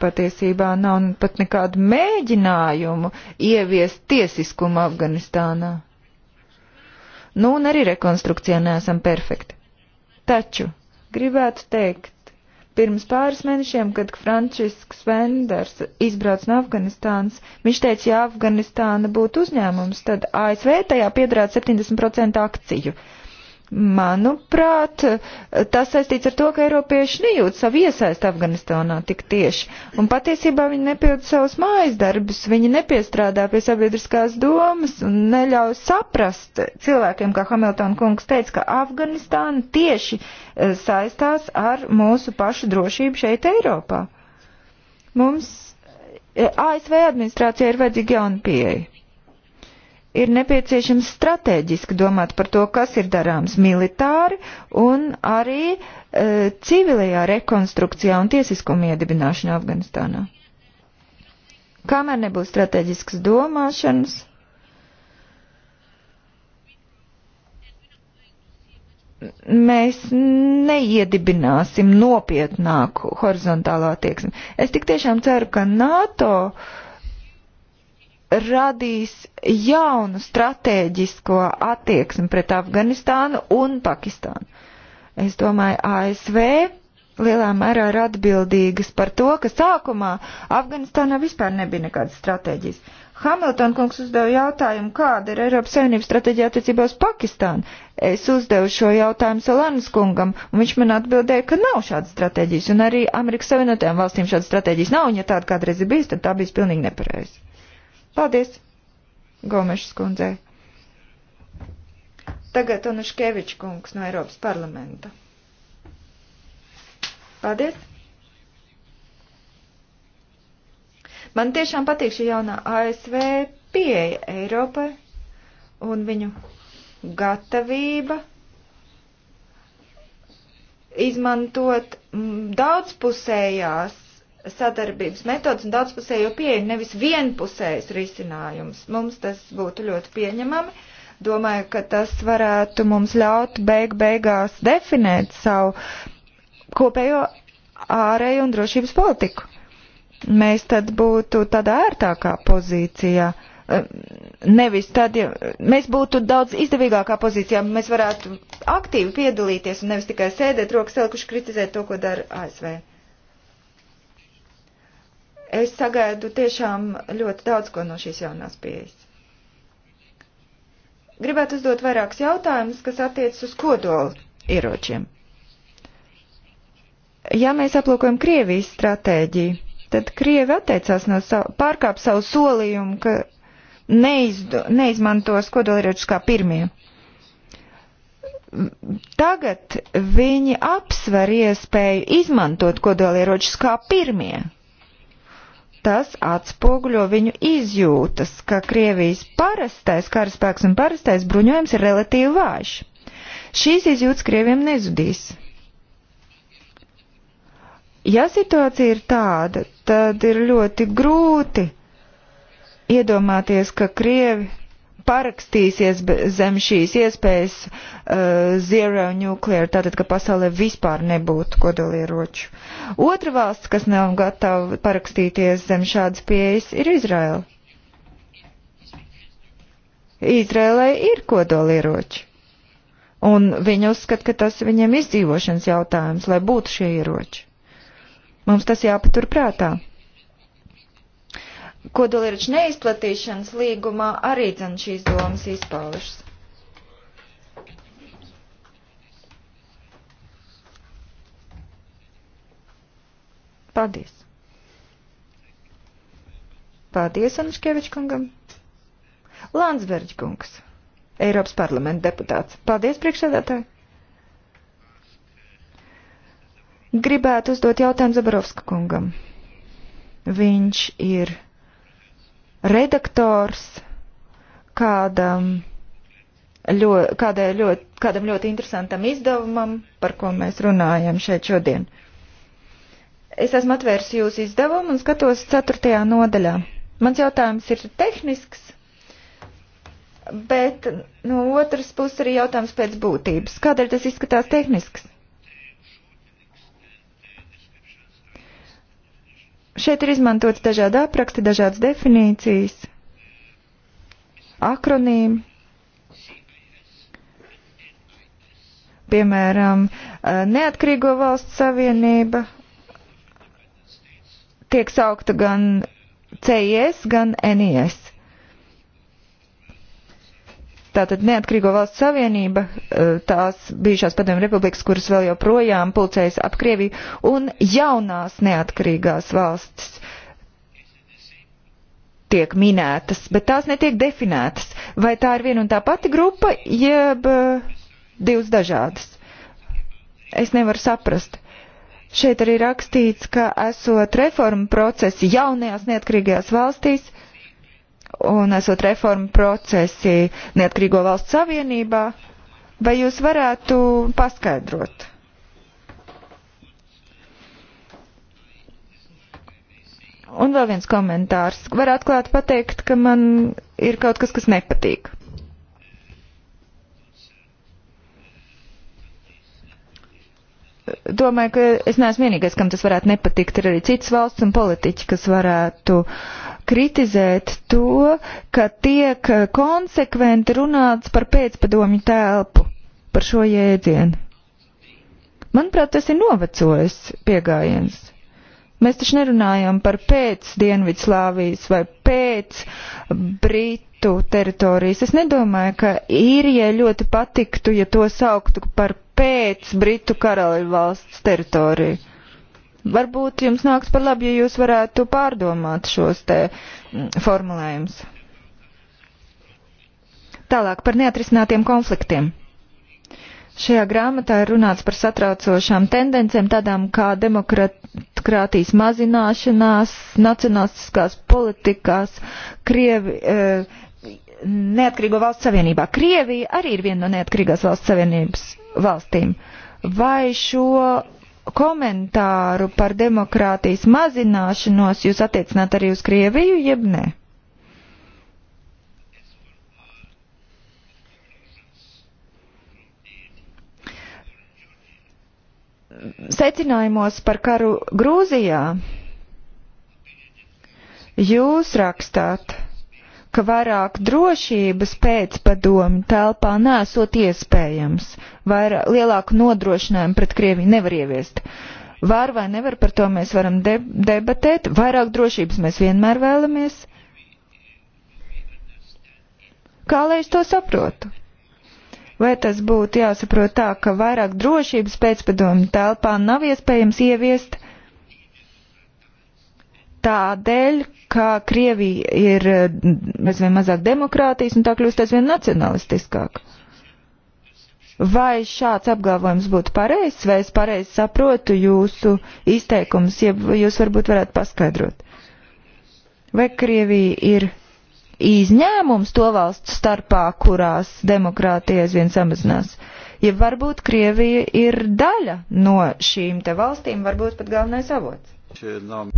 Patiesībā nav pat nekādu mēģinājumu ieviest tiesiskumu Afganistānā. Nu, un arī rekonstrukcijā neesam perfekti. Taču gribētu teikt, pirms pāris mēnešiem, kad Francisks Venders izbrauc no Afganistānas, viņš teica, ja Afganistāna būtu uzņēmums, tad ASV tajā piedrāt 70% akciju. Uh, Manuprāt, tas saistīts ar to, ka eiropieši nejūt savu iesaistu Afganistānā tik tieši. Un patiesībā viņi nepilda savus mājas darbus, viņi nepiestrādā pie sabiedriskās domas un neļauj saprast cilvēkiem, kā Hamiltona kungs teica, ka Afganistāna tieši e, saistās ar mūsu pašu drošību šeit Eiropā. Mums e, ASV administrācijai ir vajadzīga jauna pieeja ir nepieciešams strateģiski domāt par to, kas ir darāms militāri un arī e, civilajā rekonstrukcijā un tiesiskuma iedibināšanā Afganistānā. Kamēr nebūs strateģiskas domāšanas, mēs neiedibināsim nopietnāku horizontālo attieksmi. Es tik tiešām ceru, ka NATO uh, radīs jaunu stratēģisko attieksmi pret Afganistānu un Pakistānu. Es domāju, ASV lielā mērā ir atbildīgas par to, ka sākumā Afganistānā vispār nebija nekādas stratēģijas. Hamilton kungs uzdeva jautājumu, kāda ir Eiropas Savienības stratēģija attiecībā uz Pakistānu. Es uzdevu šo jautājumu Solanas kungam, un viņš man atbildēja, ka nav šādas stratēģijas, un arī Amerikas Savienotajām valstīm šādas stratēģijas nav, un ja tāda kādreiz ir bijis, tad tā bijis pilnīgi nepareizi. Paldies, Gomešas kundzei. Tagad Onuškevičs kungs no Eiropas parlamenta. Paldies! Man tiešām patīk šī jaunā ASV pieeja Eiropai un viņu gatavība izmantot daudzpusējās sadarbības metodas un daudzpusējo pieeju, nevis vienpusējs risinājums. Mums tas būtu ļoti pieņemami. Domāju, ka tas varētu mums ļaut beig beigās definēt savu kopējo ārēju un drošības politiku. Mēs tad būtu tādā ērtākā pozīcijā nevis tad, ja mēs būtu daudz izdevīgākā pozīcijā, mēs varētu aktīvi piedalīties un nevis tikai sēdēt rokas elkuši kritizēt to, ko dara ASV. Es sagaidu tiešām ļoti daudz ko no šīs jaunās pieejas. Gribētu uzdot vairākus jautājumus, kas attiecas uz kodolu ieročiem. Ja mēs aplūkojam Krievijas stratēģiju, tad Krievi atteicās no savu, pārkāp savu solījumu, ka neizdo, neizmantos kodolieročus kā pirmie. Tagad viņi apsver iespēju izmantot kodolieročus kā pirmie tas atspoguļo viņu izjūtas, ka Krievijas parastais karaspēks un parastais bruņojums ir relatīvi vājš. Šīs izjūtas Krieviem nezudīs. Ja situācija ir tāda, tad ir ļoti grūti iedomāties, ka Krievi parakstīsies zem šīs iespējas uh, zero nuclear, tātad, ka pasaulē vispār nebūtu kodolieroču. Otra valsts, kas nav gatava parakstīties zem šādas pieejas, ir Izraela. Izrēlai ir kodolieroči. Un viņi uzskata, ka tas viņiem izdzīvošanas jautājums, lai būtu šie ieroči. Mums tas jāpatur prātā kodolieroču neizplatīšanas līgumā arī dzen šīs domas izpaužas. Paldies. Paldies, Anuškevičs kungam. Landsberģi kungs, Eiropas parlamenta deputāts. Paldies, priekšsēdētāji. Gribētu uzdot jautājumu Zabarovska kungam. Viņš ir redaktors kādam ļoti, kādai ļoti, kādam ļoti interesantam izdevumam, par ko mēs runājam šeit šodien. Es esmu atvērs jūsu izdevumu un skatos ceturtajā nodaļā. Mans jautājums ir tehnisks, bet no otras puses arī jautājums pēc būtības. Kādēļ tas izskatās tehnisks? Šeit ir izmantots dažādi apraksti, dažādas definīcijas, akronīmi. Piemēram, eh, neatkarīgo valsts savienība tiek saukta gan CIS, gan NIS. Tātad neatkarīgo valsts savienība, e, tās bijušās padomju republikas, kuras vēl joprojām pulcējas ap Krieviju, un jaunās neatkarīgās valstis tiek minētas, bet tās netiek definētas. Vai tā ir viena un tā pati grupa, jeb e, divas dažādas? Es nevaru saprast. Šeit arī rakstīts, ka esot reformu procesi jaunajās neatkarīgajās valstīs, uh, un esot reformu procesi neatkarīgo valstu savienībā, vai jūs varētu paskaidrot? Un vēl viens komentārs. Var atklāt pateikt, ka man ir kaut kas, kas nepatīk. Domāju, ka es neesmu vienīgais, kam tas varētu nepatikt. Ir arī citas valsts un politiķi, kas varētu uh, kritizēt to, ka tiek eh, konsekventi runāts par pēcpadomju telpu, par šo jēdzienu. Manuprāt, tas ir novecojis piegājiens. Mēs taču nerunājam par pēc Dienvidslāvijas vai pēc Britu teritorijas. Es nedomāju, ka īrijai ļoti patiktu, ja to sauktu par pēc Britu karaļvalsts teritoriju Varbūt jums nāks par labu, ja jūs varētu pārdomāt šos te mm, formulējumus. Tālāk par neatrisinātiem konfliktiem. Šajā grāmatā ir runāts par satraucošām tendencēm, tādām kā demokrātijas mazināšanās, nacionālistiskās politikās, Krievi, e, neatkarīgo valsts savienībā. Krievija arī ir viena no neatkarīgās valsts savienības valstīm. Vai šo komentāru par demokrātijas mazināšanos jūs attiecināt arī uz Krieviju, jeb nē? Secinājumos par karu Grūzijā jūs rakstāt ka vairāk drošības pēcpadomi telpā nesot iespējams, vairāk lielāku nodrošinājumu pret Krieviju nevar ieviest. Var vai nevar, par to mēs varam de debatēt, vairāk drošības mēs vienmēr vēlamies. Kā lai es to saprotu? Vai tas būtu jāsaprot tā, ka vairāk drošības pēcpadomu telpā nav iespējams ieviest? tādēļ, ka Krievija ir mm, aizvien mazāk demokrātijas un tā kļūst aizvien nacionalistiskāk. Vai šāds apgalvojums būtu pareizs, vai es pareizi saprotu jūsu izteikumus, ja jūs varbūt varētu paskaidrot? Vai Krievija ir izņēmums to valstu starpā, kurās demokrātija aizvien samazinās? Ja varbūt Krievija ir daļa no šīm te valstīm, varbūt pat galvenais avots? Černam.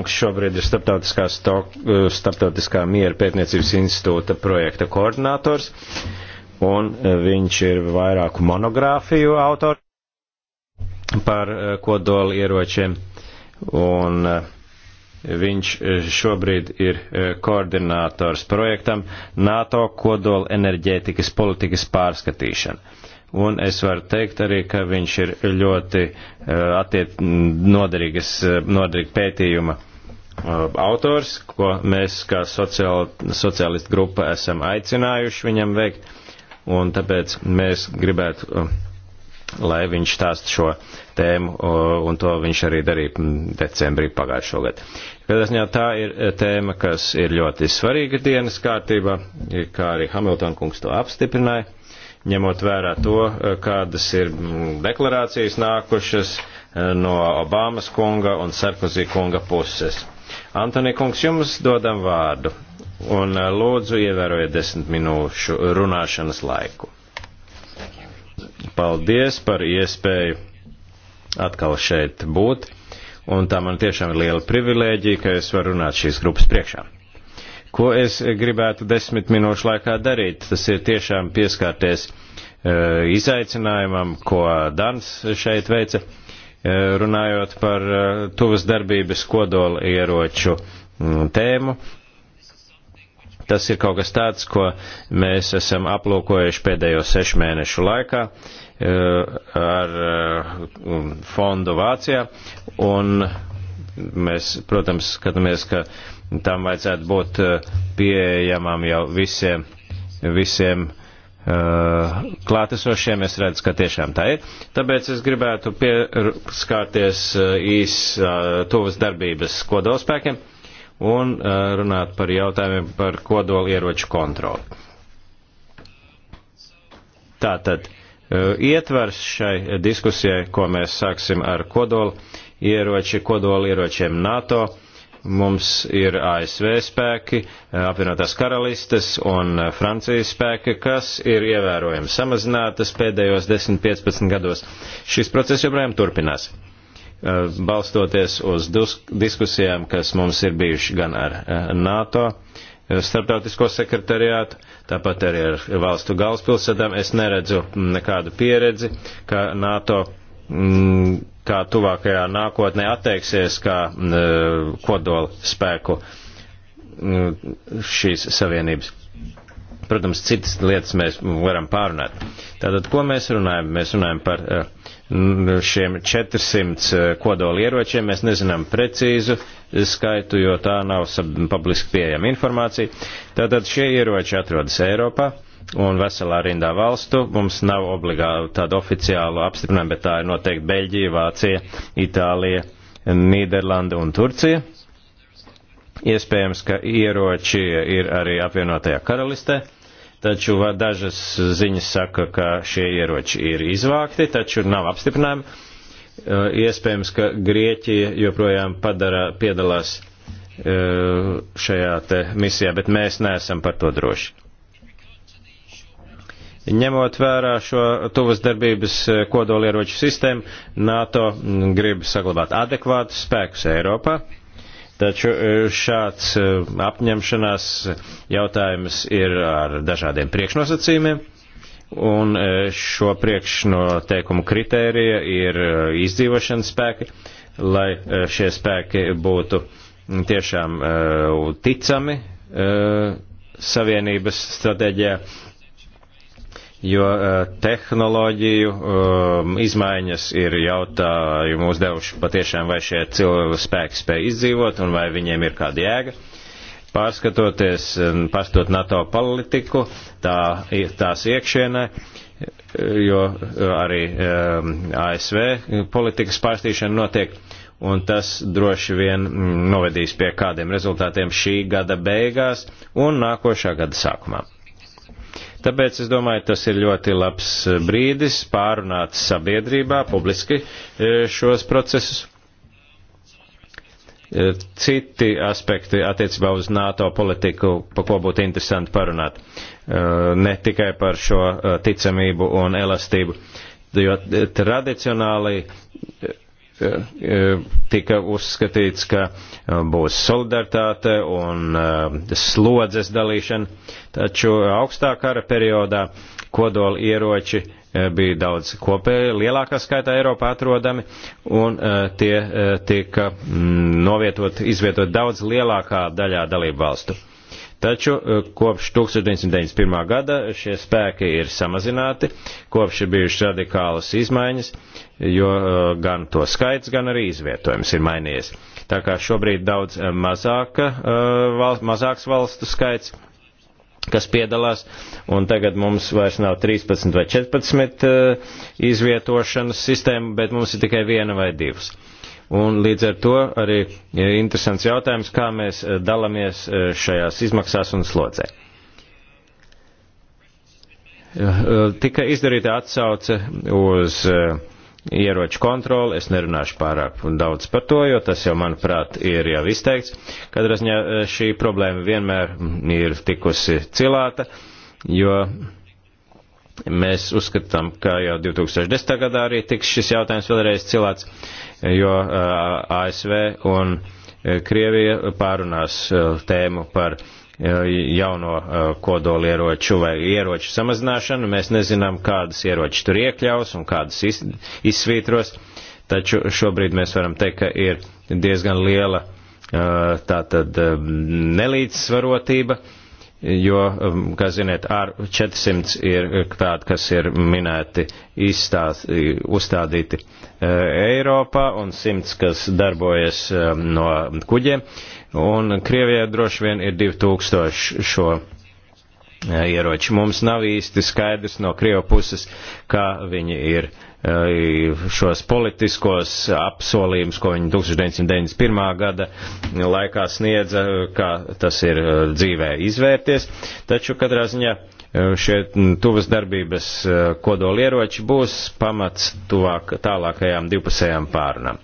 kungs šobrīd ir starptautiskā, stok, eh, starptautiskā miera pētniecības institūta projekta koordinators, un eh, viņš ir vairāku monogrāfiju autori par eh, kodoli ieročiem, un viņš šobrīd ir koordinators projektam NATO kodola enerģētikas politikas pārskatīšana un es varu teikt arī, ka viņš ir ļoti uh, attiec noderīgas, uh, noderīga pētījuma Uh, autors, ko mēs kā sociāli, sociālistu grupa esam aicinājuši viņam veikt, un tāpēc mēs gribētu, uh, lai viņš stāst šo tēmu, uh, un to viņš arī darīja mm, decembrī pagājušo gadu. Pēdējā tā ir tēma, kas ir ļoti svarīga dienas kārtībā, kā arī Hamilton kungs to apstiprināja, ņemot vērā to, kādas ir mm, deklarācijas nākušas no Obamas kunga un Sarkozī kunga puses Antoni Kungs, jums dodam vārdu un eh, lūdzu ievērojiet desmit minūšu runāšanas laiku. Paldies par iespēju atkal šeit būt, un tā man tiešām ir liela privilēģija, ka es varu runāt šīs grupas priekšā. Ko es gribētu desmit minūšu laikā darīt? Tas ir tiešām pieskārties uh, eh, izaicinājumam, ko Dans šeit veica. Uh, Eh, runājot par eh, tuvas darbības kodola ieroču mm, tēmu. Tas ir kaut kas tāds, ko mēs esam aplūkojuši pēdējo sešu mēnešu laikā eh, ar fondu Vācijā, un mēs, protams, skatāmies, ka tam vajadzētu būt pieejamam jau visiem, visiem Eh, klātesošiem. Es redzu, ka tiešām tā ir. Tāpēc es gribētu pieskārties eh, īs eh, tuvas darbības kodolspēkiem un runāt par jautājumiem par kodoli ieroču kontroli. Tātad ietvers šai diskusijai, ko mēs sāksim ar kodolu ieroči, kodolu ieročiem NATO Mums ir ASV spēki, apvienotās karalistes un Francijas spēki, kas ir ievērojami samazinātas pēdējos 10-15 gados. Šis process joprojām turpinās, balstoties uz diskusijām, kas mums ir bijuši gan ar NATO, starptautisko sekretariātu, tāpat arī ar valstu galvaspilsētām. Es neredzu nekādu pieredzi, ka NATO kā tuvākajā nākotnē atteiksies kā e, kodola spēku šīs savienības. Protams, citas lietas mēs varam pārunāt. Tātad, ko mēs runājam? Mēs runājam par e, šiem 400 e, kodoli ieročiem. Mēs nezinām precīzu skaitu, jo tā nav publiski pieejama informācija. Tātad šie ieroči atrodas Eiropā un veselā rindā valstu. Mums nav obligāti tāda oficiāla apstiprinājuma, bet tā ir noteikti Beļģija, Vācija, Itālija, Nīderlanda un Turcija. Iespējams, ka ieroči ir arī apvienotajā karalistē, taču dažas ziņas saka, ka šie ieroči ir izvākti, taču nav apstiprinājumi. Eh, iespējams, ka Grieķija joprojām padara, piedalās eh, šajā te misijā, bet mēs neesam par to droši. Ņemot vērā šo tuvas darbības eh, kodolieroču sistēmu, NATO grib saglabāt adekvātus spēkus Eiropā, taču eh, šāds eh, apņemšanās jautājums ir ar dažādiem priekšnosacījumiem, un šo priekšnoteikumu kritērija ir izdzīvošanas spēki, lai šie spēki būtu tiešām ticami Savienības stratēģijā jo eh, tehnoloģiju eh, izmaiņas ir jautājumu uzdevuši patiešām, vai šie cilvēki spēki spēj izdzīvot un vai viņiem ir kāda jēga. Pārskatoties, eh, pārstot NATO politiku, tā, tās iekšienē, jo arī ASV politikas pārstīšana notiek, un tas droši vien mm, novedīs pie kādiem rezultātiem šī gada beigās un nākošā gada sākumā. Tāpēc es domāju, tas ir ļoti labs eh, brīdis pārunāt sabiedrībā publiski eh, šos procesus eh, citi aspekti attiecībā uz NATO politiku, pa ko būtu interesanti parunāt. Ne tikai par šo ticamību un elastību, jo tradicionāli Eh, eh, tika uzskatīts, ka eh, būs solidaritāte un slodzes dalīšana, taču augstā kara periodā kodoli ieroči bija daudz kopēji, lielākā skaitā Eiropā atrodami, un tie tika mm, novietot, izvietot daudz lielākā daļā dalību valstu. Taču kopš 1991. gada šie spēki ir samazināti, kopš ir bijušas radikālas izmaiņas, jo eh, gan to skaits, gan arī izvietojums ir mainījies. Tā kā šobrīd daudz eh, mazāka, eh, valsts, mazāks valstu skaits kas piedalās, un tagad mums vairs nav 13 vai 14 izvietošanas sistēma, bet mums ir tikai viena vai divas. Un līdz ar to arī ir interesants jautājums, kā mēs dalamies šajās izmaksās un slodzē. Tika izdarīta atsauce uz uh, ieroču kontroli, es nerunāšu pārāk daudz par to, jo tas jau, manuprāt, ir jau izteikts. Katrā ziņā e, šī problēma vienmēr ir tikusi cilāta, jo mēs uzskatām, ka jau 2010. gadā arī tiks šis jautājums vēlreiz cilāts, jo e, ASV un e, Krievija pārunās tēmu par jauno kodoli ieroču vai ieroču samazināšanu. Mēs nezinām, kādas ieroči tur iekļaus un kādas izsvītros, taču šobrīd mēs varam teikt, ka ir diezgan liela tātad nelīdzsvarotība jo, kā ziniet, ar 400 ir tādi, kas ir minēti izstās, uzstādīti Eiropā un 100, kas darbojas no kuģiem un Krievijai droši vien ir 2000 šo e, ieroči. Mums nav īsti skaidrs no Krievu puses, kā viņi ir e, šos politiskos apsolījumus, ko viņi 1991. gada laikā sniedza, kā tas ir e, dzīvē izvērties. Taču katrā ziņā šie tuvas darbības kodolieroči būs pamats tuvāk, tālākajām divpusējām pārnām.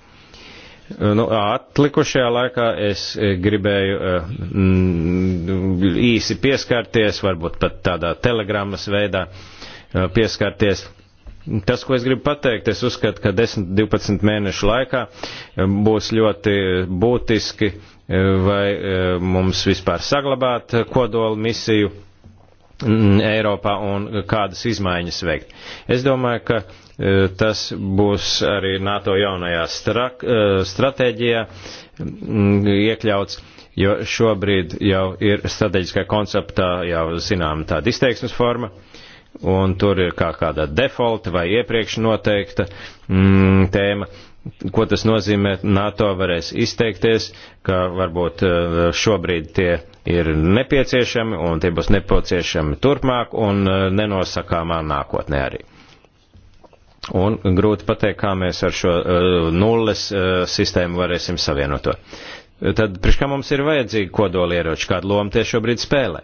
Eh, nu, atlikušajā laikā es eh, gribēju eh, mm, īsi pieskarties, varbūt pat tādā telegrammas veidā pieskarties. Tas, ko es gribu pateikt, es uzskatu, ka 10-12 mēnešu laikā būs ļoti būtiski, vai mums vispār saglabāt kodolu misiju mm, Eiropā un kādas izmaiņas veikt. Es domāju, ka E, tas būs arī NATO jaunajā strak, e, stratēģijā iekļauts, jo šobrīd jau ir strateģiskā konceptā jau zinām tāda izteiksmes forma, un tur ir kā kāda default vai iepriekš noteikta mm, tēma ko tas nozīmē, NATO varēs izteikties, ka varbūt e, šobrīd tie ir nepieciešami un tie būs nepieciešami turpmāk un nenosakāmā nākotnē arī. Un grūti pateikt, kā mēs ar šo uh, nulles uh, sistēmu varēsim savienot to. Tad, priekš kā mums ir vajadzīgi kodolieroči, kādu lomu tie šobrīd spēlē?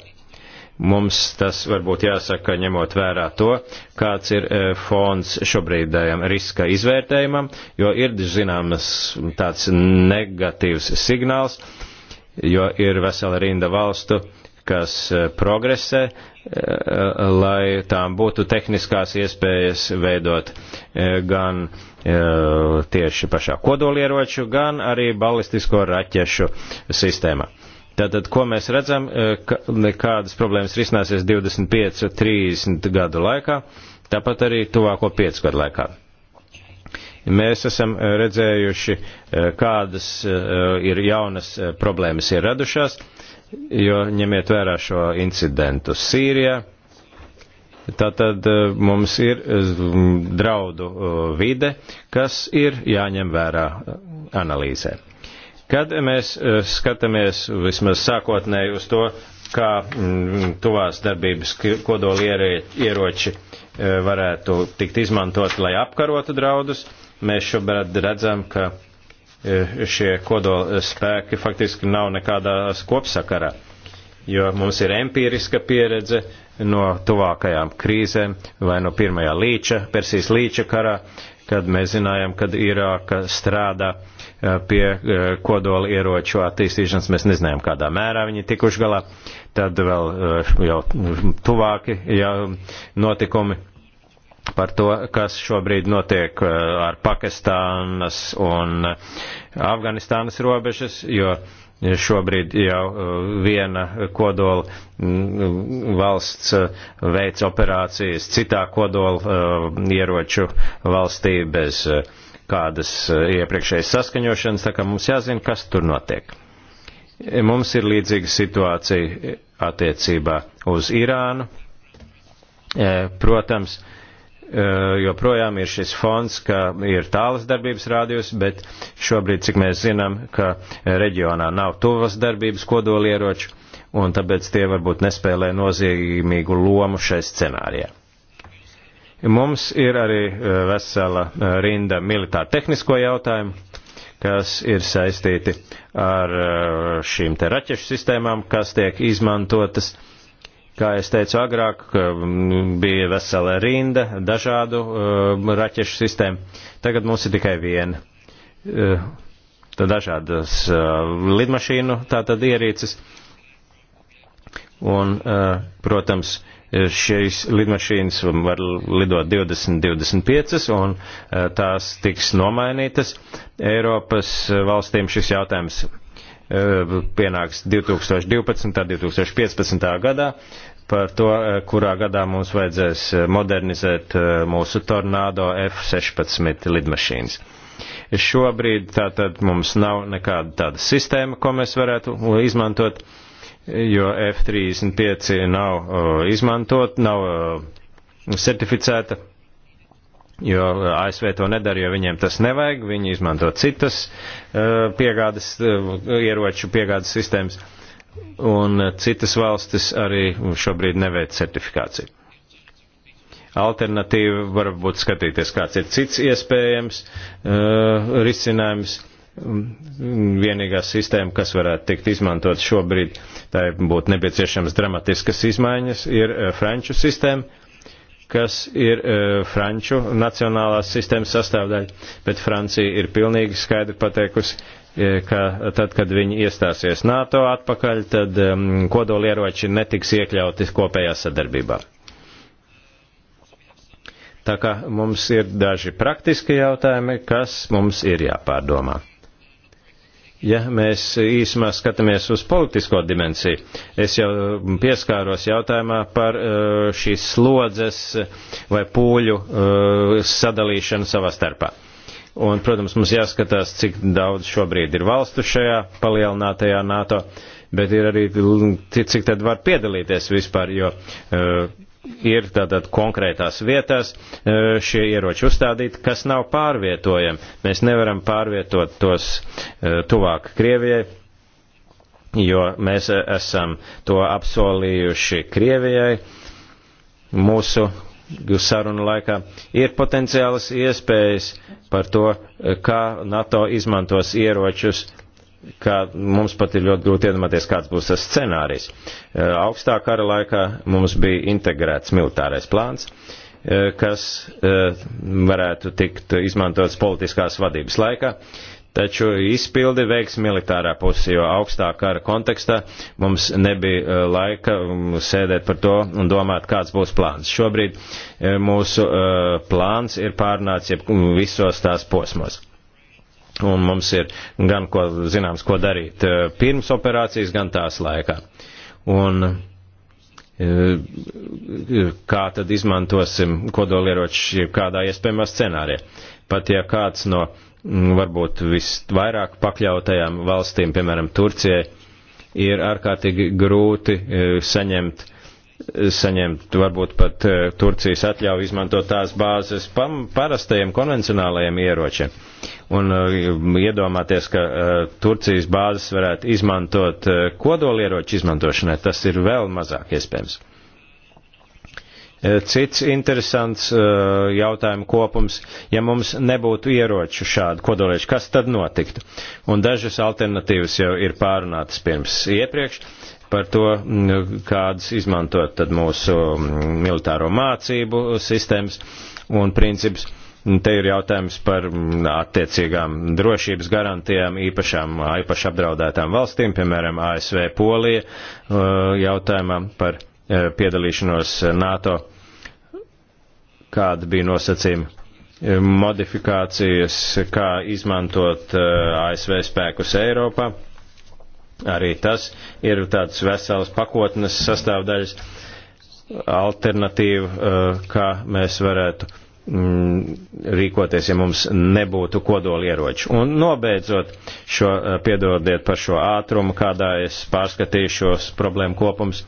Mums tas varbūt jāsaka, ņemot vērā to, kāds ir eh, fonds šobrīdējam riska izvērtējumam, jo ir zināmas tāds negatīvs signāls, jo ir vesela rinda valstu, kas progresē, lai tām būtu tehniskās iespējas veidot e, gan e, tieši pašā kodolieroču, gan arī balistisko raķešu sistēmā. Tātad, ko mēs redzam, e, kādas problēmas risināsies 25-30 gadu laikā, tāpat arī tuvāko 5 gadu laikā. Mēs esam redzējuši, kādas ir jaunas problēmas ir radušās, jo ņemiet vērā šo incidentu Sīrijā. Tātad eh, mums ir eh, draudu eh, vide, kas ir jāņem vērā analīzē. Kad mēs skatāmies vismaz sākotnēji uz to, kā mm, tuvās darbības kodoli ieroči varētu tikt izmantot, lai apkarotu draudus, mēs šobrīd redzam, ka Eh, šie kodola spēki faktiski nav nekādās kopsakarā, jo mums ir empiriska pieredze no tuvākajām krīzēm vai no pirmajā līča, Persijas līča karā, kad mēs zinājām, kad Irāka strādā eh, pie eh, kodola ieroču attīstīšanas, mēs nezinājām, kādā mērā viņi tikuši galā, tad vēl jau tuvāki jau notikumi par to, kas šobrīd notiek eh, ar Pakistānas un Afganistānas robežas, jo šobrīd jau eh, viena kodola mm, valsts eh, veic operācijas citā kodola ieroču valstī bez kādas iepriekšējas saskaņošanas, tā kā mums jāzina, kas tur notiek. Mums ir līdzīga situācija attiecībā uz Irānu. Protams, Eh, joprojām ir šis fonds, ka ir tālas darbības rādījus, bet šobrīd, cik mēs zinām, ka reģionā nav tuvas darbības kodolieroču, un tāpēc tie varbūt nespēlē nozīmīgu lomu šai scenārijā. Mums ir arī eh, vesela eh, rinda militāru tehnisko jautājumu, kas ir saistīti ar šīm te raķešu sistēmām, kas tiek izmantotas uh, Kā es teicu agrāk, mm, bija vesela rinda dažādu uh, raķešu sistēmu. Tagad mums ir tikai viena. Uh, dažādas uh, lidmašīnu tātad ierīces. Un, uh, protams, šīs lidmašīnas var lidot 20-25 un uh, tās tiks nomainītas. Eiropas valstīm šis jautājums Eh, pienāks 2012. un 2015. gadā par to, eh, kurā gadā mums vajadzēs eh, modernizēt mūsu Tornado F-16 lidmašīnas. Šobrīd tātad mums nav nekāda tāda sistēma, ko mēs varētu izmantot, jo F-35 nav izmantot, nav certificēta jo ASV to nedara, jo viņiem tas nevajag, viņi izmanto citas eh, piegādes, eh, ieroču piegādes sistēmas, un eh, citas valstis arī šobrīd neveic certifikāciju. Alternatīva varbūt skatīties, kāds ir cits iespējams risinājums. Vienīgā sistēma, kas varētu tikt izmantot šobrīd, tai būtu nepieciešams dramatiskas izmaiņas, ir franču sistēma kas ir e, Franču nacionālās sistēmas sastāvdaļa, bet Francija ir pilnīgi skaidri pateikusi, e, ka tad, kad viņi iestāsies NATO atpakaļ, tad e, kodolieroči netiks iekļauti kopējā sadarbībā. Tā kā mums ir daži praktiski jautājumi, kas mums ir jāpārdomā. Ja mēs īsumā skatāmies uz politisko dimensiju, es jau pieskāros jautājumā par uh, šīs slodzes vai pūļu uh, sadalīšanu savā starpā. Un, protams, mums jāskatās, cik daudz šobrīd ir valstu šajā palielinātajā NATO, bet ir arī, cik tad var piedalīties vispār, jo uh, ir tātad konkrētās vietās e, šie ieroči uzstādīti, kas nav pārvietojami. Mēs nevaram pārvietot tos e, tuvāk Krievijai, jo mēs e, esam to apsolījuši Krievijai mūsu sarunu laikā. Ir potenciālas iespējas par to, kā NATO izmantos ieročus ka mums pat ir ļoti grūti iedomāties, kāds būs tas scenārijs. Eh, augstā kara laikā mums bija integrēts militārais plāns, eh, kas eh, varētu tikt izmantots politiskās vadības laikā, taču izpildi veiks militārā puse, jo augstā kara kontekstā mums nebija laika um, sēdēt par to un domāt, kāds būs plāns. Šobrīd mūsu plāns ir pārnāts mm, visos tās posmos un mums ir gan ko, zināms, ko darīt eh, pirms operācijas, gan tās laikā. Un eh, kā tad izmantosim kodolieroči kādā iespējamā scenārijā. Pat ja kāds no mm, varbūt visvairāk pakļautajām valstīm, piemēram, Turcijai, ir ārkārtīgi grūti eh, saņemt uh, saņemt varbūt pat eh, Turcijas atļauju izmantot tās bāzes pam, parastajiem konvencionālajiem ieročiem. Un eh, iedomāties, ka eh, Turcijas bāzes varētu izmantot kodolieroču izmantošanai, tas ir vēl mazāk iespējams. Cits interesants jautājumu kopums, ja mums nebūtu ieroču šādu kodolieroču, kas tad notiktu? Un dažas alternatīvas jau ir pārunātas pirms iepriekš par to, mm, kādas izmantot tad mūsu mm, militāro mācību sistēmas un principus. Te ir jautājums par mm, attiecīgām drošības garantijām īpašām, īpaši apdraudētām valstīm, piemēram, ASV, Polija, uh, jautājumā par uh, piedalīšanos NATO, kāda bija nosacījuma modifikācijas, kā izmantot uh, ASV spēkus Eiropā Arī tas ir tāds vesels pakotnes sastāvdaļas alternatīva, eh, kā mēs varētu mm, rīkoties, ja mums nebūtu kodolieroči. Un nobeidzot šo, eh, piedodiet par šo ātrumu, kādā es pārskatīju šos problēmu kopums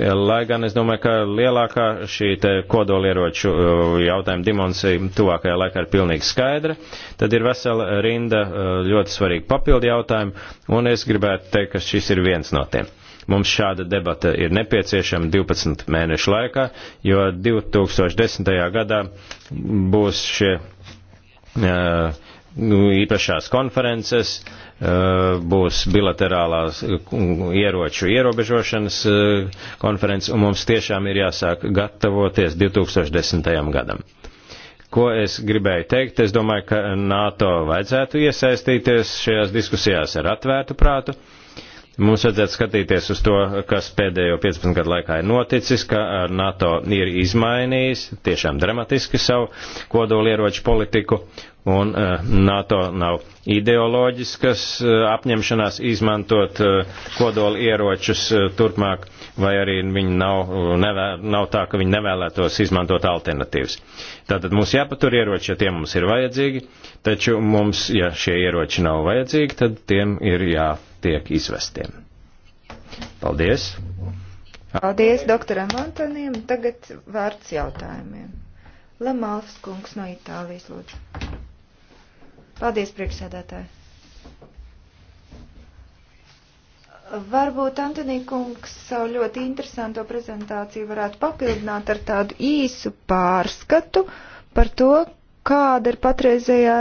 Lai gan es domāju, ka lielākā šī kodolieroču uh, jautājuma dimensija tuvākajā laikā ir pilnīgi skaidra, tad ir vesela rinda uh, ļoti svarīgi papildu jautājumu, un es gribētu teikt, ka šis ir viens no tiem. Mums šāda debata ir nepieciešama 12 mēnešu laikā, jo 2010. gadā būs šie uh, nu, īpašās konferences, uh, Eh, būs bilaterālās eh, ieroču ierobežošanas eh, konferences, un mums tiešām ir jāsāk gatavoties 2010. gadam. Ko es gribēju teikt? Es domāju, ka NATO vajadzētu iesaistīties šajās diskusijās ar atvērtu prātu. Mums vajadzētu skatīties uz to, kas pēdējo 15 gadu laikā ir noticis, ka NATO ir izmainījis tiešām dramatiski savu kodolieroču politiku, un e, NATO nav ideoloģiskas e, apņemšanās izmantot e, kodoli ieročus turpmāk, vai arī viņi nav, nevē, nav tā, ka viņi nevēlētos izmantot alternatīvas. Tātad mums jāpatur ieroči, ja tie mums ir vajadzīgi, taču mums, ja šie ieroči nav vajadzīgi, tad tiem ir jātiek izvestiem. Paldies! Paldies doktoram Antoniem. Tagad vārds jautājumiem. Lamāls kungs no Itālijas lūdzu. Paldies, priekšsēdētāji. Varbūt Antonīkungs savu ļoti interesanto prezentāciju varētu papildināt ar tādu īsu pārskatu par to, kāda ir patreizējā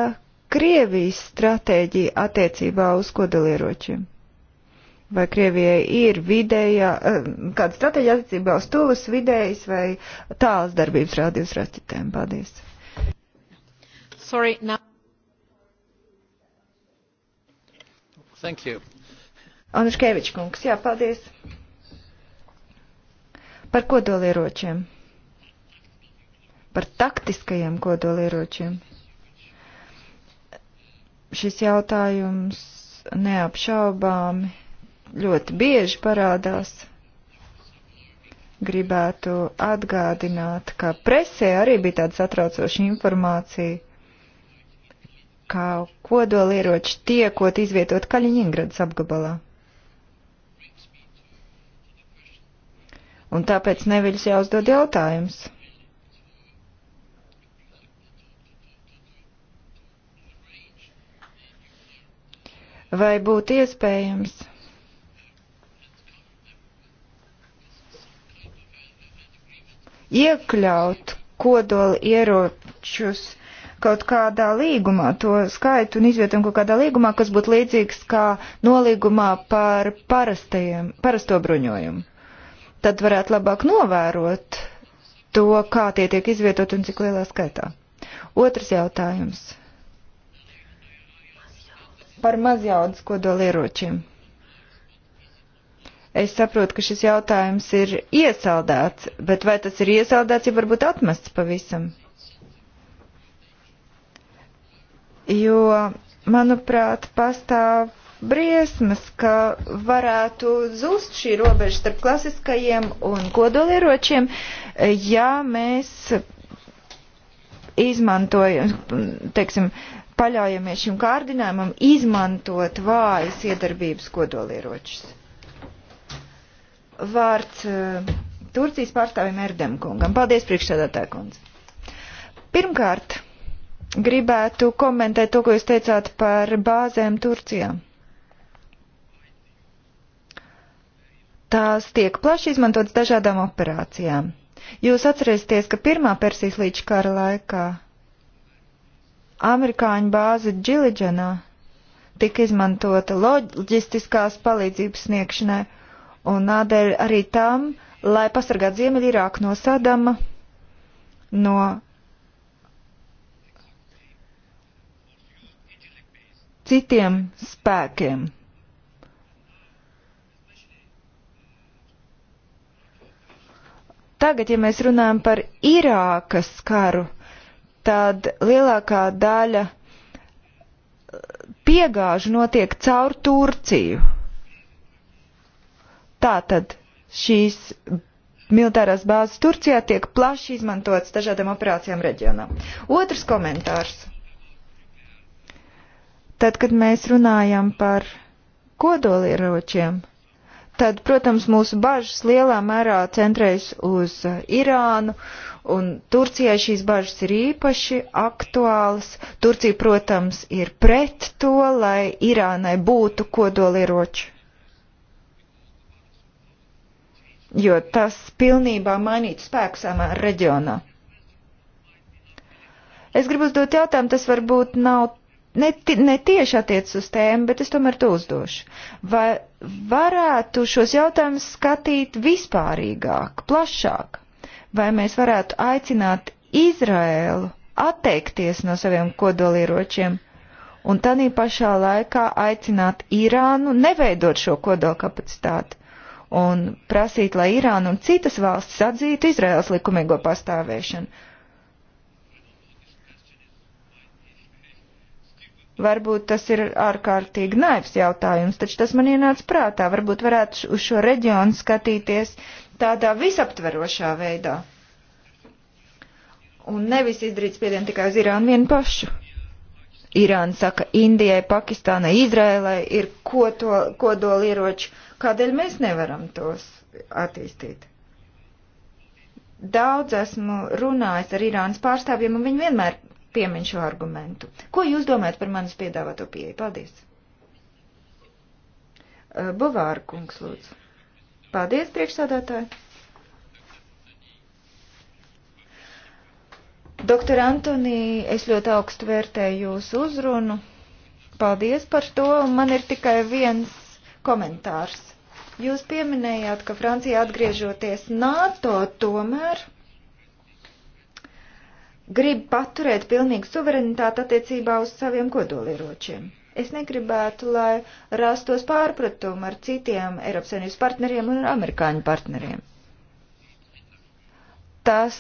Krievijas stratēģija attiecībā uz kodolieročiem. Vai Krievijai ir vidējā, eh, kāda stratēģija attiecībā uz tuvas vidējas vai tāls darbības rādījus raķetēm? Paldies. Sorry, now. Thank you. Anuškevičs kungs, jā, paldies. Par kodolieročiem. Par taktiskajiem kodolieročiem. Šis jautājums neapšaubāmi ļoti bieži parādās. Gribētu atgādināt, ka presē arī bija tāda satraucoša informācija kā kodolieroči tiekot izvietot Kaļiņingradas apgabalā. Un tāpēc neviļas jāuzdod jautājums. Vai būtu iespējams? Iekļaut kodoli ieročus kaut kādā līgumā, to skaitu un izvietam kaut kādā līgumā, kas būtu līdzīgs kā nolīgumā par parasto bruņojumu. Tad varētu labāk novērot to, kā tie tiek izvietot un cik lielā skaitā. Otrs jautājums par mazjaudas kodolieročiem. Es saprotu, ka šis jautājums ir iesaldēts, bet vai tas ir iesaldēts, ja varbūt atmests pavisam? jo, manuprāt, pastāv briesmas, ka varētu zust šī robeža starp klasiskajiem un kodolieročiem, ja mēs izmantojam, teiksim, paļaujamies šim kārdinājumam izmantot vājas iedarbības kodolieročus. Vārds eh, Turcijas pārstāvim Erdemkungam. Paldies, priekšsēdētāj kundze. Pirmkārt, gribētu komentēt to, ko jūs teicāt par bāzēm Turcijā. Tās tiek plaši izmantotas dažādām operācijām. Jūs atcerēsieties, ka pirmā Persijas līča kara laikā amerikāņu bāze Džiliģenā tika izmantota loģistiskās palīdzības sniegšanai, un nādēļ arī tam, lai pasargātu Ziemeļirāku no Sadama, no citiem spēkiem. Tagad, ja mēs runājam par Irākas karu, tad lielākā daļa piegāžu notiek caur Turciju. Tātad šīs militārās bāzes Turcijā tiek plaši izmantotas dažādām operācijām reģionā. Otrs komentārs. Tad, kad mēs runājam par kodolieročiem, tad, protams, mūsu bažas lielā mērā centrējas uz uh, Irānu, un Turcijai šīs bažas ir īpaši aktuālas. Turcija, protams, ir pret to, lai Irānai būtu kodolieroči. Jo tas pilnībā mainītu spēku samā reģionā. Es gribu uzdot jautājumu, tas varbūt nav ne, ne tieši attiecas uz tēmu, bet es tomēr to uzdošu. Vai varētu šos jautājumus skatīt vispārīgāk, plašāk? Vai mēs varētu aicināt Izraēlu atteikties no saviem kodolieročiem un tādī pašā laikā aicināt Irānu neveidot šo kodolkapacitāti? un prasīt, lai Irāna un citas valstis atzītu Izraels likumīgo pastāvēšanu Varbūt tas ir ārkārtīgi naivs jautājums, taču tas man ienāca prātā. Varbūt varētu uz šo reģionu skatīties tādā visaptverošā veidā. Un nevis izdarīt spiedienu tikai uz Irānu vienu pašu. Irāna saka Indijai, Pakistānai, Izrēlai ir kodolieroči, kādēļ mēs nevaram tos attīstīt. Daudz esmu runājis ar Irānas pārstāvjiem, un viņi vienmēr piemin šo argumentu. Ko jūs domājat par manas piedāvāto pieeju? Paldies! Bovāra kungs, lūdzu. Paldies, priekšsādātāji! Doktor Antonī, es ļoti augstu vērtēju jūsu uzrunu. Paldies par to, un man ir tikai viens komentārs. Jūs pieminējāt, ka Francija atgriežoties NATO tomēr grib paturēt pilnīgu suverenitāti attiecībā uz saviem kodolieročiem. Es negribētu, lai rastos pārpratumi ar citiem Eiropas Savienības partneriem un amerikāņu partneriem. Tas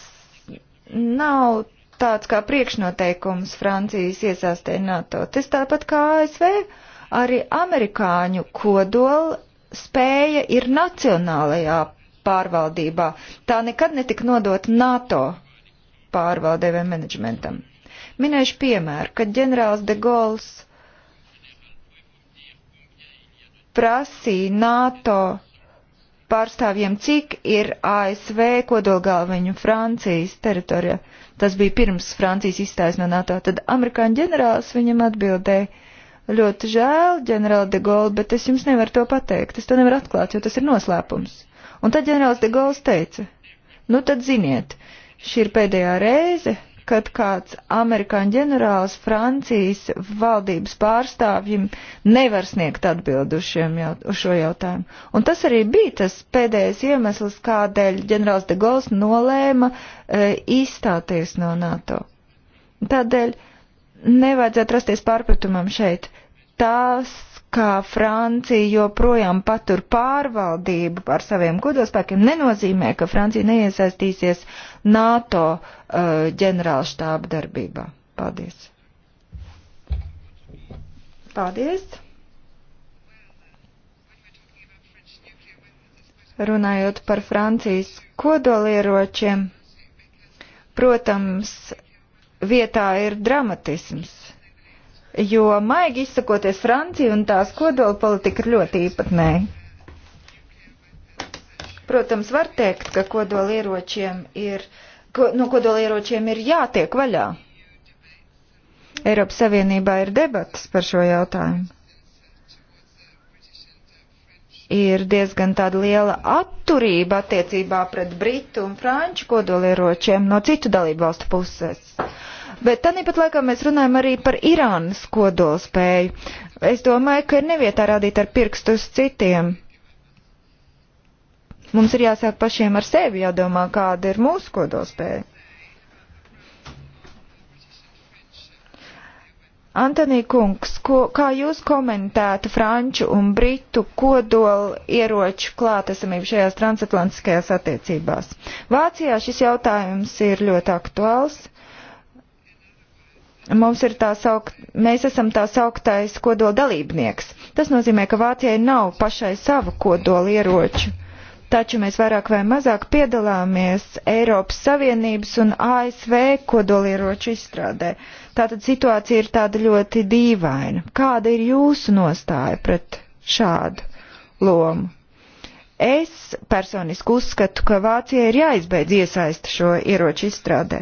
nav tāds kā priekšnoteikums Francijas iesaistē NATO. Tas tāpat kā ASV, arī amerikāņu kodola spēja ir nacionālajā pārvaldībā. Tā nekad netika nodota NATO pārvaldē vai menedžmentam. Minēšu piemēru, kad ģenerālis de Gauls prasīja NATO pārstāvjiem, cik ir ASV kodolgalviņu Francijas teritorijā. Tas bija pirms Francijas izstājas no NATO. Tad amerikāņu ģenerālis viņam atbildēja, ļoti žēl, ģenerāli de Gaulle, bet es jums nevaru to pateikt. Es to nevaru atklāt, jo tas ir noslēpums. Un tad ģenerālis de Gaulle teica, nu tad ziniet, Šī ir pēdējā reize, kad kāds amerikāņu ģenerālis Francijas valdības pārstāvjim nevar sniegt atbildu jaut uz šo jautājumu. Un tas arī bija tas pēdējais iemesls, kādēļ ģenerālis de Gauls nolēma e, izstāties no NATO. Tādēļ nevajadzētu rasties pārpratumam šeit. Tās, kā Francija joprojām patur pārvaldību pār saviem kudospēkiem, nenozīmē, ka Francija neiesaistīsies uh, NATO uh, eh, ģenerāla štāba darbībā. Paldies! Paldies! Runājot par Francijas kodolieročiem, protams, vietā ir dramatisms, jo, maigi izsakoties, Francija un tās kodola politika ir ļoti īpatnēja. Protams, var teikt, ka kodolieročiem ir, ko, no kodolieročiem ir jātiek vaļā. Eiropas Savienībā ir debatas par šo jautājumu. Ir diezgan tāda liela atturība attiecībā pret Britu un Franču kodolieročiem no citu dalību valstu puses. Bet tāpat laikā mēs runājam arī par Irānas kodolspēju. Es domāju, ka ir nevietā rādīt ar pirkstu uz citiem. Mums ir jāsāk pašiem ar sevi jādomā, kāda ir mūsu kodolspēja. Antonī Kungs, ko, kā jūs komentētu franču un britu kodolu ieroču klātesamību šajās transatlantiskajās attiecībās? Vācijā šis jautājums ir ļoti aktuāls. Mums ir tā saukt, mēs esam tā sauktais kodola dalībnieks. Tas nozīmē, ka Vācijai nav pašai savu kodola ieroču. Uh, taču mēs vairāk vai mazāk piedalāmies Eiropas Savienības un ASV kodolieroču izstrādē. Tātad situācija ir tāda ļoti dīvaina. Kāda ir jūsu nostāja pret šādu lomu? Es personiski uzskatu, ka Vācija ir jāizbeidz iesaista šo ieroču izstrādē.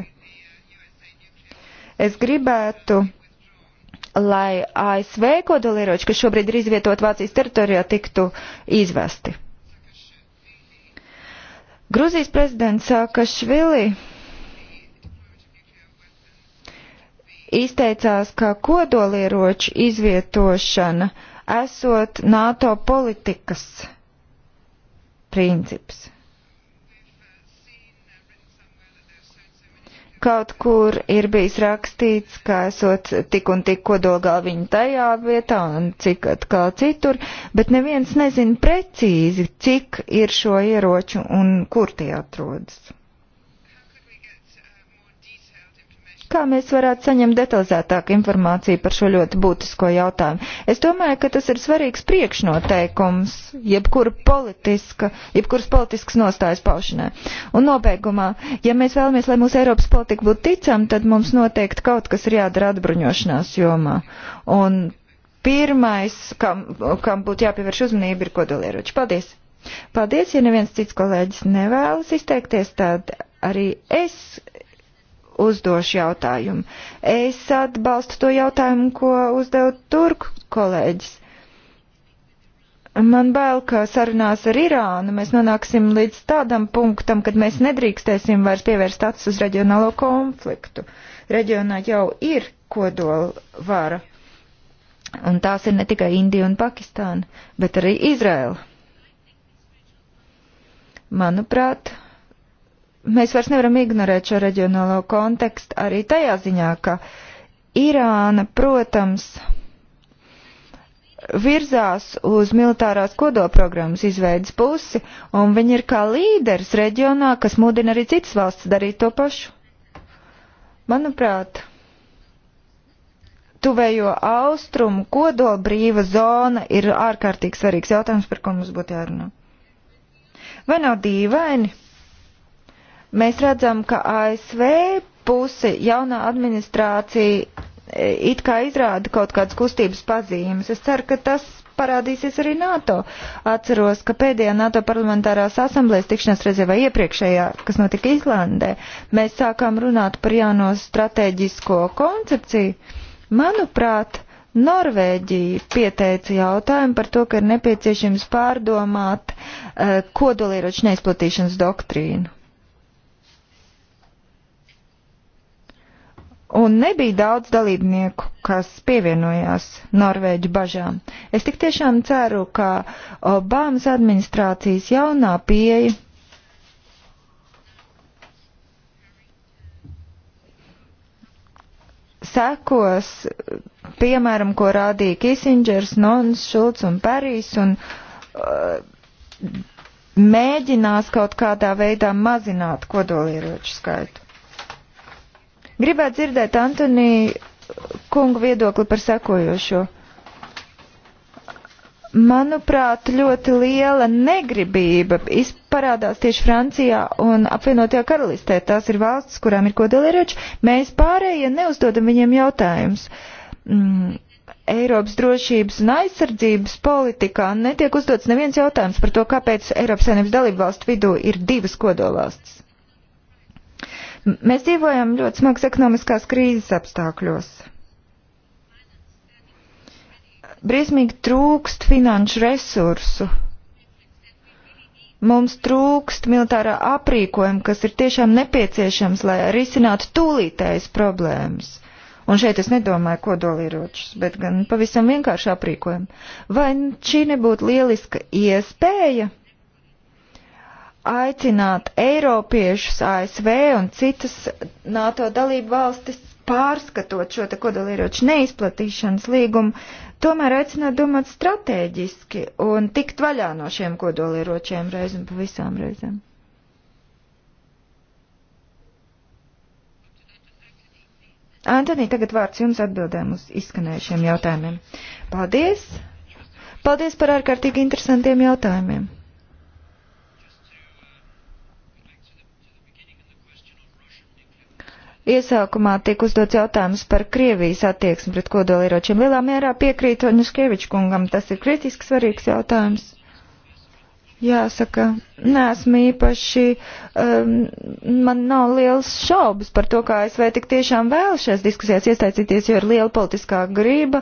Es gribētu lai ASV kodolieroči, kas šobrīd ir izvietot Vācijas teritorijā, tiktu izvesti. Gruzijas prezidents Saakašvili izteicās, ka kodolieroču izvietošana esot NATO politikas princips. Kaut kur ir bijis rakstīts, ka esot tik un tik kodolgalviņu tajā vietā un cik atkal citur, bet neviens nezina precīzi, cik ir šo ieroču un kur tie atrodas. Kā mēs varētu saņemt detalizētāku informāciju par šo ļoti būtisko jautājumu? Es domāju, ka tas ir svarīgs priekšnoteikums jebkura politiska, jebkuras politiskas nostājas paušanai. Un nobeigumā, ja mēs vēlamies, lai mūsu Eiropas politika būtu ticama, tad mums noteikti kaut kas ir jādara atbruņošanās jomā. Un pirmais, kam, kam būtu jāpievērš uzmanība, ir kodolieroči. Paldies! Paldies, ja neviens cits kolēģis nevēlas izteikties, tad arī es uzdošu jautājumu. Es atbalstu to jautājumu, ko uzdeva Turku kolēģis. Man bail, ka sarunās ar Irānu mēs nonāksim līdz tādam punktam, kad mēs nedrīkstēsim vairs pievērst acis uz reģionālo konfliktu. Reģionā jau ir kodola vara, un tās ir ne tikai Indija un Pakistāna, bet arī Izraela. Manuprāt, mēs vairs nevaram ignorēt šo reģionālo kontekstu arī tajā ziņā, ka Irāna, protams, virzās uz militārās kodolprogrammas izveidas pusi, un viņi ir kā līderis reģionā, kas mudina arī citas valsts darīt to pašu. Manuprāt, tuvējo austrumu kodolbrīva zona ir ārkārtīgi svarīgs jautājums, par ko mums būtu jārunā. Vai nav dīvaini? Mēs redzam, ka ASV pusi jaunā administrācija e, it kā izrāda kaut kādas kustības pazīmes. Es ceru, ka tas parādīsies arī NATO. Atceros, ka pēdējā NATO parlamentārās asamblēs tikšanās reizē vai iepriekšējā, kas notika Islandē, mēs sākām runāt par jauno strateģisko koncepciju. Manuprāt, Norvēģija pieteica jautājumu par to, ka ir nepieciešams pārdomāt uh, kodolieroču neizplatīšanas doktrīnu. un nebija daudz dalībnieku, kas pievienojās Norvēģu bažām. Es tik tiešām ceru, ka Obamas administrācijas jaunā pieeja sekos, piemēram, ko rādīja Kisingers, Nons, Šulcs un Parīs, un uh, mēģinās kaut kādā veidā mazināt kodolieroču skaitu. Gribētu dzirdēt Antonī kungu viedokli par sekojošo. Manuprāt, ļoti liela negribība parādās tieši Francijā un apvienotajā karalistē. Tās ir valstis, kurām ir kodolieroči. Mēs pārējie neuzdodam viņiem jautājumus. Mm. Eiropas drošības un aizsardzības politikā netiek uzdots neviens jautājums par to, kāpēc Eiropas saimnības dalību valstu vidū ir divas kodolvalstis. Mēs dzīvojam ļoti smagas ekonomiskās krīzes apstākļos. Briesmīgi trūkst finanšu resursu. Mums trūkst militārā aprīkojuma, kas ir tiešām nepieciešams, lai risinātu tūlītējas problēmas. Un šeit es nedomāju kodolieročus, bet gan pavisam vienkārši aprīkojumu. Vai šī nebūtu lieliska iespēja aicināt Eiropiešus, ASV un citas NATO dalību valstis pārskatot šo te kodolieroču neizplatīšanas līgumu, tomēr aicināt domāt stratēģiski un tikt vaļā no šiem kodolieročiem reiz un pa visām reizēm. Antonī, tagad vārds jums atbildēm uz izskanējušiem jautājumiem. Paldies! Paldies par ārkārtīgi interesantiem jautājumiem! Iesākumā tiek uzdots jautājums par Krievijas attieksmi pret kodolieročiem. Lielā mērā piekrīt Oņuškeviču kungam, tas ir kritiski svarīgs jautājums. Jāsaka, neesmu īpaši, um, man nav liels šaubas par to, kā ASV tik tiešām vēl šajās diskusijās iesaistīties, jo ir liela politiskā grība,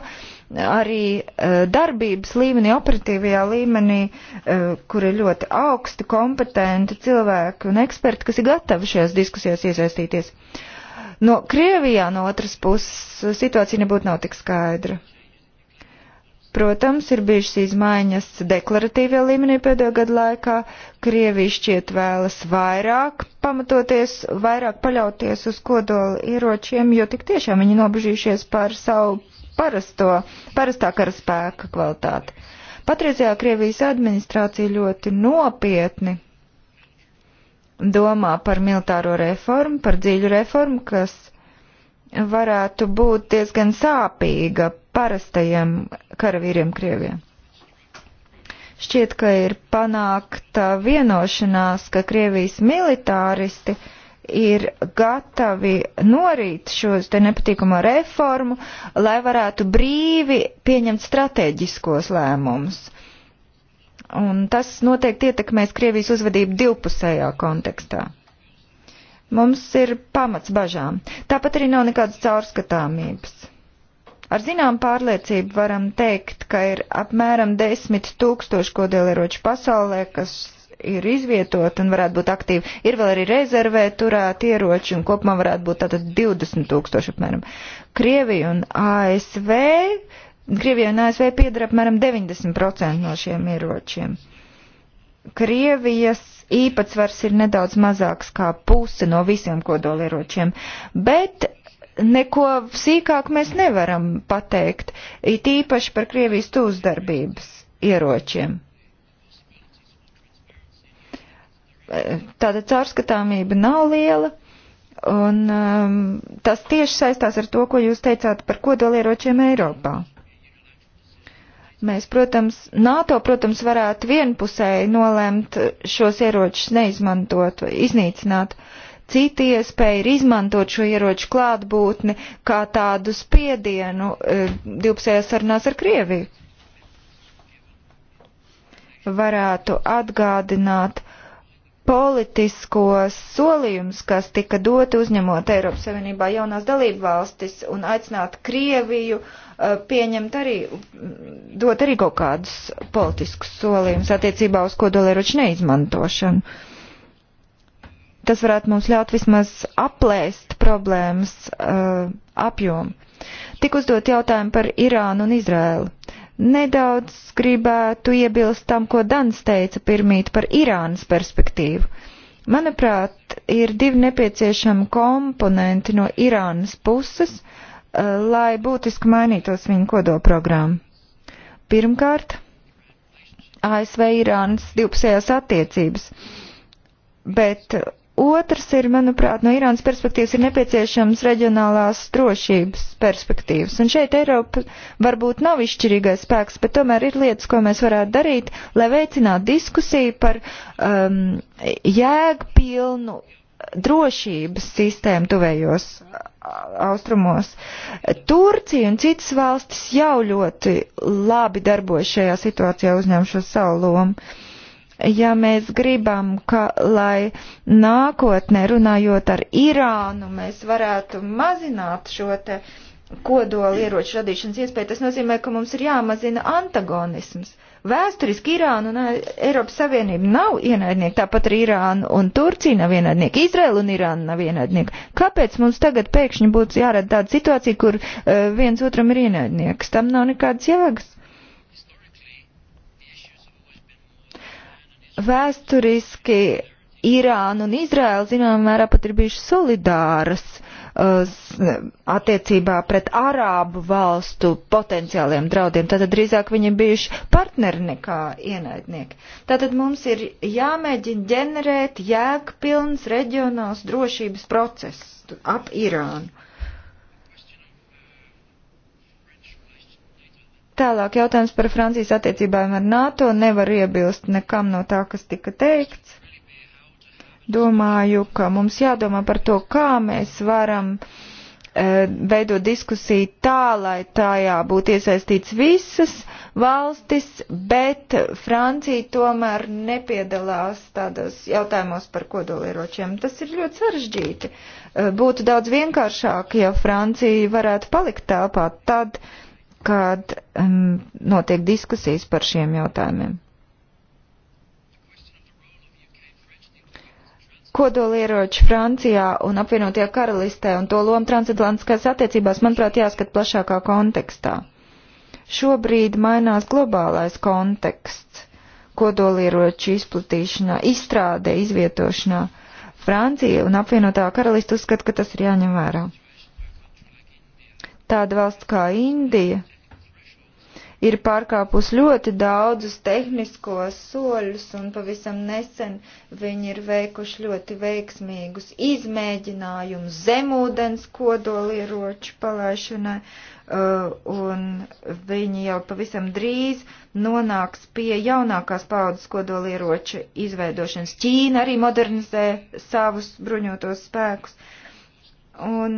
arī uh, darbības līmenī, operatīvajā līmenī, uh, kur ir ļoti augsti, kompetenti cilvēki un eksperti, kas ir gatavi šajās diskusijās iesaistīties. Uh, No Krievijā no otras puses situācija nebūtu nav tik skaidra. Protams, ir bijušas izmaiņas deklaratīvajā līmenī pēdējo gadu laikā. Krievija šķiet vēlas vairāk pamatoties, vairāk paļauties uz kodola ieročiem, jo tik tiešām viņi nobežījušies par savu parasto, parastā kara spēka kvalitāti. Patreizajā Krievijas administrācija ļoti nopietni domā par militāro reformu, par dziļu reformu, kas varētu būt diezgan sāpīga parastajiem karavīriem Krievijā. Šķiet, ka ir panākta vienošanās, ka Krievijas militāristi ir gatavi norīt šo te nepatīkamo reformu, lai varētu brīvi pieņemt strateģiskos lēmumus. Un tas noteikti ietekmēs Krievijas uzvedību divpusējā kontekstā. Mums ir pamats bažām. Tāpat arī nav nekādas caurskatāmības. Ar zinām pārliecību varam teikt, ka ir apmēram desmit tūkstoši kodēlieroču pasaulē, kas ir izvietot un varētu būt aktīvi. Ir vēl arī rezervē turēt ieroči un kopumā varētu būt tātad 20 tūkstoši apmēram. Krievija un ASV Krievijai un ASV piedara apmēram 90% no šiem ieročiem. Krievijas īpatsvars ir nedaudz mazāks kā puse no visiem kodolieročiem, bet neko sīkāk mēs nevaram pateikt, it īpaši par Krievijas tūzdarbības ieročiem. Tāda caurskatāmība nav liela, un um, tas tieši saistās ar to, ko jūs teicāt par kodolieročiem Eiropā. Mēs, protams, NATO, protams, varētu vienpusēji nolēmt šos ieročus neizmantot vai iznīcināt. Citi iespēja ir izmantot šo ieroču klātbūtni kā tādu spiedienu e, divpusējās sarunās ar Krieviju. Varētu atgādināt politiskos solījumus, kas tika doti uzņemot Eiropas Savienībā jaunās dalību valstis un aicināt Krieviju eh, pieņemt arī, mm, dot arī kaut kādus politiskus solījumus attiecībā uz kodolieroču neizmantošanu. Tas varētu mums ļaut vismaz aplēst problēmas uh, apjomu. Tik uzdot jautājumu par Irānu un Izrēlu. Nedaudz gribētu iebilst tam, ko Dans teica pirmīt par Irānas perspektīvu. Manuprāt, ir divi nepieciešami komponenti no Irānas puses, eh, lai būtiski mainītos viņu kodoprogrammu. Pirmkārt, ASV-Irānas divpusējās attiecības, bet Otrs ir, manuprāt, no Irānas perspektīvas ir nepieciešams reģionālās drošības perspektīvas. Un šeit Eiropa varbūt nav izšķirīgais spēks, bet tomēr ir lietas, ko mēs varētu darīt, lai veicinātu diskusiju par um, jēgpilnu drošības sistēmu tuvējos austrumos. Turcija un citas valstis jau ļoti labi darbojas šajā situācijā uzņemšos savu lomu Ja mēs gribam, ka, lai nākotnē runājot ar Irānu, mēs varētu mazināt šo te kodoli ieroču radīšanas iespēju, tas nozīmē, ka mums ir jāmazina antagonisms. Vēsturiski Irāna un eh, Eiropas Savienība nav ienaidnieki, tāpat arī Irāna un Turcija nav ienaidnieki, Izraela un Irāna nav ienaidnieki. Kāpēc mums tagad pēkšņi būtu jārada tāda situācija, kur uh, viens otram ir ienaidnieks? Tam nav nekādas jēgas. Vēsturiski Irāna un Izraela zināmā mērā pat ir bijušas solidāras uh, attiecībā pret arābu valstu potenciāliem draudiem. Tātad drīzāk viņi bijuši partneri nekā ienaidnieki. Tātad mums ir jāmēģina ģenerēt jēgpilns reģionāls drošības process ap Irānu. Tālāk jautājums par Francijas attiecībām ar NATO. Nevar iebilst nekam no tā, kas tika teikts. Domāju, ka mums jādomā par to, kā mēs varam e, veidot diskusiju tā, lai tajā būtu iesaistīts visas valstis, bet Francija tomēr nepiedalās tādos jautājumos par kodolieročiem. Tas ir ļoti sarežģīti. E, būtu daudz vienkāršāk, ja Francija varētu palikt tāpat. Tad kad um, notiek diskusijas par šiem jautājumiem. kodolieroči Francijā un apvienotajā karalistē un to lomu transatlantiskās attiecībās, manuprāt, jāskat plašākā kontekstā. Šobrīd mainās globālais konteksts kodolieroču izplatīšanā, izstrādē, izvietošanā. Francija un apvienotā karalista uzskata, ka tas ir jāņem vērā. Tāda valsts kā Indija ir pārkāpus ļoti daudzus tehniskos soļus, un pavisam nesen viņi ir veikuši ļoti veiksmīgus izmēģinājumus zemūdens kodolieroču palaišanai, uh, un viņi jau pavisam drīz nonāks pie jaunākās paudzes kodolieroča izveidošanas. Ķīna arī modernizē savus bruņotos spēkus. Uh, Un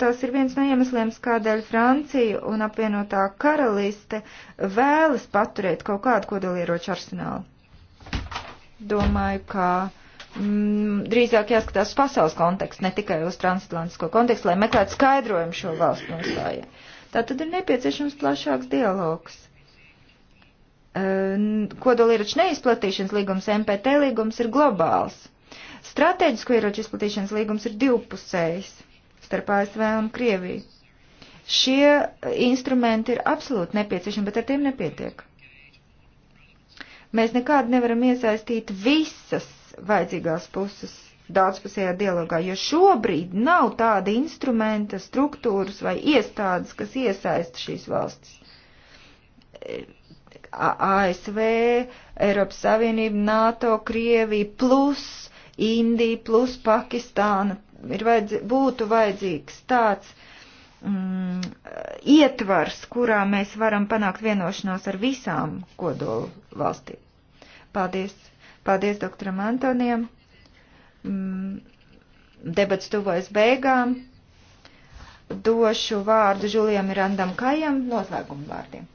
tas ir viens no iemesliem, kādēļ Francija un apvienotā karaliste vēlas paturēt kaut kādu kodolieroču arsenālu. Domāju, ka mm, drīzāk jāskatās uz pasaules kontekstu, ne tikai uz transatlantisko kontekstu, lai meklētu skaidrojumu šo valstu nostājai. Tā tad ir nepieciešams plašāks dialogs. Kodolieroču neizplatīšanas līgums, MPT līgums ir globāls. Stratēģisko ieroču izplatīšanas līgums ir divpusējs starp ASV un Krieviju. Šie instrumenti ir absolūti nepieciešami, bet ar tiem nepietiek. Mēs nekādi nevaram iesaistīt visas vajadzīgās puses daudzpusējā dialogā, jo šobrīd nav tāda instrumenta, struktūras vai iestādes, kas iesaista šīs valstis. ASV, Eiropas Savienība, NATO, Krievija, plus Indija, plus Pakistāna ir vajadz, būtu vajadzīgs tāds mm, ietvars, kurā mēs varam panākt vienošanos ar visām kodolu valstīm. Paldies! Paldies doktoram Antonijam! Mm, debats tuvojas beigām. Došu vārdu Žulijam Randam Kajam noslēguma vārdiem.